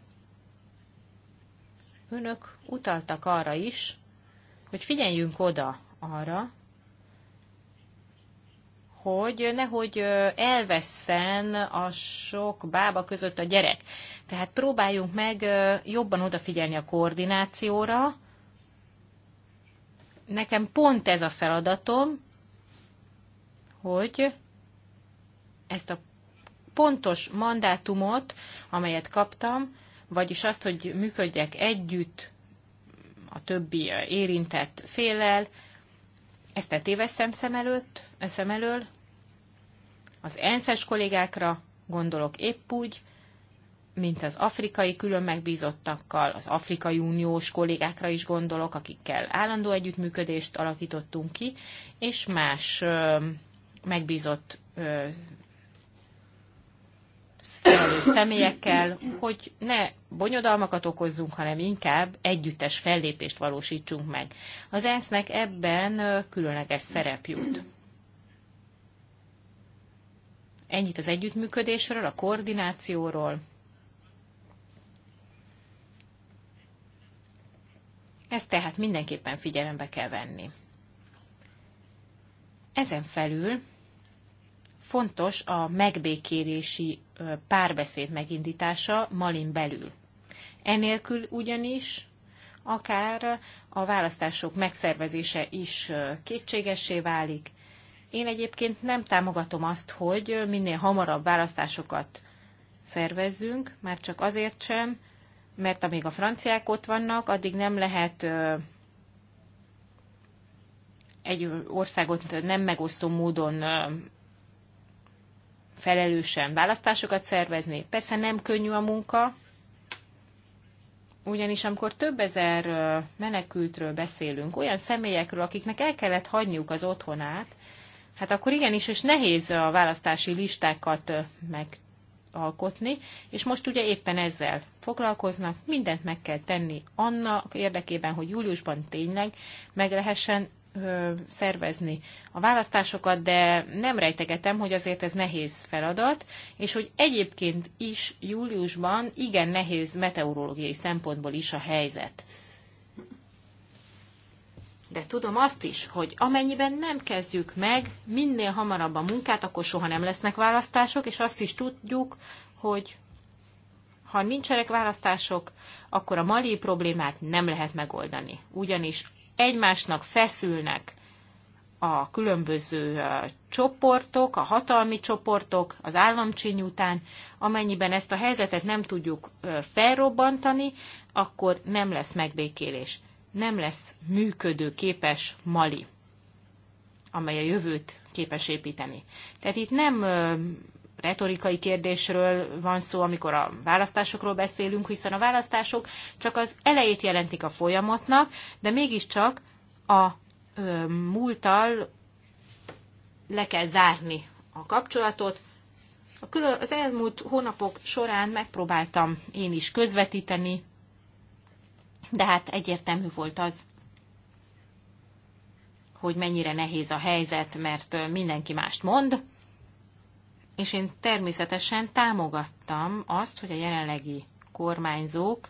Önök utaltak arra is, hogy figyeljünk oda arra, hogy nehogy elveszen a sok bába között a gyerek. Tehát próbáljunk meg jobban odafigyelni a koordinációra. Nekem pont ez a feladatom, hogy ezt a pontos mandátumot, amelyet kaptam, vagyis azt, hogy működjek együtt a többi érintett félel, ezt eltévesztem szem előtt, szem elől, az ENSZ-es kollégákra gondolok épp úgy, mint az afrikai külön megbízottakkal, az Afrikai Uniós kollégákra is gondolok, akikkel állandó együttműködést alakítottunk ki, és más ö, megbízott ö, személyekkel, hogy ne bonyodalmakat okozzunk, hanem inkább együttes fellépést valósítsunk meg. Az ENSZ-nek ebben különleges szerep jut. Ennyit az együttműködésről, a koordinációról. Ezt tehát mindenképpen figyelembe kell venni. Ezen felül fontos a megbékélési párbeszéd megindítása Malin belül. Enélkül ugyanis akár a választások megszervezése is kétségessé válik, én egyébként nem támogatom azt, hogy minél hamarabb választásokat szervezzünk, már csak azért sem, mert amíg a franciák ott vannak, addig nem lehet egy országot nem megosztó módon felelősen választásokat szervezni. Persze nem könnyű a munka, ugyanis amikor több ezer menekültről beszélünk, olyan személyekről, akiknek el kellett hagyniuk az otthonát, Hát akkor igenis, és nehéz a választási listákat megalkotni, és most ugye éppen ezzel foglalkoznak, mindent meg kell tenni annak érdekében, hogy júliusban tényleg meg lehessen szervezni a választásokat, de nem rejtegetem, hogy azért ez nehéz feladat, és hogy egyébként is júliusban igen nehéz meteorológiai szempontból is a helyzet de tudom azt is, hogy amennyiben nem kezdjük meg minél hamarabb a munkát, akkor soha nem lesznek választások, és azt is tudjuk, hogy ha nincsenek választások, akkor a mali problémát nem lehet megoldani. Ugyanis egymásnak feszülnek a különböző csoportok, a hatalmi csoportok az államcsíny után, amennyiben ezt a helyzetet nem tudjuk felrobbantani, akkor nem lesz megbékélés nem lesz működő képes Mali, amely a jövőt képes építeni. Tehát itt nem retorikai kérdésről van szó, amikor a választásokról beszélünk, hiszen a választások csak az elejét jelentik a folyamatnak, de mégiscsak a múltal le kell zárni a kapcsolatot. Az elmúlt hónapok során megpróbáltam én is közvetíteni de hát egyértelmű volt az, hogy mennyire nehéz a helyzet, mert mindenki mást mond, és én természetesen támogattam azt, hogy a jelenlegi kormányzók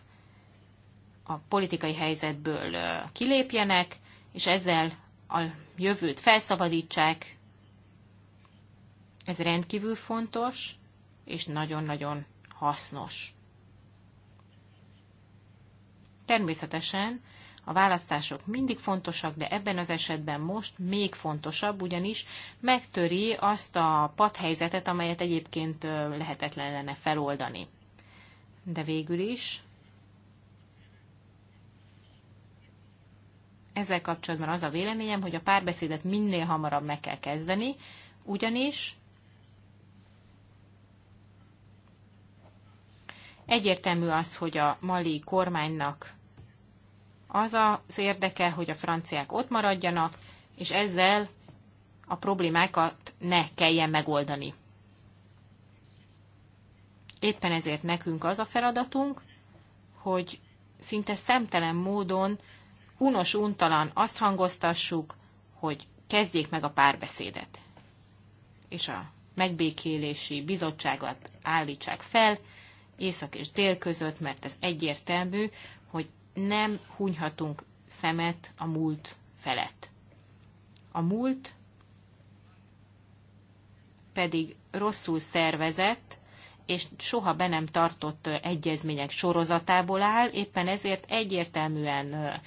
a politikai helyzetből kilépjenek, és ezzel a jövőt felszabadítsák. Ez rendkívül fontos, és nagyon-nagyon hasznos. Természetesen a választások mindig fontosak, de ebben az esetben most még fontosabb, ugyanis megtöri azt a padhelyzetet, amelyet egyébként lehetetlen lenne feloldani. De végül is ezzel kapcsolatban az a véleményem, hogy a párbeszédet minél hamarabb meg kell kezdeni, ugyanis egyértelmű az, hogy a mali kormánynak az az érdeke, hogy a franciák ott maradjanak, és ezzel a problémákat ne kelljen megoldani. Éppen ezért nekünk az a feladatunk, hogy szinte szemtelen módon unos-untalan azt hangoztassuk, hogy kezdjék meg a párbeszédet, és a megbékélési bizottságot állítsák fel, észak és dél között, mert ez egyértelmű, nem hunyhatunk szemet a múlt felett. A múlt pedig rosszul szervezett, és soha be nem tartott egyezmények sorozatából áll, éppen ezért egyértelműen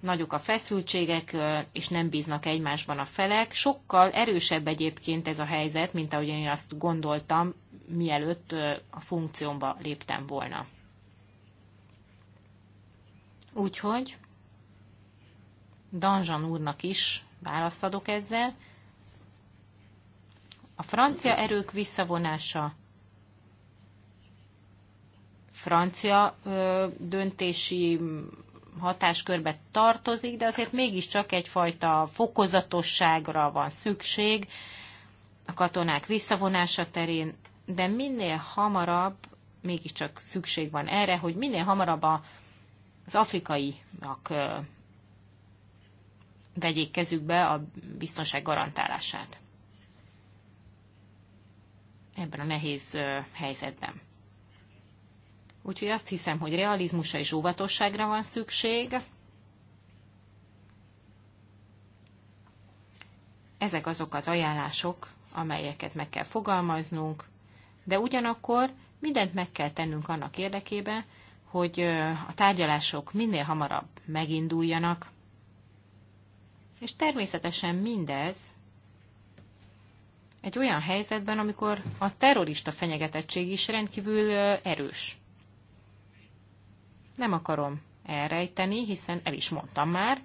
nagyok a feszültségek, és nem bíznak egymásban a felek. Sokkal erősebb egyébként ez a helyzet, mint ahogyan én azt gondoltam, mielőtt a funkciómba léptem volna. Úgyhogy Danzsan úrnak is választ adok ezzel. A francia erők visszavonása francia ö, döntési hatáskörbe tartozik, de azért mégiscsak egyfajta fokozatosságra van szükség a katonák visszavonása terén, de minél hamarabb mégiscsak szükség van erre, hogy minél hamarabb a az afrikaiak vegyék kezükbe a biztonság garantálását ebben a nehéz helyzetben. Úgyhogy azt hiszem, hogy realizmusra és óvatosságra van szükség. Ezek azok az ajánlások, amelyeket meg kell fogalmaznunk, de ugyanakkor mindent meg kell tennünk annak érdekében, hogy a tárgyalások minél hamarabb meginduljanak, és természetesen mindez egy olyan helyzetben, amikor a terrorista fenyegetettség is rendkívül erős. Nem akarom elrejteni, hiszen el is mondtam már.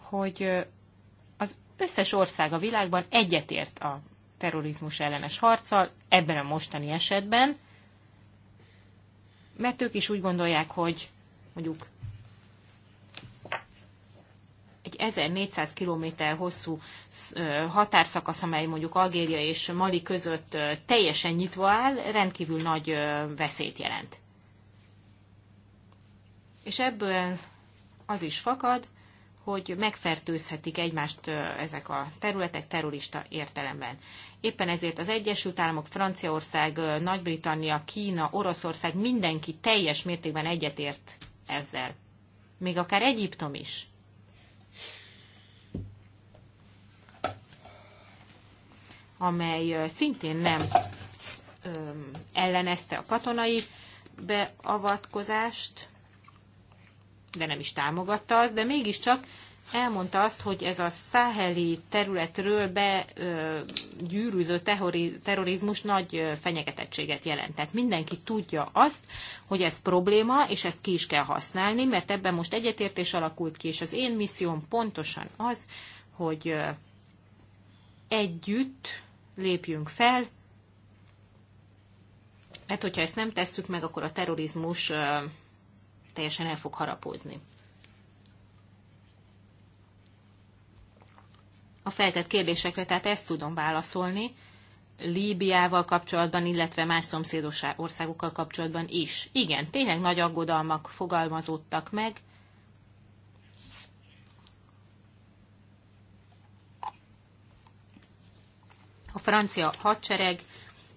hogy az összes ország a világban egyetért a terrorizmus ellenes harccal, ebben a mostani esetben, mert ők is úgy gondolják, hogy mondjuk egy 1400 km hosszú határszakasz, amely mondjuk Algéria és Mali között teljesen nyitva áll, rendkívül nagy veszélyt jelent. És ebből az is fakad, hogy megfertőzhetik egymást ezek a területek terrorista értelemben. Éppen ezért az Egyesült Államok, Franciaország, Nagy-Britannia, Kína, Oroszország mindenki teljes mértékben egyetért ezzel. Még akár Egyiptom is. amely szintén nem ellenezte a katonai beavatkozást, de nem is támogatta azt, de mégiscsak elmondta azt, hogy ez a száheli területről begyűrűző terrorizmus nagy fenyegetettséget jelent. Tehát mindenki tudja azt, hogy ez probléma, és ezt ki is kell használni, mert ebben most egyetértés alakult ki, és az én misszióm pontosan az, hogy együtt lépjünk fel, mert hogyha ezt nem tesszük meg, akkor a terrorizmus teljesen el fog harapózni. A feltett kérdésekre tehát ezt tudom válaszolni, Líbiával kapcsolatban, illetve más szomszédos országokkal kapcsolatban is. Igen, tényleg nagy aggodalmak fogalmazódtak meg. A francia hadsereg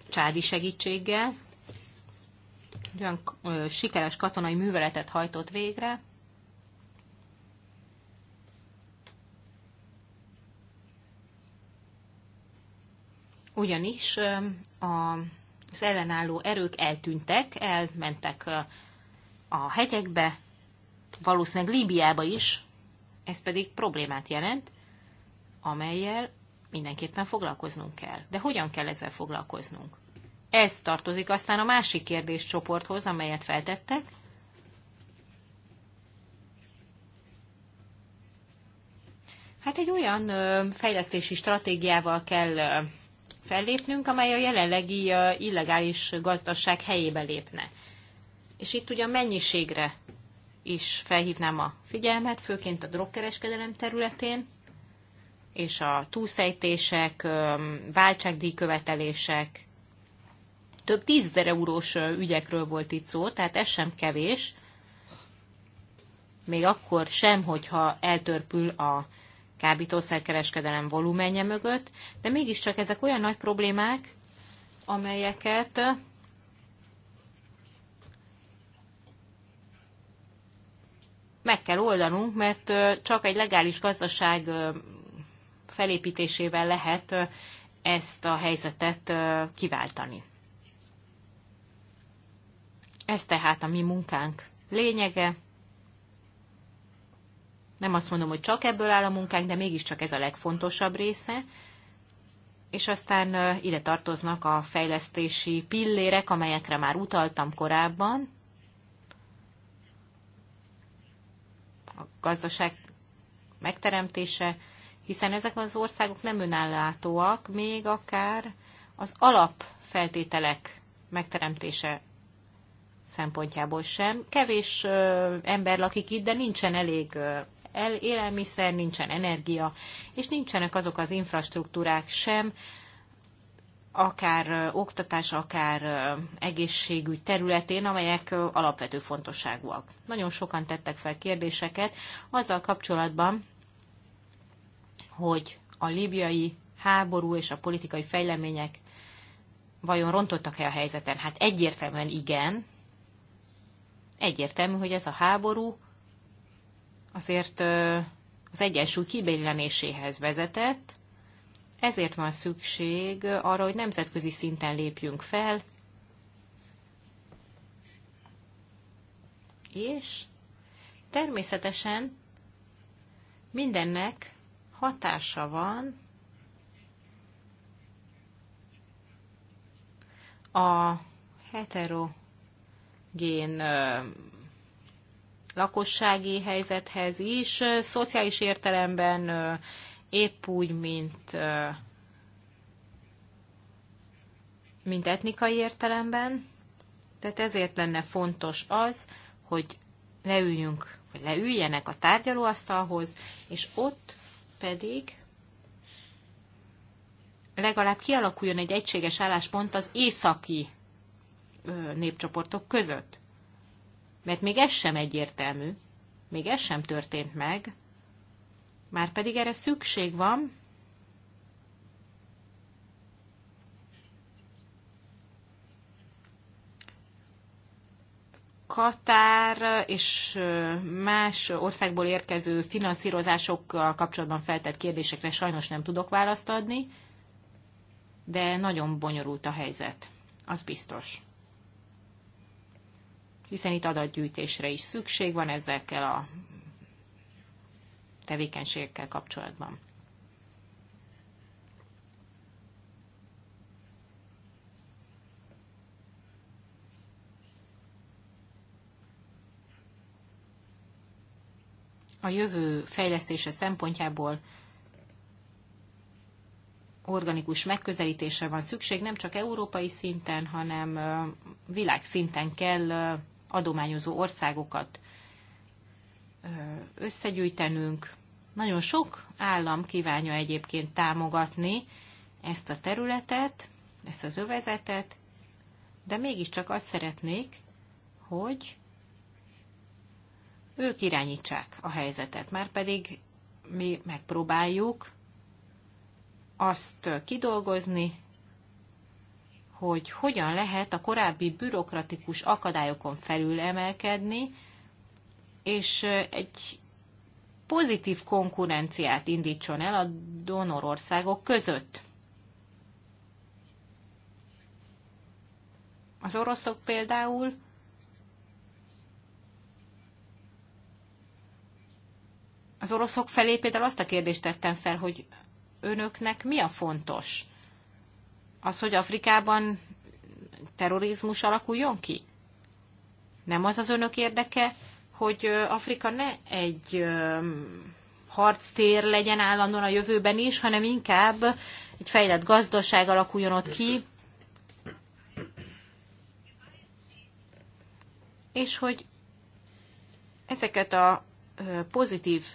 csádi segítséggel egy olyan sikeres katonai műveletet hajtott végre, ugyanis az ellenálló erők eltűntek, elmentek a hegyekbe, valószínűleg Líbiába is, ez pedig problémát jelent, amelyel mindenképpen foglalkoznunk kell. De hogyan kell ezzel foglalkoznunk? Ez tartozik aztán a másik kérdéscsoporthoz, amelyet feltettek. Hát egy olyan fejlesztési stratégiával kell fellépnünk, amely a jelenlegi illegális gazdaság helyébe lépne. És itt ugye a mennyiségre is felhívnám a figyelmet, főként a drogkereskedelem területén, és a túlszejtések, váltságdíjkövetelések, több tízezer eurós ügyekről volt itt szó, tehát ez sem kevés, még akkor sem, hogyha eltörpül a kábítószerkereskedelem volumenje mögött, de mégiscsak ezek olyan nagy problémák, amelyeket meg kell oldanunk, mert csak egy legális gazdaság felépítésével lehet ezt a helyzetet kiváltani. Ez tehát a mi munkánk lényege. Nem azt mondom, hogy csak ebből áll a munkánk, de mégiscsak ez a legfontosabb része. És aztán ide tartoznak a fejlesztési pillérek, amelyekre már utaltam korábban. A gazdaság megteremtése, hiszen ezek az országok nem önállátóak, még akár az alapfeltételek megteremtése szempontjából sem. Kevés ember lakik itt, de nincsen elég el, élelmiszer, nincsen energia, és nincsenek azok az infrastruktúrák sem, akár oktatás, akár egészségügy területén, amelyek alapvető fontosságúak. Nagyon sokan tettek fel kérdéseket azzal kapcsolatban, hogy a libiai háború és a politikai fejlemények vajon rontottak-e a helyzeten? Hát egyértelműen igen, Egyértelmű, hogy ez a háború azért az egyensúly kibélenéséhez vezetett, ezért van szükség arra, hogy nemzetközi szinten lépjünk fel, és természetesen mindennek hatása van a hetero gén lakossági helyzethez is, szociális értelemben épp úgy, mint, mint etnikai értelemben. Tehát ezért lenne fontos az, hogy leüljünk, vagy leüljenek a tárgyalóasztalhoz, és ott pedig legalább kialakuljon egy egységes álláspont az északi népcsoportok között. Mert még ez sem egyértelmű, még ez sem történt meg, már pedig erre szükség van, Katár és más országból érkező finanszírozásokkal kapcsolatban feltett kérdésekre sajnos nem tudok választ adni, de nagyon bonyolult a helyzet, az biztos hiszen itt adatgyűjtésre is szükség van ezekkel a tevékenységekkel kapcsolatban. a jövő fejlesztése szempontjából organikus megközelítésre van szükség, nem csak európai szinten, hanem világszinten kell adományozó országokat összegyűjtenünk. Nagyon sok állam kívánja egyébként támogatni ezt a területet, ezt az övezetet, de mégiscsak azt szeretnék, hogy ők irányítsák a helyzetet, már pedig mi megpróbáljuk azt kidolgozni, hogy hogyan lehet a korábbi bürokratikus akadályokon felül emelkedni, és egy pozitív konkurenciát indítson el a donorországok között. Az oroszok például az oroszok felé például azt a kérdést tettem fel, hogy önöknek mi a fontos – az, hogy Afrikában terrorizmus alakuljon ki? Nem az az önök érdeke, hogy Afrika ne egy harctér legyen állandóan a jövőben is, hanem inkább egy fejlett gazdaság alakuljon ott ki, és hogy ezeket a pozitív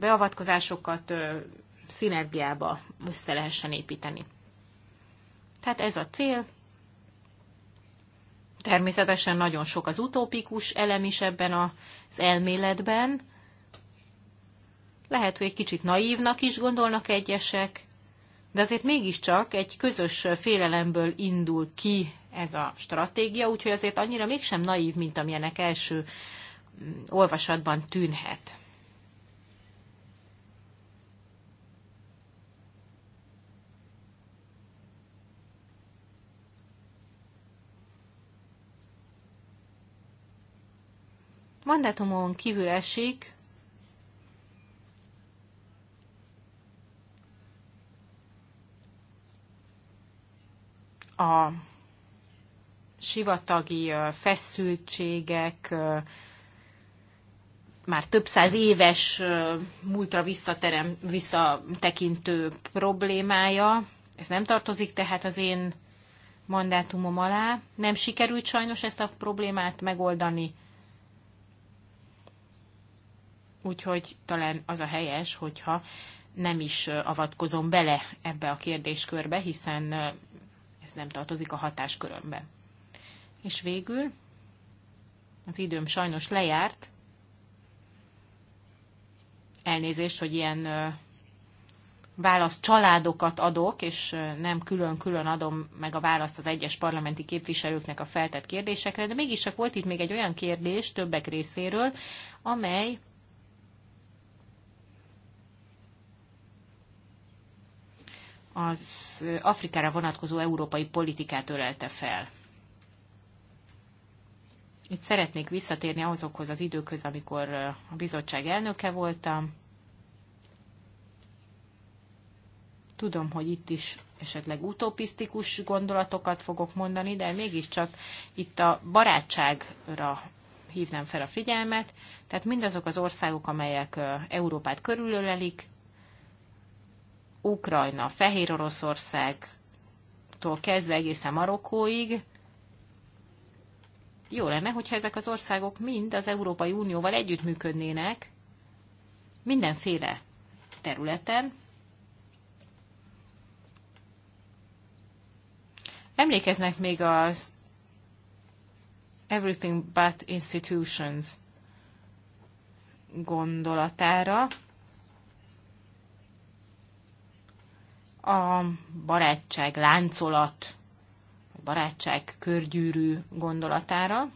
beavatkozásokat szinergiába össze lehessen építeni. Tehát ez a cél. Természetesen nagyon sok az utópikus elem is ebben az elméletben. Lehet, hogy egy kicsit naívnak is gondolnak egyesek, de azért mégiscsak egy közös félelemből indul ki ez a stratégia, úgyhogy azért annyira mégsem naív, mint amilyenek első mm, olvasatban tűnhet. mandátumon kívül esik, a sivatagi feszültségek, már több száz éves múltra visszaterem, visszatekintő problémája. Ez nem tartozik tehát az én mandátumom alá. Nem sikerült sajnos ezt a problémát megoldani úgyhogy talán az a helyes, hogyha nem is avatkozom bele ebbe a kérdéskörbe, hiszen ez nem tartozik a hatáskörömbe. És végül az időm sajnos lejárt. Elnézést, hogy ilyen választ családokat adok, és nem külön-külön adom meg a választ az egyes parlamenti képviselőknek a feltett kérdésekre, de mégis csak volt itt még egy olyan kérdés többek részéről, amely az Afrikára vonatkozó európai politikát ölelte fel. Itt szeretnék visszatérni azokhoz az időkhöz, amikor a bizottság elnöke voltam. Tudom, hogy itt is esetleg utopisztikus gondolatokat fogok mondani, de mégiscsak itt a barátságra hívnám fel a figyelmet. Tehát mindazok az országok, amelyek Európát körülölelik, Ukrajna, Fehér Oroszországtól kezdve egészen Marokkóig, jó lenne, hogyha ezek az országok mind az Európai Unióval együttműködnének mindenféle területen. Emlékeznek még az Everything But Institutions gondolatára, a barátság láncolat, barátság körgyűrű gondolatára.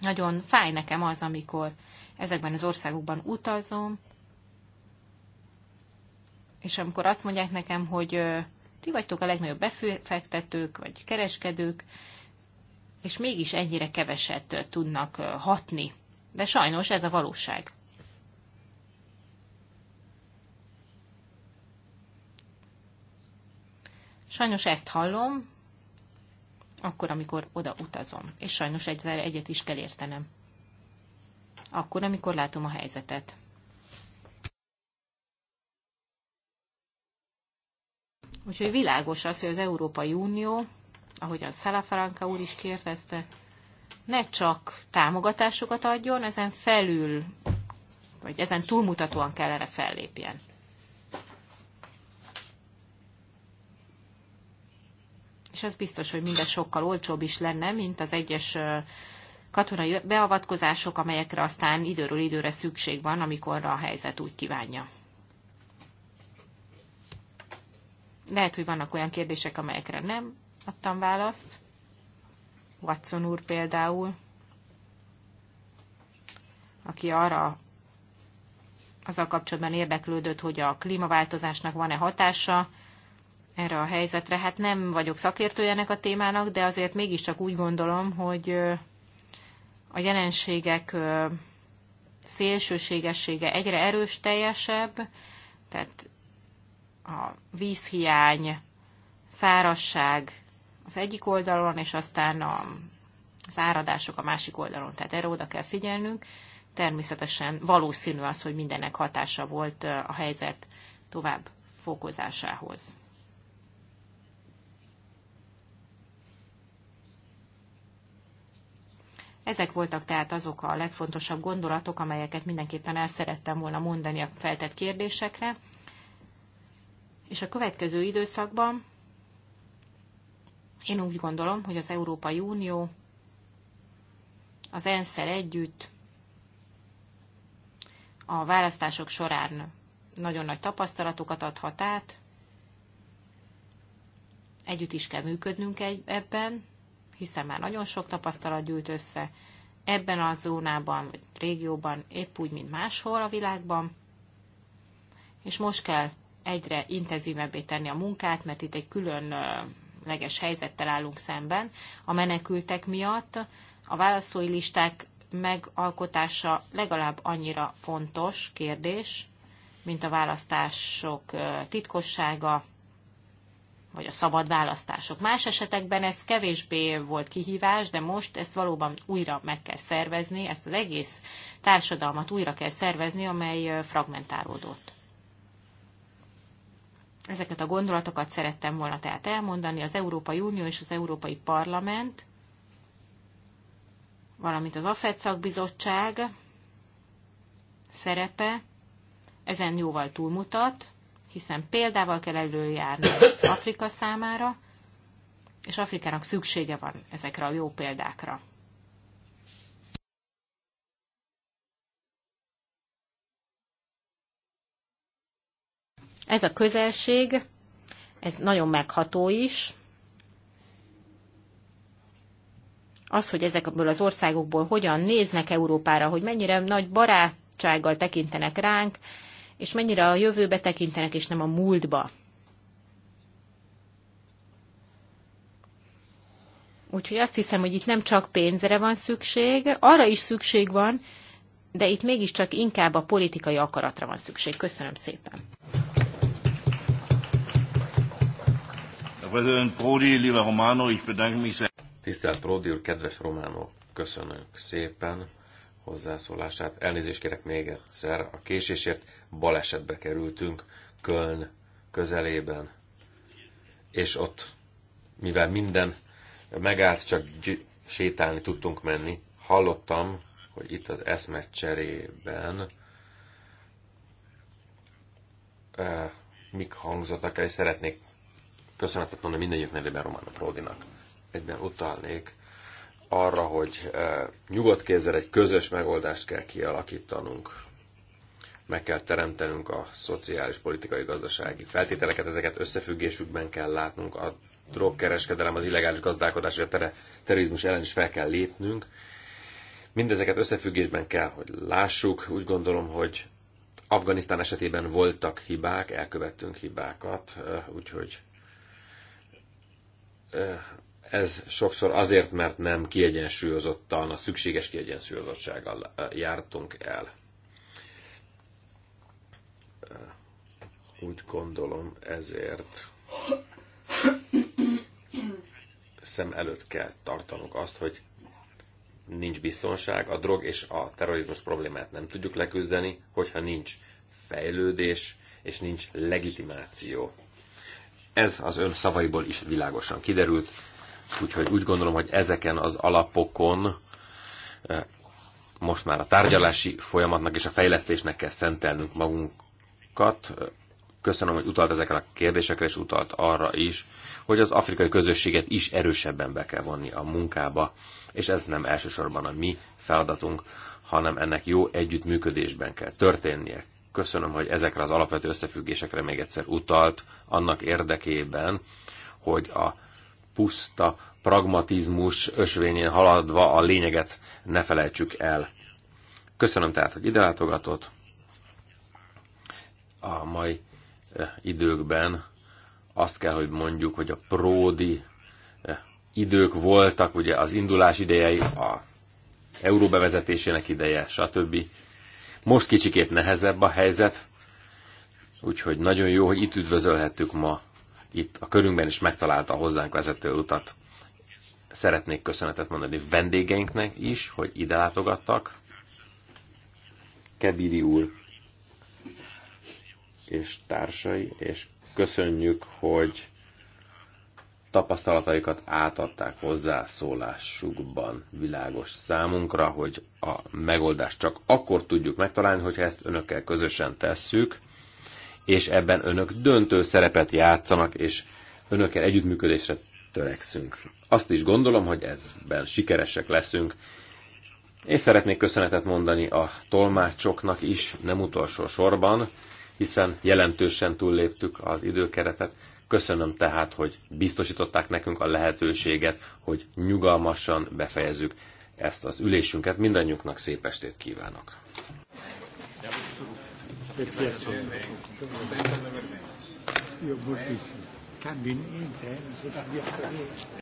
Nagyon fáj nekem az, amikor ezekben az országokban utazom, és amikor azt mondják nekem, hogy ti vagytok a legnagyobb befektetők, vagy kereskedők, és mégis ennyire keveset tudnak hatni. De sajnos ez a valóság. Sajnos ezt hallom, akkor, amikor oda utazom. És sajnos egyre egyet is kell értenem. Akkor, amikor látom a helyzetet. Úgyhogy világos az, hogy az Európai Unió, ahogy a Szalafaranka úr is kérdezte, ne csak támogatásokat adjon, ezen felül, vagy ezen túlmutatóan kell erre fellépjen. és az biztos, hogy mindez sokkal olcsóbb is lenne, mint az egyes katonai beavatkozások, amelyekre aztán időről időre szükség van, amikor a helyzet úgy kívánja. Lehet, hogy vannak olyan kérdések, amelyekre nem adtam választ. Watson úr például, aki arra azzal kapcsolatban érdeklődött, hogy a klímaváltozásnak van-e hatása erre a helyzetre. Hát nem vagyok szakértőjenek a témának, de azért mégiscsak úgy gondolom, hogy a jelenségek szélsőségessége egyre erős teljesebb, tehát a vízhiány, szárasság az egyik oldalon, és aztán a, az áradások a másik oldalon. Tehát erre oda kell figyelnünk. Természetesen valószínű az, hogy mindennek hatása volt a helyzet tovább fokozásához. Ezek voltak tehát azok a legfontosabb gondolatok, amelyeket mindenképpen el szerettem volna mondani a feltett kérdésekre. És a következő időszakban én úgy gondolom, hogy az Európai Unió az ensz együtt a választások során nagyon nagy tapasztalatokat adhat át, együtt is kell működnünk ebben, hiszen már nagyon sok tapasztalat gyűlt össze ebben a zónában, vagy régióban, épp úgy, mint máshol a világban. És most kell egyre intenzívebbé tenni a munkát, mert itt egy különleges helyzettel állunk szemben a menekültek miatt. A válaszói listák megalkotása legalább annyira fontos kérdés, mint a választások titkossága, vagy a szabad választások. Más esetekben ez kevésbé volt kihívás, de most ezt valóban újra meg kell szervezni, ezt az egész társadalmat újra kell szervezni, amely fragmentálódott. Ezeket a gondolatokat szerettem volna tehát elmondani. Az Európai Unió és az Európai Parlament, valamint az AFED szakbizottság szerepe ezen jóval túlmutat, hiszen példával kell előjárni Afrika számára, és Afrikának szüksége van ezekre a jó példákra. Ez a közelség, ez nagyon megható is. Az, hogy ezekből az országokból hogyan néznek Európára, hogy mennyire nagy barátsággal tekintenek ránk, és mennyire a jövőbe tekintenek, és nem a múltba. Úgyhogy azt hiszem, hogy itt nem csak pénzre van szükség, arra is szükség van, de itt mégiscsak inkább a politikai akaratra van szükség. Köszönöm szépen.
Tisztelt Prodi úr, kedves Románok, köszönök szépen hozzászólását. Elnézést kérek még egyszer, a késésért balesetbe kerültünk Köln közelében, és ott, mivel minden megállt, csak sétálni tudtunk menni, hallottam, hogy itt az cserében e, mik hangzottak el, és szeretnék köszönetet mondani mindegyik nevében Román Prodinak. Egyben utalnék arra, hogy e, nyugodt kézzel egy közös megoldást kell kialakítanunk. Meg kell teremtenünk a szociális, politikai, gazdasági feltételeket, ezeket összefüggésükben kell látnunk. A drogkereskedelem, az illegális gazdálkodás, vagy a terrorizmus ellen is fel kell lépnünk. Mindezeket összefüggésben kell, hogy lássuk. Úgy gondolom, hogy Afganisztán esetében voltak hibák, elkövettünk hibákat, e, úgyhogy e, ez sokszor azért, mert nem kiegyensúlyozottan, a szükséges kiegyensúlyozottsággal eh, jártunk el. Eh, úgy gondolom ezért szem előtt kell tartanunk azt, hogy nincs biztonság, a drog és a terrorizmus problémát nem tudjuk leküzdeni, hogyha nincs fejlődés és nincs legitimáció. Ez az ön szavaiból is világosan kiderült. Úgyhogy úgy gondolom, hogy ezeken az alapokon eh, most már a tárgyalási folyamatnak és a fejlesztésnek kell szentelnünk magunkat. Köszönöm, hogy utalt ezekre a kérdésekre, és utalt arra is, hogy az afrikai közösséget is erősebben be kell vonni a munkába, és ez nem elsősorban a mi feladatunk, hanem ennek jó együttműködésben kell történnie. Köszönöm, hogy ezekre az alapvető összefüggésekre még egyszer utalt, annak érdekében, hogy a puszta pragmatizmus ösvényén haladva a lényeget ne felejtsük el. Köszönöm tehát, hogy ide látogatott. A mai eh, időkben azt kell, hogy mondjuk, hogy a pródi eh, idők voltak, ugye az indulás idejei, a euró bevezetésének ideje, stb. Most kicsikét nehezebb a helyzet, úgyhogy nagyon jó, hogy itt üdvözölhettük ma itt a körünkben is megtalálta a hozzánk vezető utat. Szeretnék köszönetet mondani vendégeinknek is, hogy ide látogattak. Kebiri úr és társai, és köszönjük, hogy tapasztalataikat átadták hozzá szólásukban világos számunkra, hogy a megoldást csak akkor tudjuk megtalálni, hogyha ezt önökkel közösen tesszük és ebben önök döntő szerepet játszanak, és önökkel együttműködésre törekszünk. Azt is gondolom, hogy ezben sikeresek leszünk, és szeretnék köszönetet mondani a tolmácsoknak is, nem utolsó sorban, hiszen jelentősen túlléptük az időkeretet. Köszönöm tehát, hogy biztosították nekünk a lehetőséget, hogy nyugalmasan befejezzük ezt az ülésünket. Mindannyiunknak szép estét kívánok! Io
moltissimo. Cambio niente, eh? non si cambia niente.